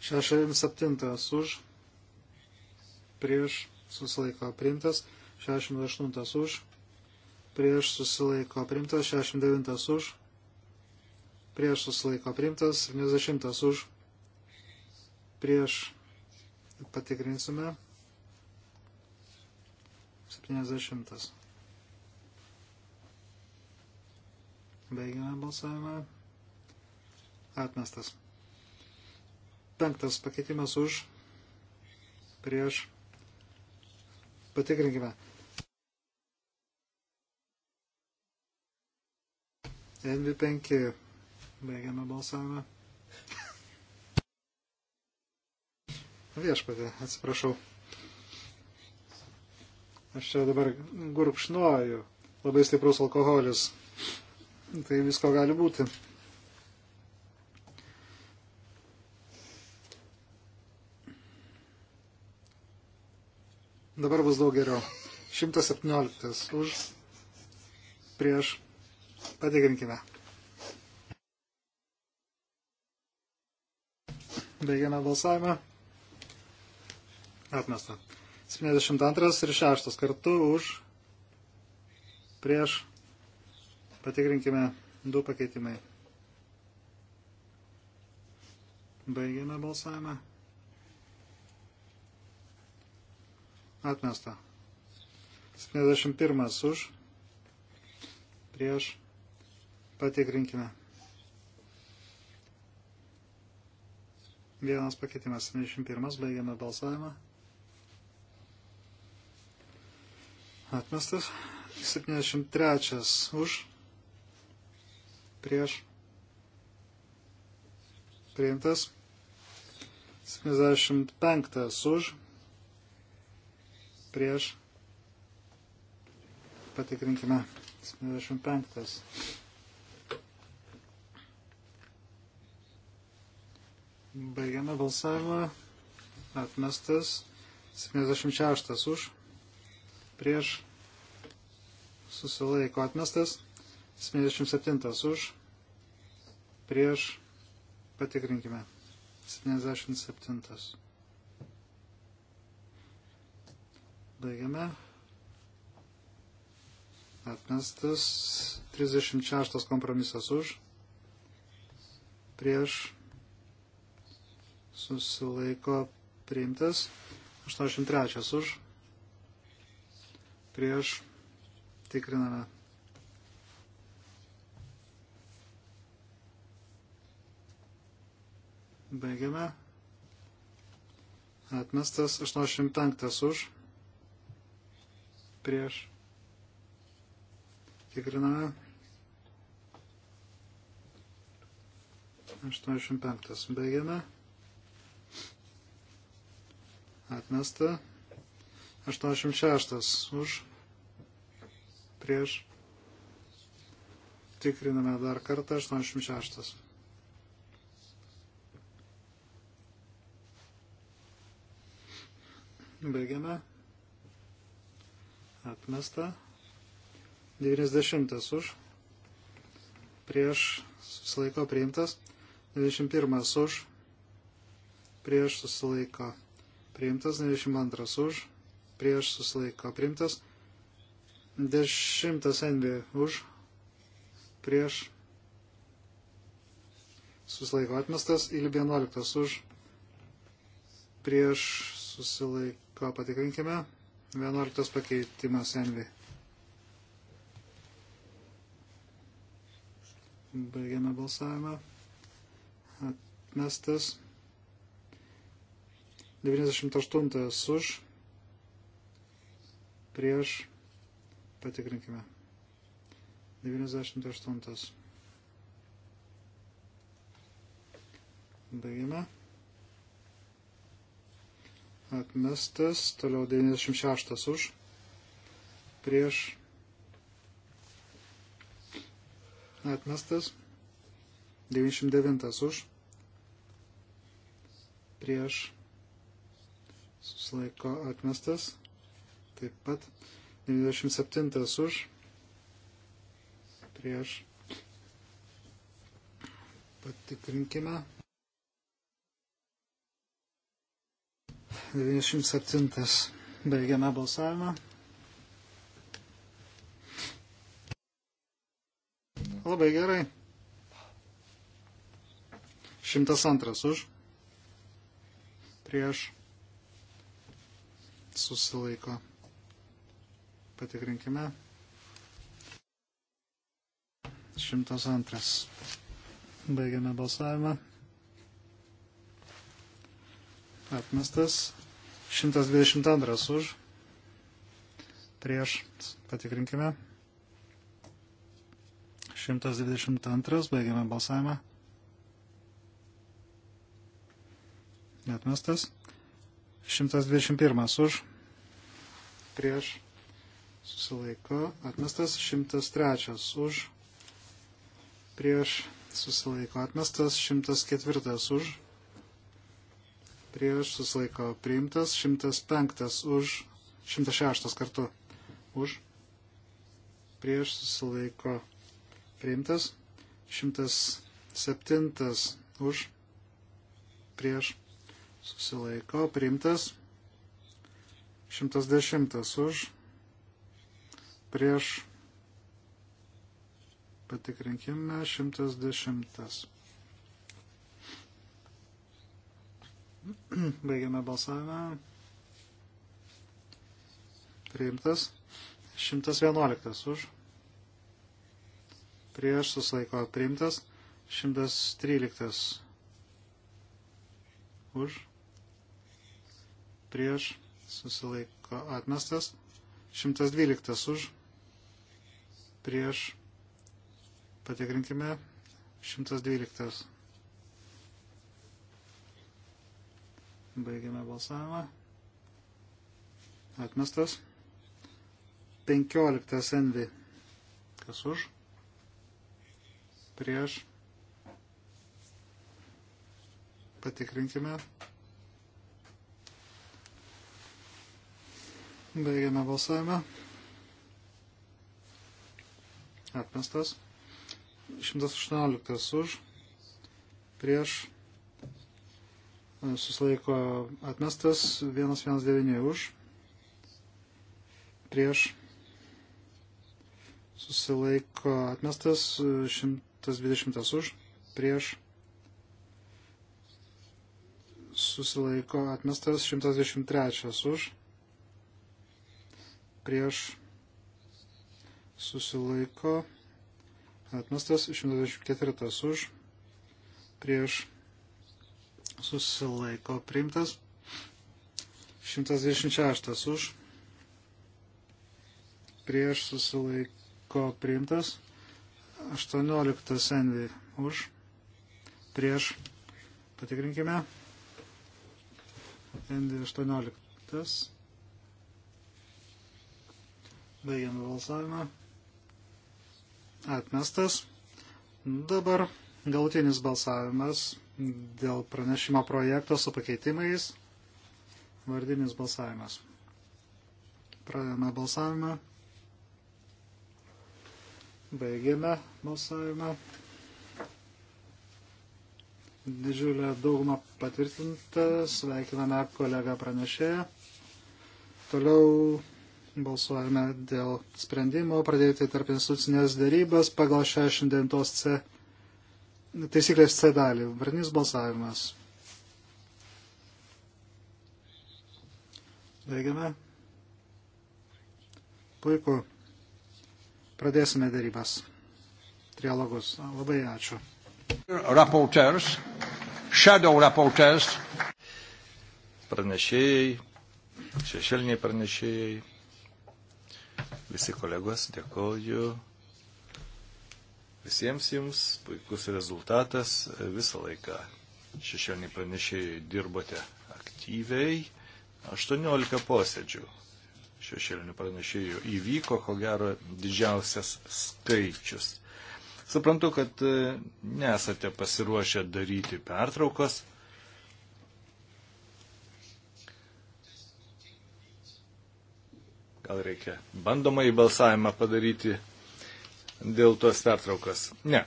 67 už. Prieš susilaiko priimtas. 68 už. Prieš susilaiko priimtas. 69 už prieš susilaiko priimtas, 70 už, prieš patikrinsime, 70. Baigiame balsavimą. Atmestas. Penktas pakeitimas už, prieš, patikrinkime. NV5 Baigiame balsavimą. Viešpatė, atsiprašau. Aš čia dabar gurkšnuoju. Labai stiprus alkoholis. Tai visko gali būti. Dabar bus daug geriau. 117 už prieš patikrinkime. Baigiame balsavimą. Atmesta. 72 ir 6 kartu už. Prieš. Patikrinkime du pakeitimai. Baigiame balsavimą. Atmesta. 71 už. Prieš. Patikrinkime. Vienas pakeitimas 71. Baigiame balsavimą. Atmestas. 73. Už. Prieš. Priimtas. 75. Už. Prieš. Patikrinkime. 75. Baigiame balsavimą. Atmestas. 76 už. Prieš. Susilaiko atmestas. 77 už. Prieš. Patikrinkime. 77. Baigiame. Atmestas 36 kompromisas už. Prieš susilaiko priimtas. 83 už. Prieš tikriname. Baigiame. Atmestas 85 už. Prieš. Tikriname. 85. Baigiame. Atmesta. 86 už. Prieš. Tikriname dar kartą. 86. Baigiame. Atmesta. 90 už. Prieš susilaiko priimtas. 21 už. Prieš susilaiko priimtas, 92 už, prieš susilaiko priimtas, 10 NB už, prieš susilaiko atmestas, il 11 už, prieš susilaiko patikrinkime, 11 pakeitimas NB. Baigiame balsavimą. Atmestas. 98 už, prieš, patikrinkime. 98. Baigime. Atmestas, toliau 96 už, prieš, atmestas, 99 už, prieš, susilaiko atmestas. Taip pat 97 už prieš patikrinkime. 97. Baigiame balsavimą. Labai gerai. 102 už. Prieš susilaiko. Patikrinkime. 102. Baigiame balsavimą. Atmestas. 122 už. Prieš. Patikrinkime. 122. Baigiame balsavimą. Atmestas. 121 už, prieš, susilaiko, atmestas, 103 už, prieš, susilaiko, atmestas, 104 už, prieš, susilaiko, priimtas, 105 už, 106 kartu už, prieš, susilaiko, priimtas, 107 už, prieš, susilaiko, priimtas. 110 už, prieš, patikrinkime, 110. Baigiame balsavimą. Priimtas. 111 už. Prieš susilaiko priimtas. 113 už prieš, susilaiko atmestas. 112 už, prieš, patikrinkime, 112. Baigiame balsavimą. Atmestas. 15 envy. Kas už? Prieš. Patikrinkime. Baigiame balsavimą. Atmestas. 118 už. Prieš. Susilaiko atmestas. 119 už. Prieš. Susilaiko atmestas. 120 už. Prieš susilaiko atmestas 123 už, prieš susilaiko atmestas 124 už prieš susilaiko priimtas 126 už prieš susilaiko priimtas 18 envy už prieš patikrinkime envy 18 Baigiame balsavimą. Atmestas. Dabar galutinis balsavimas dėl pranešimo projekto su pakeitimais. Vardinis balsavimas. Pradėjome balsavimą. Baigėme balsavimą. Didžiulė dauguma patvirtinta. Sveikiname kolegą pranešėją. Toliau balsuojame dėl sprendimo pradėti tarp institucinės darybas pagal 69C taisyklės C dalį. Varnys balsavimas. Baigiame. Puiku. Pradėsime darybas. Trialogus. Labai ačiū. Rapporteurs, shadow rapporteurs. Pranešėjai, šešėliniai pranešėjai visi kolegos, dėkoju visiems jums, puikus rezultatas visą laiką. Šešėlį pranešėjai dirbote aktyviai, 18 posėdžių šešėlinių pranešėjų įvyko, ko gero, didžiausias skaičius. Suprantu, kad nesate pasiruošę daryti pertraukos. Gal reikia bandomą į balsavimą padaryti dėl tos pertraukos? Ne,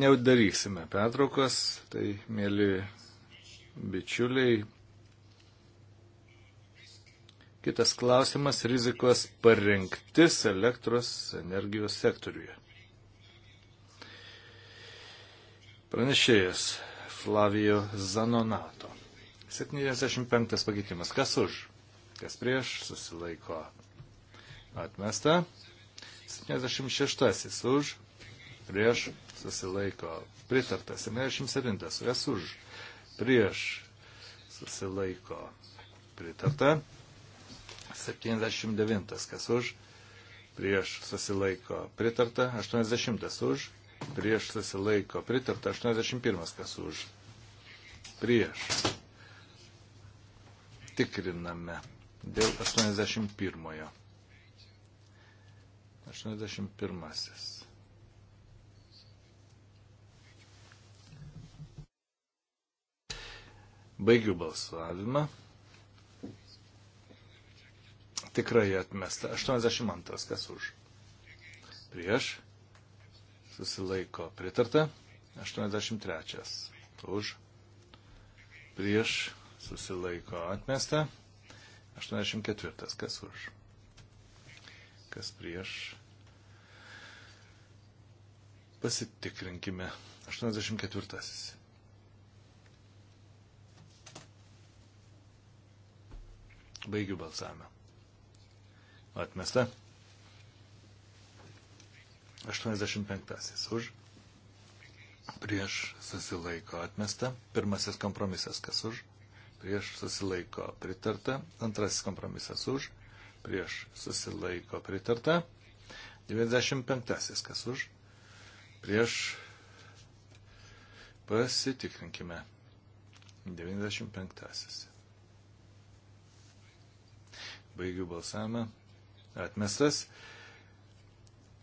neudarysime pertraukos, tai mėly bičiuliai. Kitas klausimas - rizikos parengtis elektros energijos sektoriuje. Pranešėjas Flavijo Zanonato. 75 pakeitimas. Kas už? Kas prieš? Susilaiko Atmesta. 76 už, prieš susilaiko. Pritarta. 77 es už, prieš susilaiko. Pritarta. 79 kas už, prieš susilaiko. Pritarta. 80 už, prieš susilaiko. Pritarta. 81 kas už, prieš. Tikriname dėl 81. -ojo. 81. Baigiu balsavimą. Tikrai atmesta. 82. Kas už? Prieš. Susilaiko. Pritarta. 83. Už. Prieš. Susilaiko. Atmesta. 84. Kas už? Kas prieš? Pasitikrinkime. 84. Baigiu balsavimą. Atmesta. 85. Už. Prieš susilaiko atmesta. Pirmasis kompromisas kas už. Prieš susilaiko pritarta. Antrasis kompromisas už. Prieš susilaiko pritarta. 95. kas už prieš pasitikrinkime. 95. Baigiu balsavimą. Atmestas.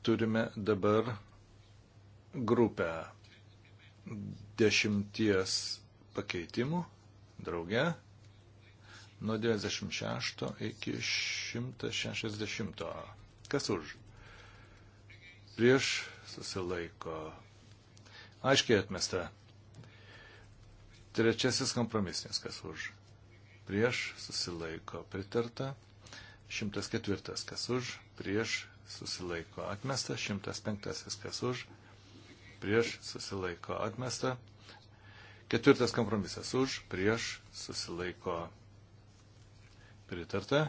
Turime dabar grupę dešimties pakeitimų drauge nuo 96 iki 160. Kas už? Prieš susilaiko. Aiškiai atmesta. Trečiasis kompromisinis, kas už. Prieš susilaiko pritarta. 104. kas už. Prieš susilaiko atmesta. 105. kas už. Prieš susilaiko atmesta. Ketvirtas kompromisas už. Prieš susilaiko pritarta.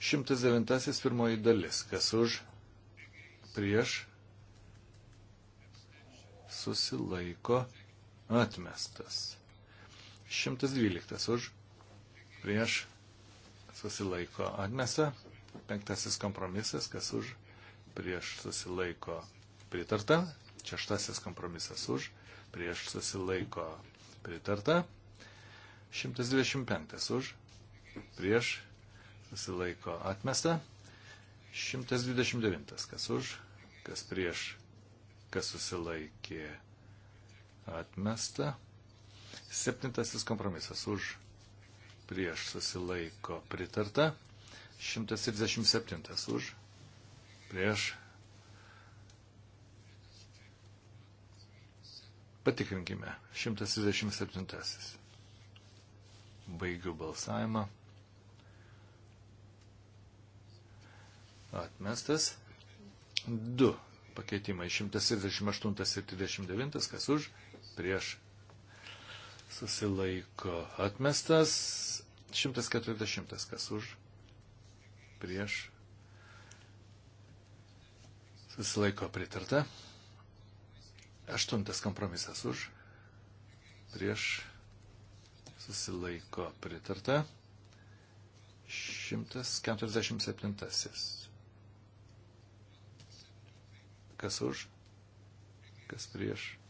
109 pirmoji dalis. Kas už, prieš, susilaiko, atmestas. 112 už, prieš, susilaiko, atmesta. Penktasis kompromisas, kas už, prieš, susilaiko, pritarta. Šeštasis kompromisas už, prieš, susilaiko, pritarta. 125 už, prieš, susilaiko atmesta. 129. Kas už, kas prieš, kas susilaikė atmesta. Septintasis kompromisas už, prieš susilaiko pritarta. 137 už, prieš. Patikrinkime. 137. Baigiu balsavimą. Atmestas. 2 pakeitimai. 138 ir 39, kas už, prieš susilaiko. Atmestas. 140, kas už, prieš susilaiko pritarta. Aštuntas kompromisas už, prieš susilaiko pritarta. 147. Kas už? Kas prieš?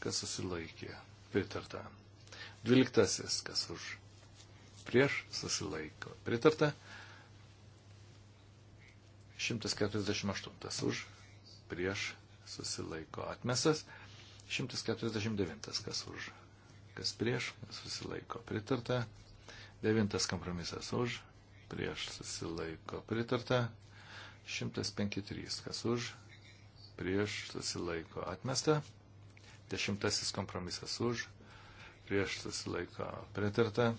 Kas susilaikė? Pritarta. Dvyliktasis. Kas už? Prieš susilaiko. Pritarta. 148 už, prieš susilaiko atmesas, 149 kas už, kas prieš susilaiko pritarta, 9 kompromisas už, prieš susilaiko pritarta, 153, kas už, prieš susilaiko atmesta. Dešimtasis kompromisas už, prieš susilaiko pritarta.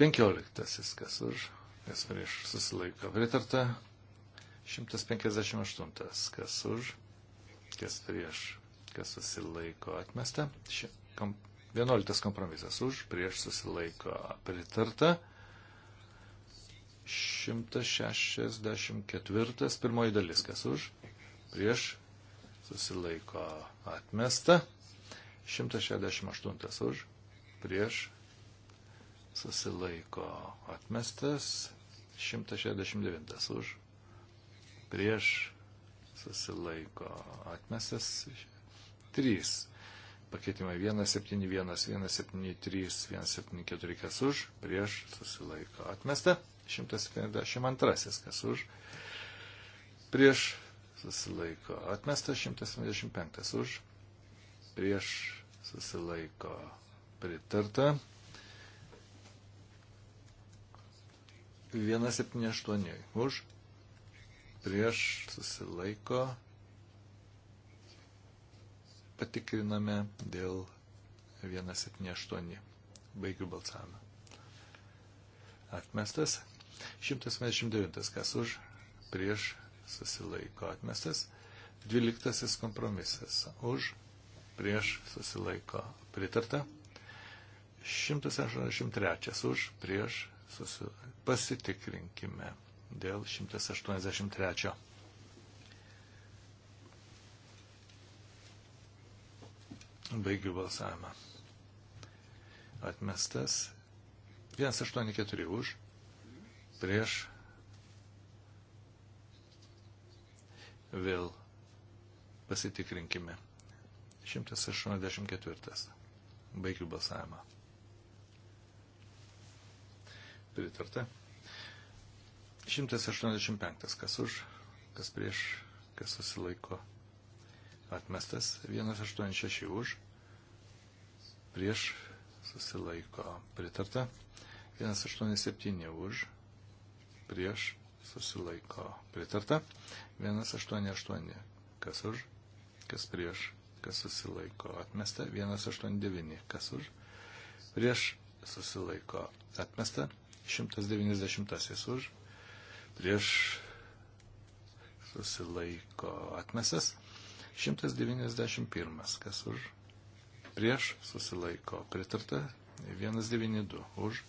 Penkioliktasis, kas už, kas prieš susilaiko pritarta. 158, kas už, kas prieš, kas susilaiko atmesta. Ši, kom, 11 kompromisas už, prieš susilaiko pritarta. 164. Pirmoji dalis, kas už, prieš, susilaiko atmesta. 168 už, prieš, susilaiko atmestas. 169 už, prieš, susilaiko atmestas. 3 pakeitimai 171, 173, 174, kas už, prieš, susilaiko atmesta. 172, kas už, prieš susilaiko atmestas, 175 už, prieš susilaiko pritarta. 178 už, prieš susilaiko patikriname dėl 178. Baigiu balsavimą. Atmestas 129. Kas už, prieš, susilaiko atmestas. 12. Kompromisas. Už, prieš, susilaiko pritarta. 183. Už, prieš, susilaiko. Pasitikrinkime dėl 183. Baigiu balsavimą. Atmestas 184 už, prieš. Vėl pasitikrinkime. 184. Baigiu balsavimą. Pritarta. 185. Kas už, kas prieš, kas susilaiko. Atmestas. 186 už, prieš, susilaiko. Pritarta. 187 už, prieš susilaiko pritarta. 188, kas už, kas prieš, kas susilaiko atmesta. 189, kas už, prieš susilaiko atmesta. 190 už, prieš susilaiko atmestas. 191, kas už, prieš susilaiko pritarta. 192 už,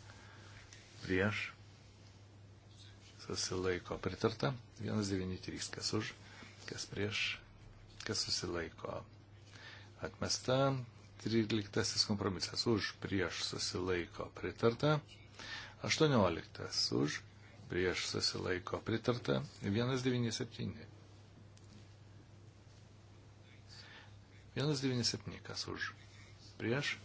prieš susilaiko pritarta, 193 kas už, kas prieš, kas susilaiko atmesta, 13 kompromisas už, prieš susilaiko pritarta, 18 už, prieš susilaiko pritarta, 197. 197 kas už, prieš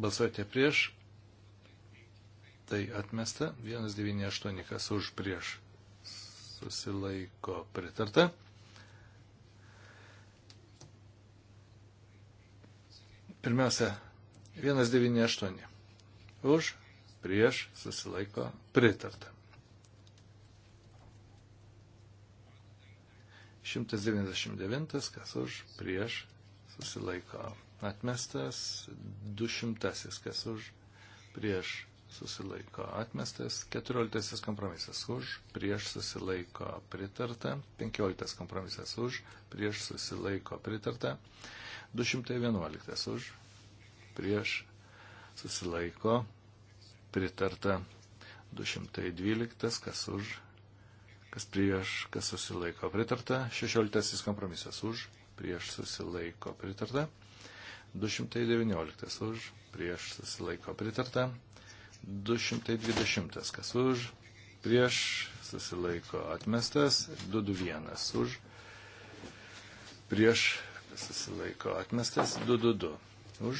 balsuojate prieš, tai atmesta. 198 kas už prieš susilaiko pritarta. Pirmiausia, 198. Už, prieš, susilaiko, pritarta. 199, kas už, prieš, susilaiko, atmestas, dušimtasis, kas už, prieš susilaiko atmestas, keturioliktasis kompromisas už, prieš susilaiko pritarta, penkioliktas kompromisas už, prieš susilaiko pritarta, dušimtai vienuoliktas už, prieš susilaiko pritarta, dušimtai dvyliktas, kas už, kas prieš, kas susilaiko pritarta, šešioliktasis kompromisas už, prieš susilaiko pritarta. 219 už, prieš susilaiko pritarta. 220 kas už, prieš susilaiko atmestas. 221 už, prieš susilaiko atmestas. 222 už,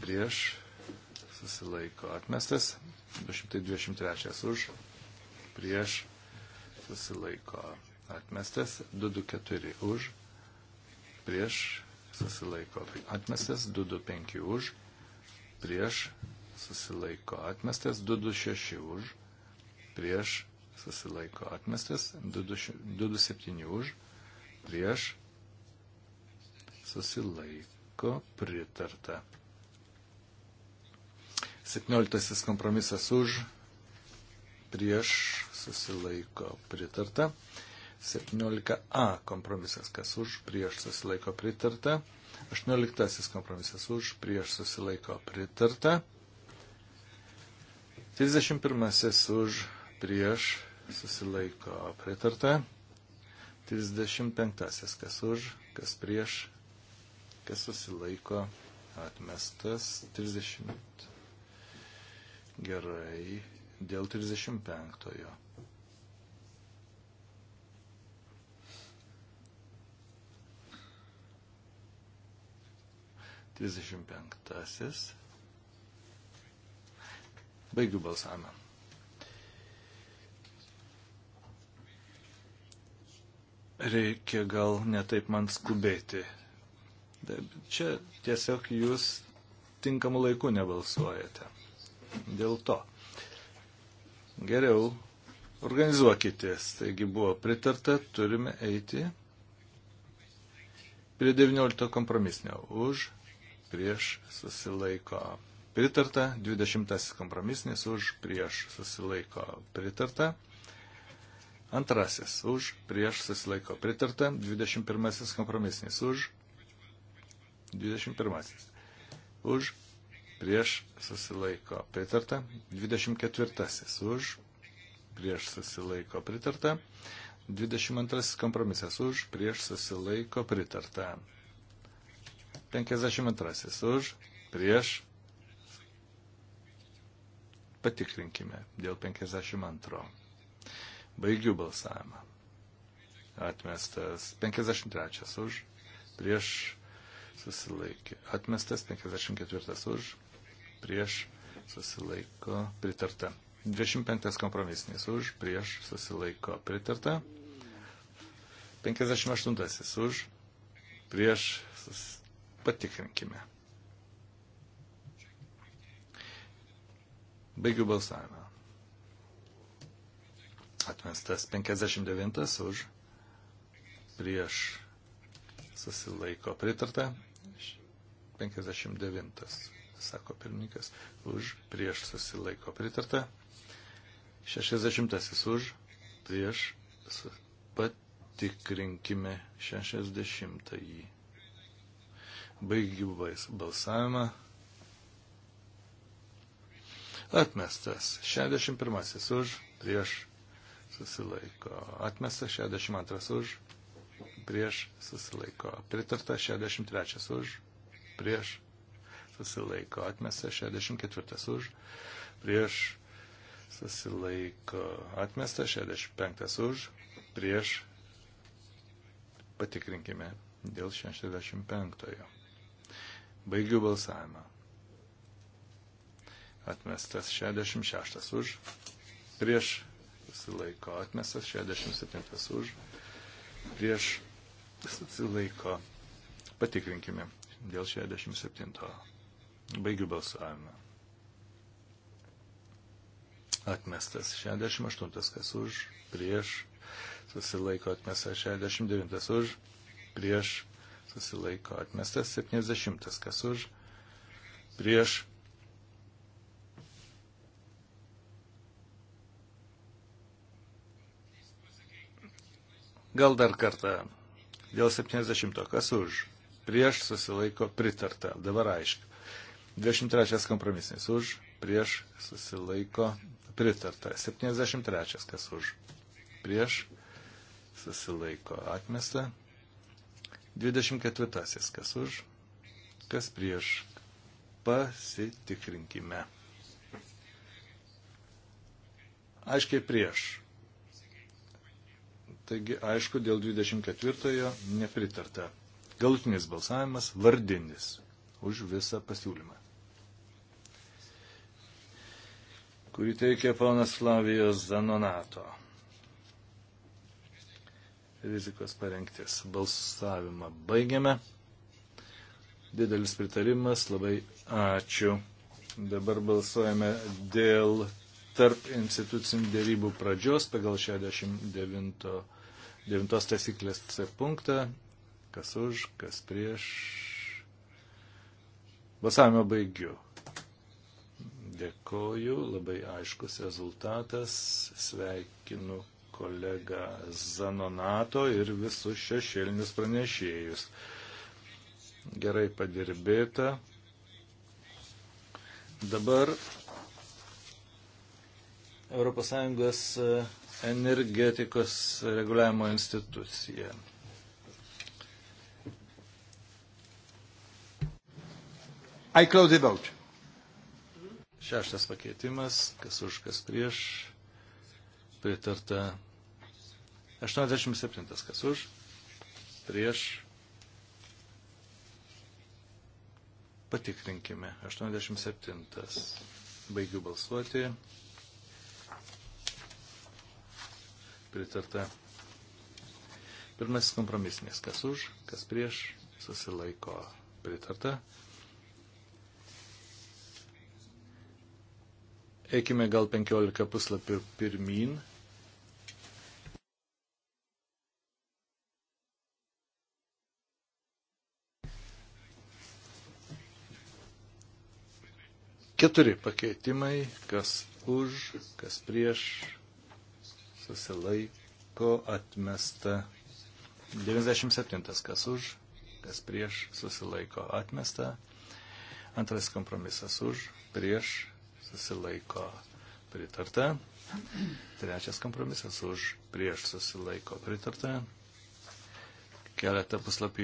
prieš susilaiko atmestas. 223 už, prieš susilaiko atmestas. 224 už, prieš susilaiko atmestas, 225 už, prieš susilaiko atmestas, 226 už, prieš susilaiko atmestas, 227 už, prieš susilaiko pritarta. 17 kompromisas už, prieš susilaiko pritarta. 17a kompromisas, kas už, prieš susilaiko pritarta. 18 kompromisas už, prieš susilaiko pritarta. 31 už, prieš susilaiko pritarta. 35 kas už, kas prieš, kas susilaiko atmestas. 30. Gerai, dėl 35. -ojo. 35. Baigiu balsavimą. Reikia gal netaip man skubėti. Čia tiesiog jūs tinkamu laiku nebalsuojate. Dėl to. Geriau organizuokitės. Taigi buvo pritarta, turime eiti prie 19 kompromisinio. Už prieš susilaiko pritarta, 20 kompromisinis už prieš susilaiko pritarta, antrasis už prieš susilaiko pritarta, 21 kompromisinis už 21 už prieš susilaiko pritarta, 24 už prieš susilaiko pritarta, 22 kompromisas už prieš susilaiko pritarta. 52 už, prieš. Patikrinkime dėl 52. Baigiu balsavimą. Atmestas 53 už, prieš susilaikė. Atmestas 54 už, prieš susilaiko pritarta. 25 kompromisinis už, prieš susilaiko pritarta. 58 už, prieš susilaiko Patikrinkime. Baigiu balsavimą. Atmestas 59 už prieš susilaiko pritarta. 59, sako pirmininkas, už prieš susilaiko pritarta. 60 už prieš patikrinkime 60 jį. Baigiu balsavimą. Atmestas 61 už, prieš susilaiko. Atmestas 62 už, prieš susilaiko. Pritarta 63 už, prieš susilaiko. Atmestas 64 už, prieš susilaiko. Atmestas 65 už, prieš patikrinkime dėl 65. -ojo. Baigiu balsavimą. Atmestas 66 už. Prieš susilaiko. Atmestas 67 už. Prieš susilaiko. Patikrinkime dėl 67. Baigiu balsavimą. Atmestas 68 kas už. Prieš susilaiko. Atmestas 69 už. Prieš susilaiko atmestas 70, kas už, prieš. Gal dar kartą. Dėl 70, kas už, prieš susilaiko pritarta. Dabar aišku. 23 kompromisinis už, prieš susilaiko pritarta. 73 kas už, prieš susilaiko atmesta. 24. Kas už, kas prieš. Pasitikrinkime. Aiškiai prieš. Taigi, aišku, dėl 24-ojo nepritarta. Galutinis balsavimas vardinis už visą pasiūlymą, kurį teikia ponas Flavijos Zanonato rizikos parengtis. Balsavimą baigiame. Didelis pritarimas, labai ačiū. Dabar balsuojame dėl tarp institucinių dėrybų pradžios pagal 69 taisyklės C punktą. Kas už, kas prieš. Balsavimą baigiu. Dėkoju, labai aiškus rezultatas. Sveikinu kolegą Zanonato ir visus šešėlinius pranešėjus. Gerai padirbėta. Dabar ES e, energetikos reguliavimo institucija. I close the vote. Šeštas pakeitimas, kas už, kas prieš, pritarta 87. Kas už? Prieš. Patikrinkime. 87. Baigiu balsuoti. Pritarta. Pirmasis kompromisinės. Kas už, kas prieš, susilaiko. Pritarta. Eikime gal 15 puslapių pirmin. Keturi pakeitimai, kas už, kas prieš, susilaiko atmesta. 97, kas už, kas prieš, susilaiko atmesta. Antras kompromisas už, prieš, susilaiko pritarta. Trečias kompromisas už, prieš, susilaiko pritarta. Keletą puslapį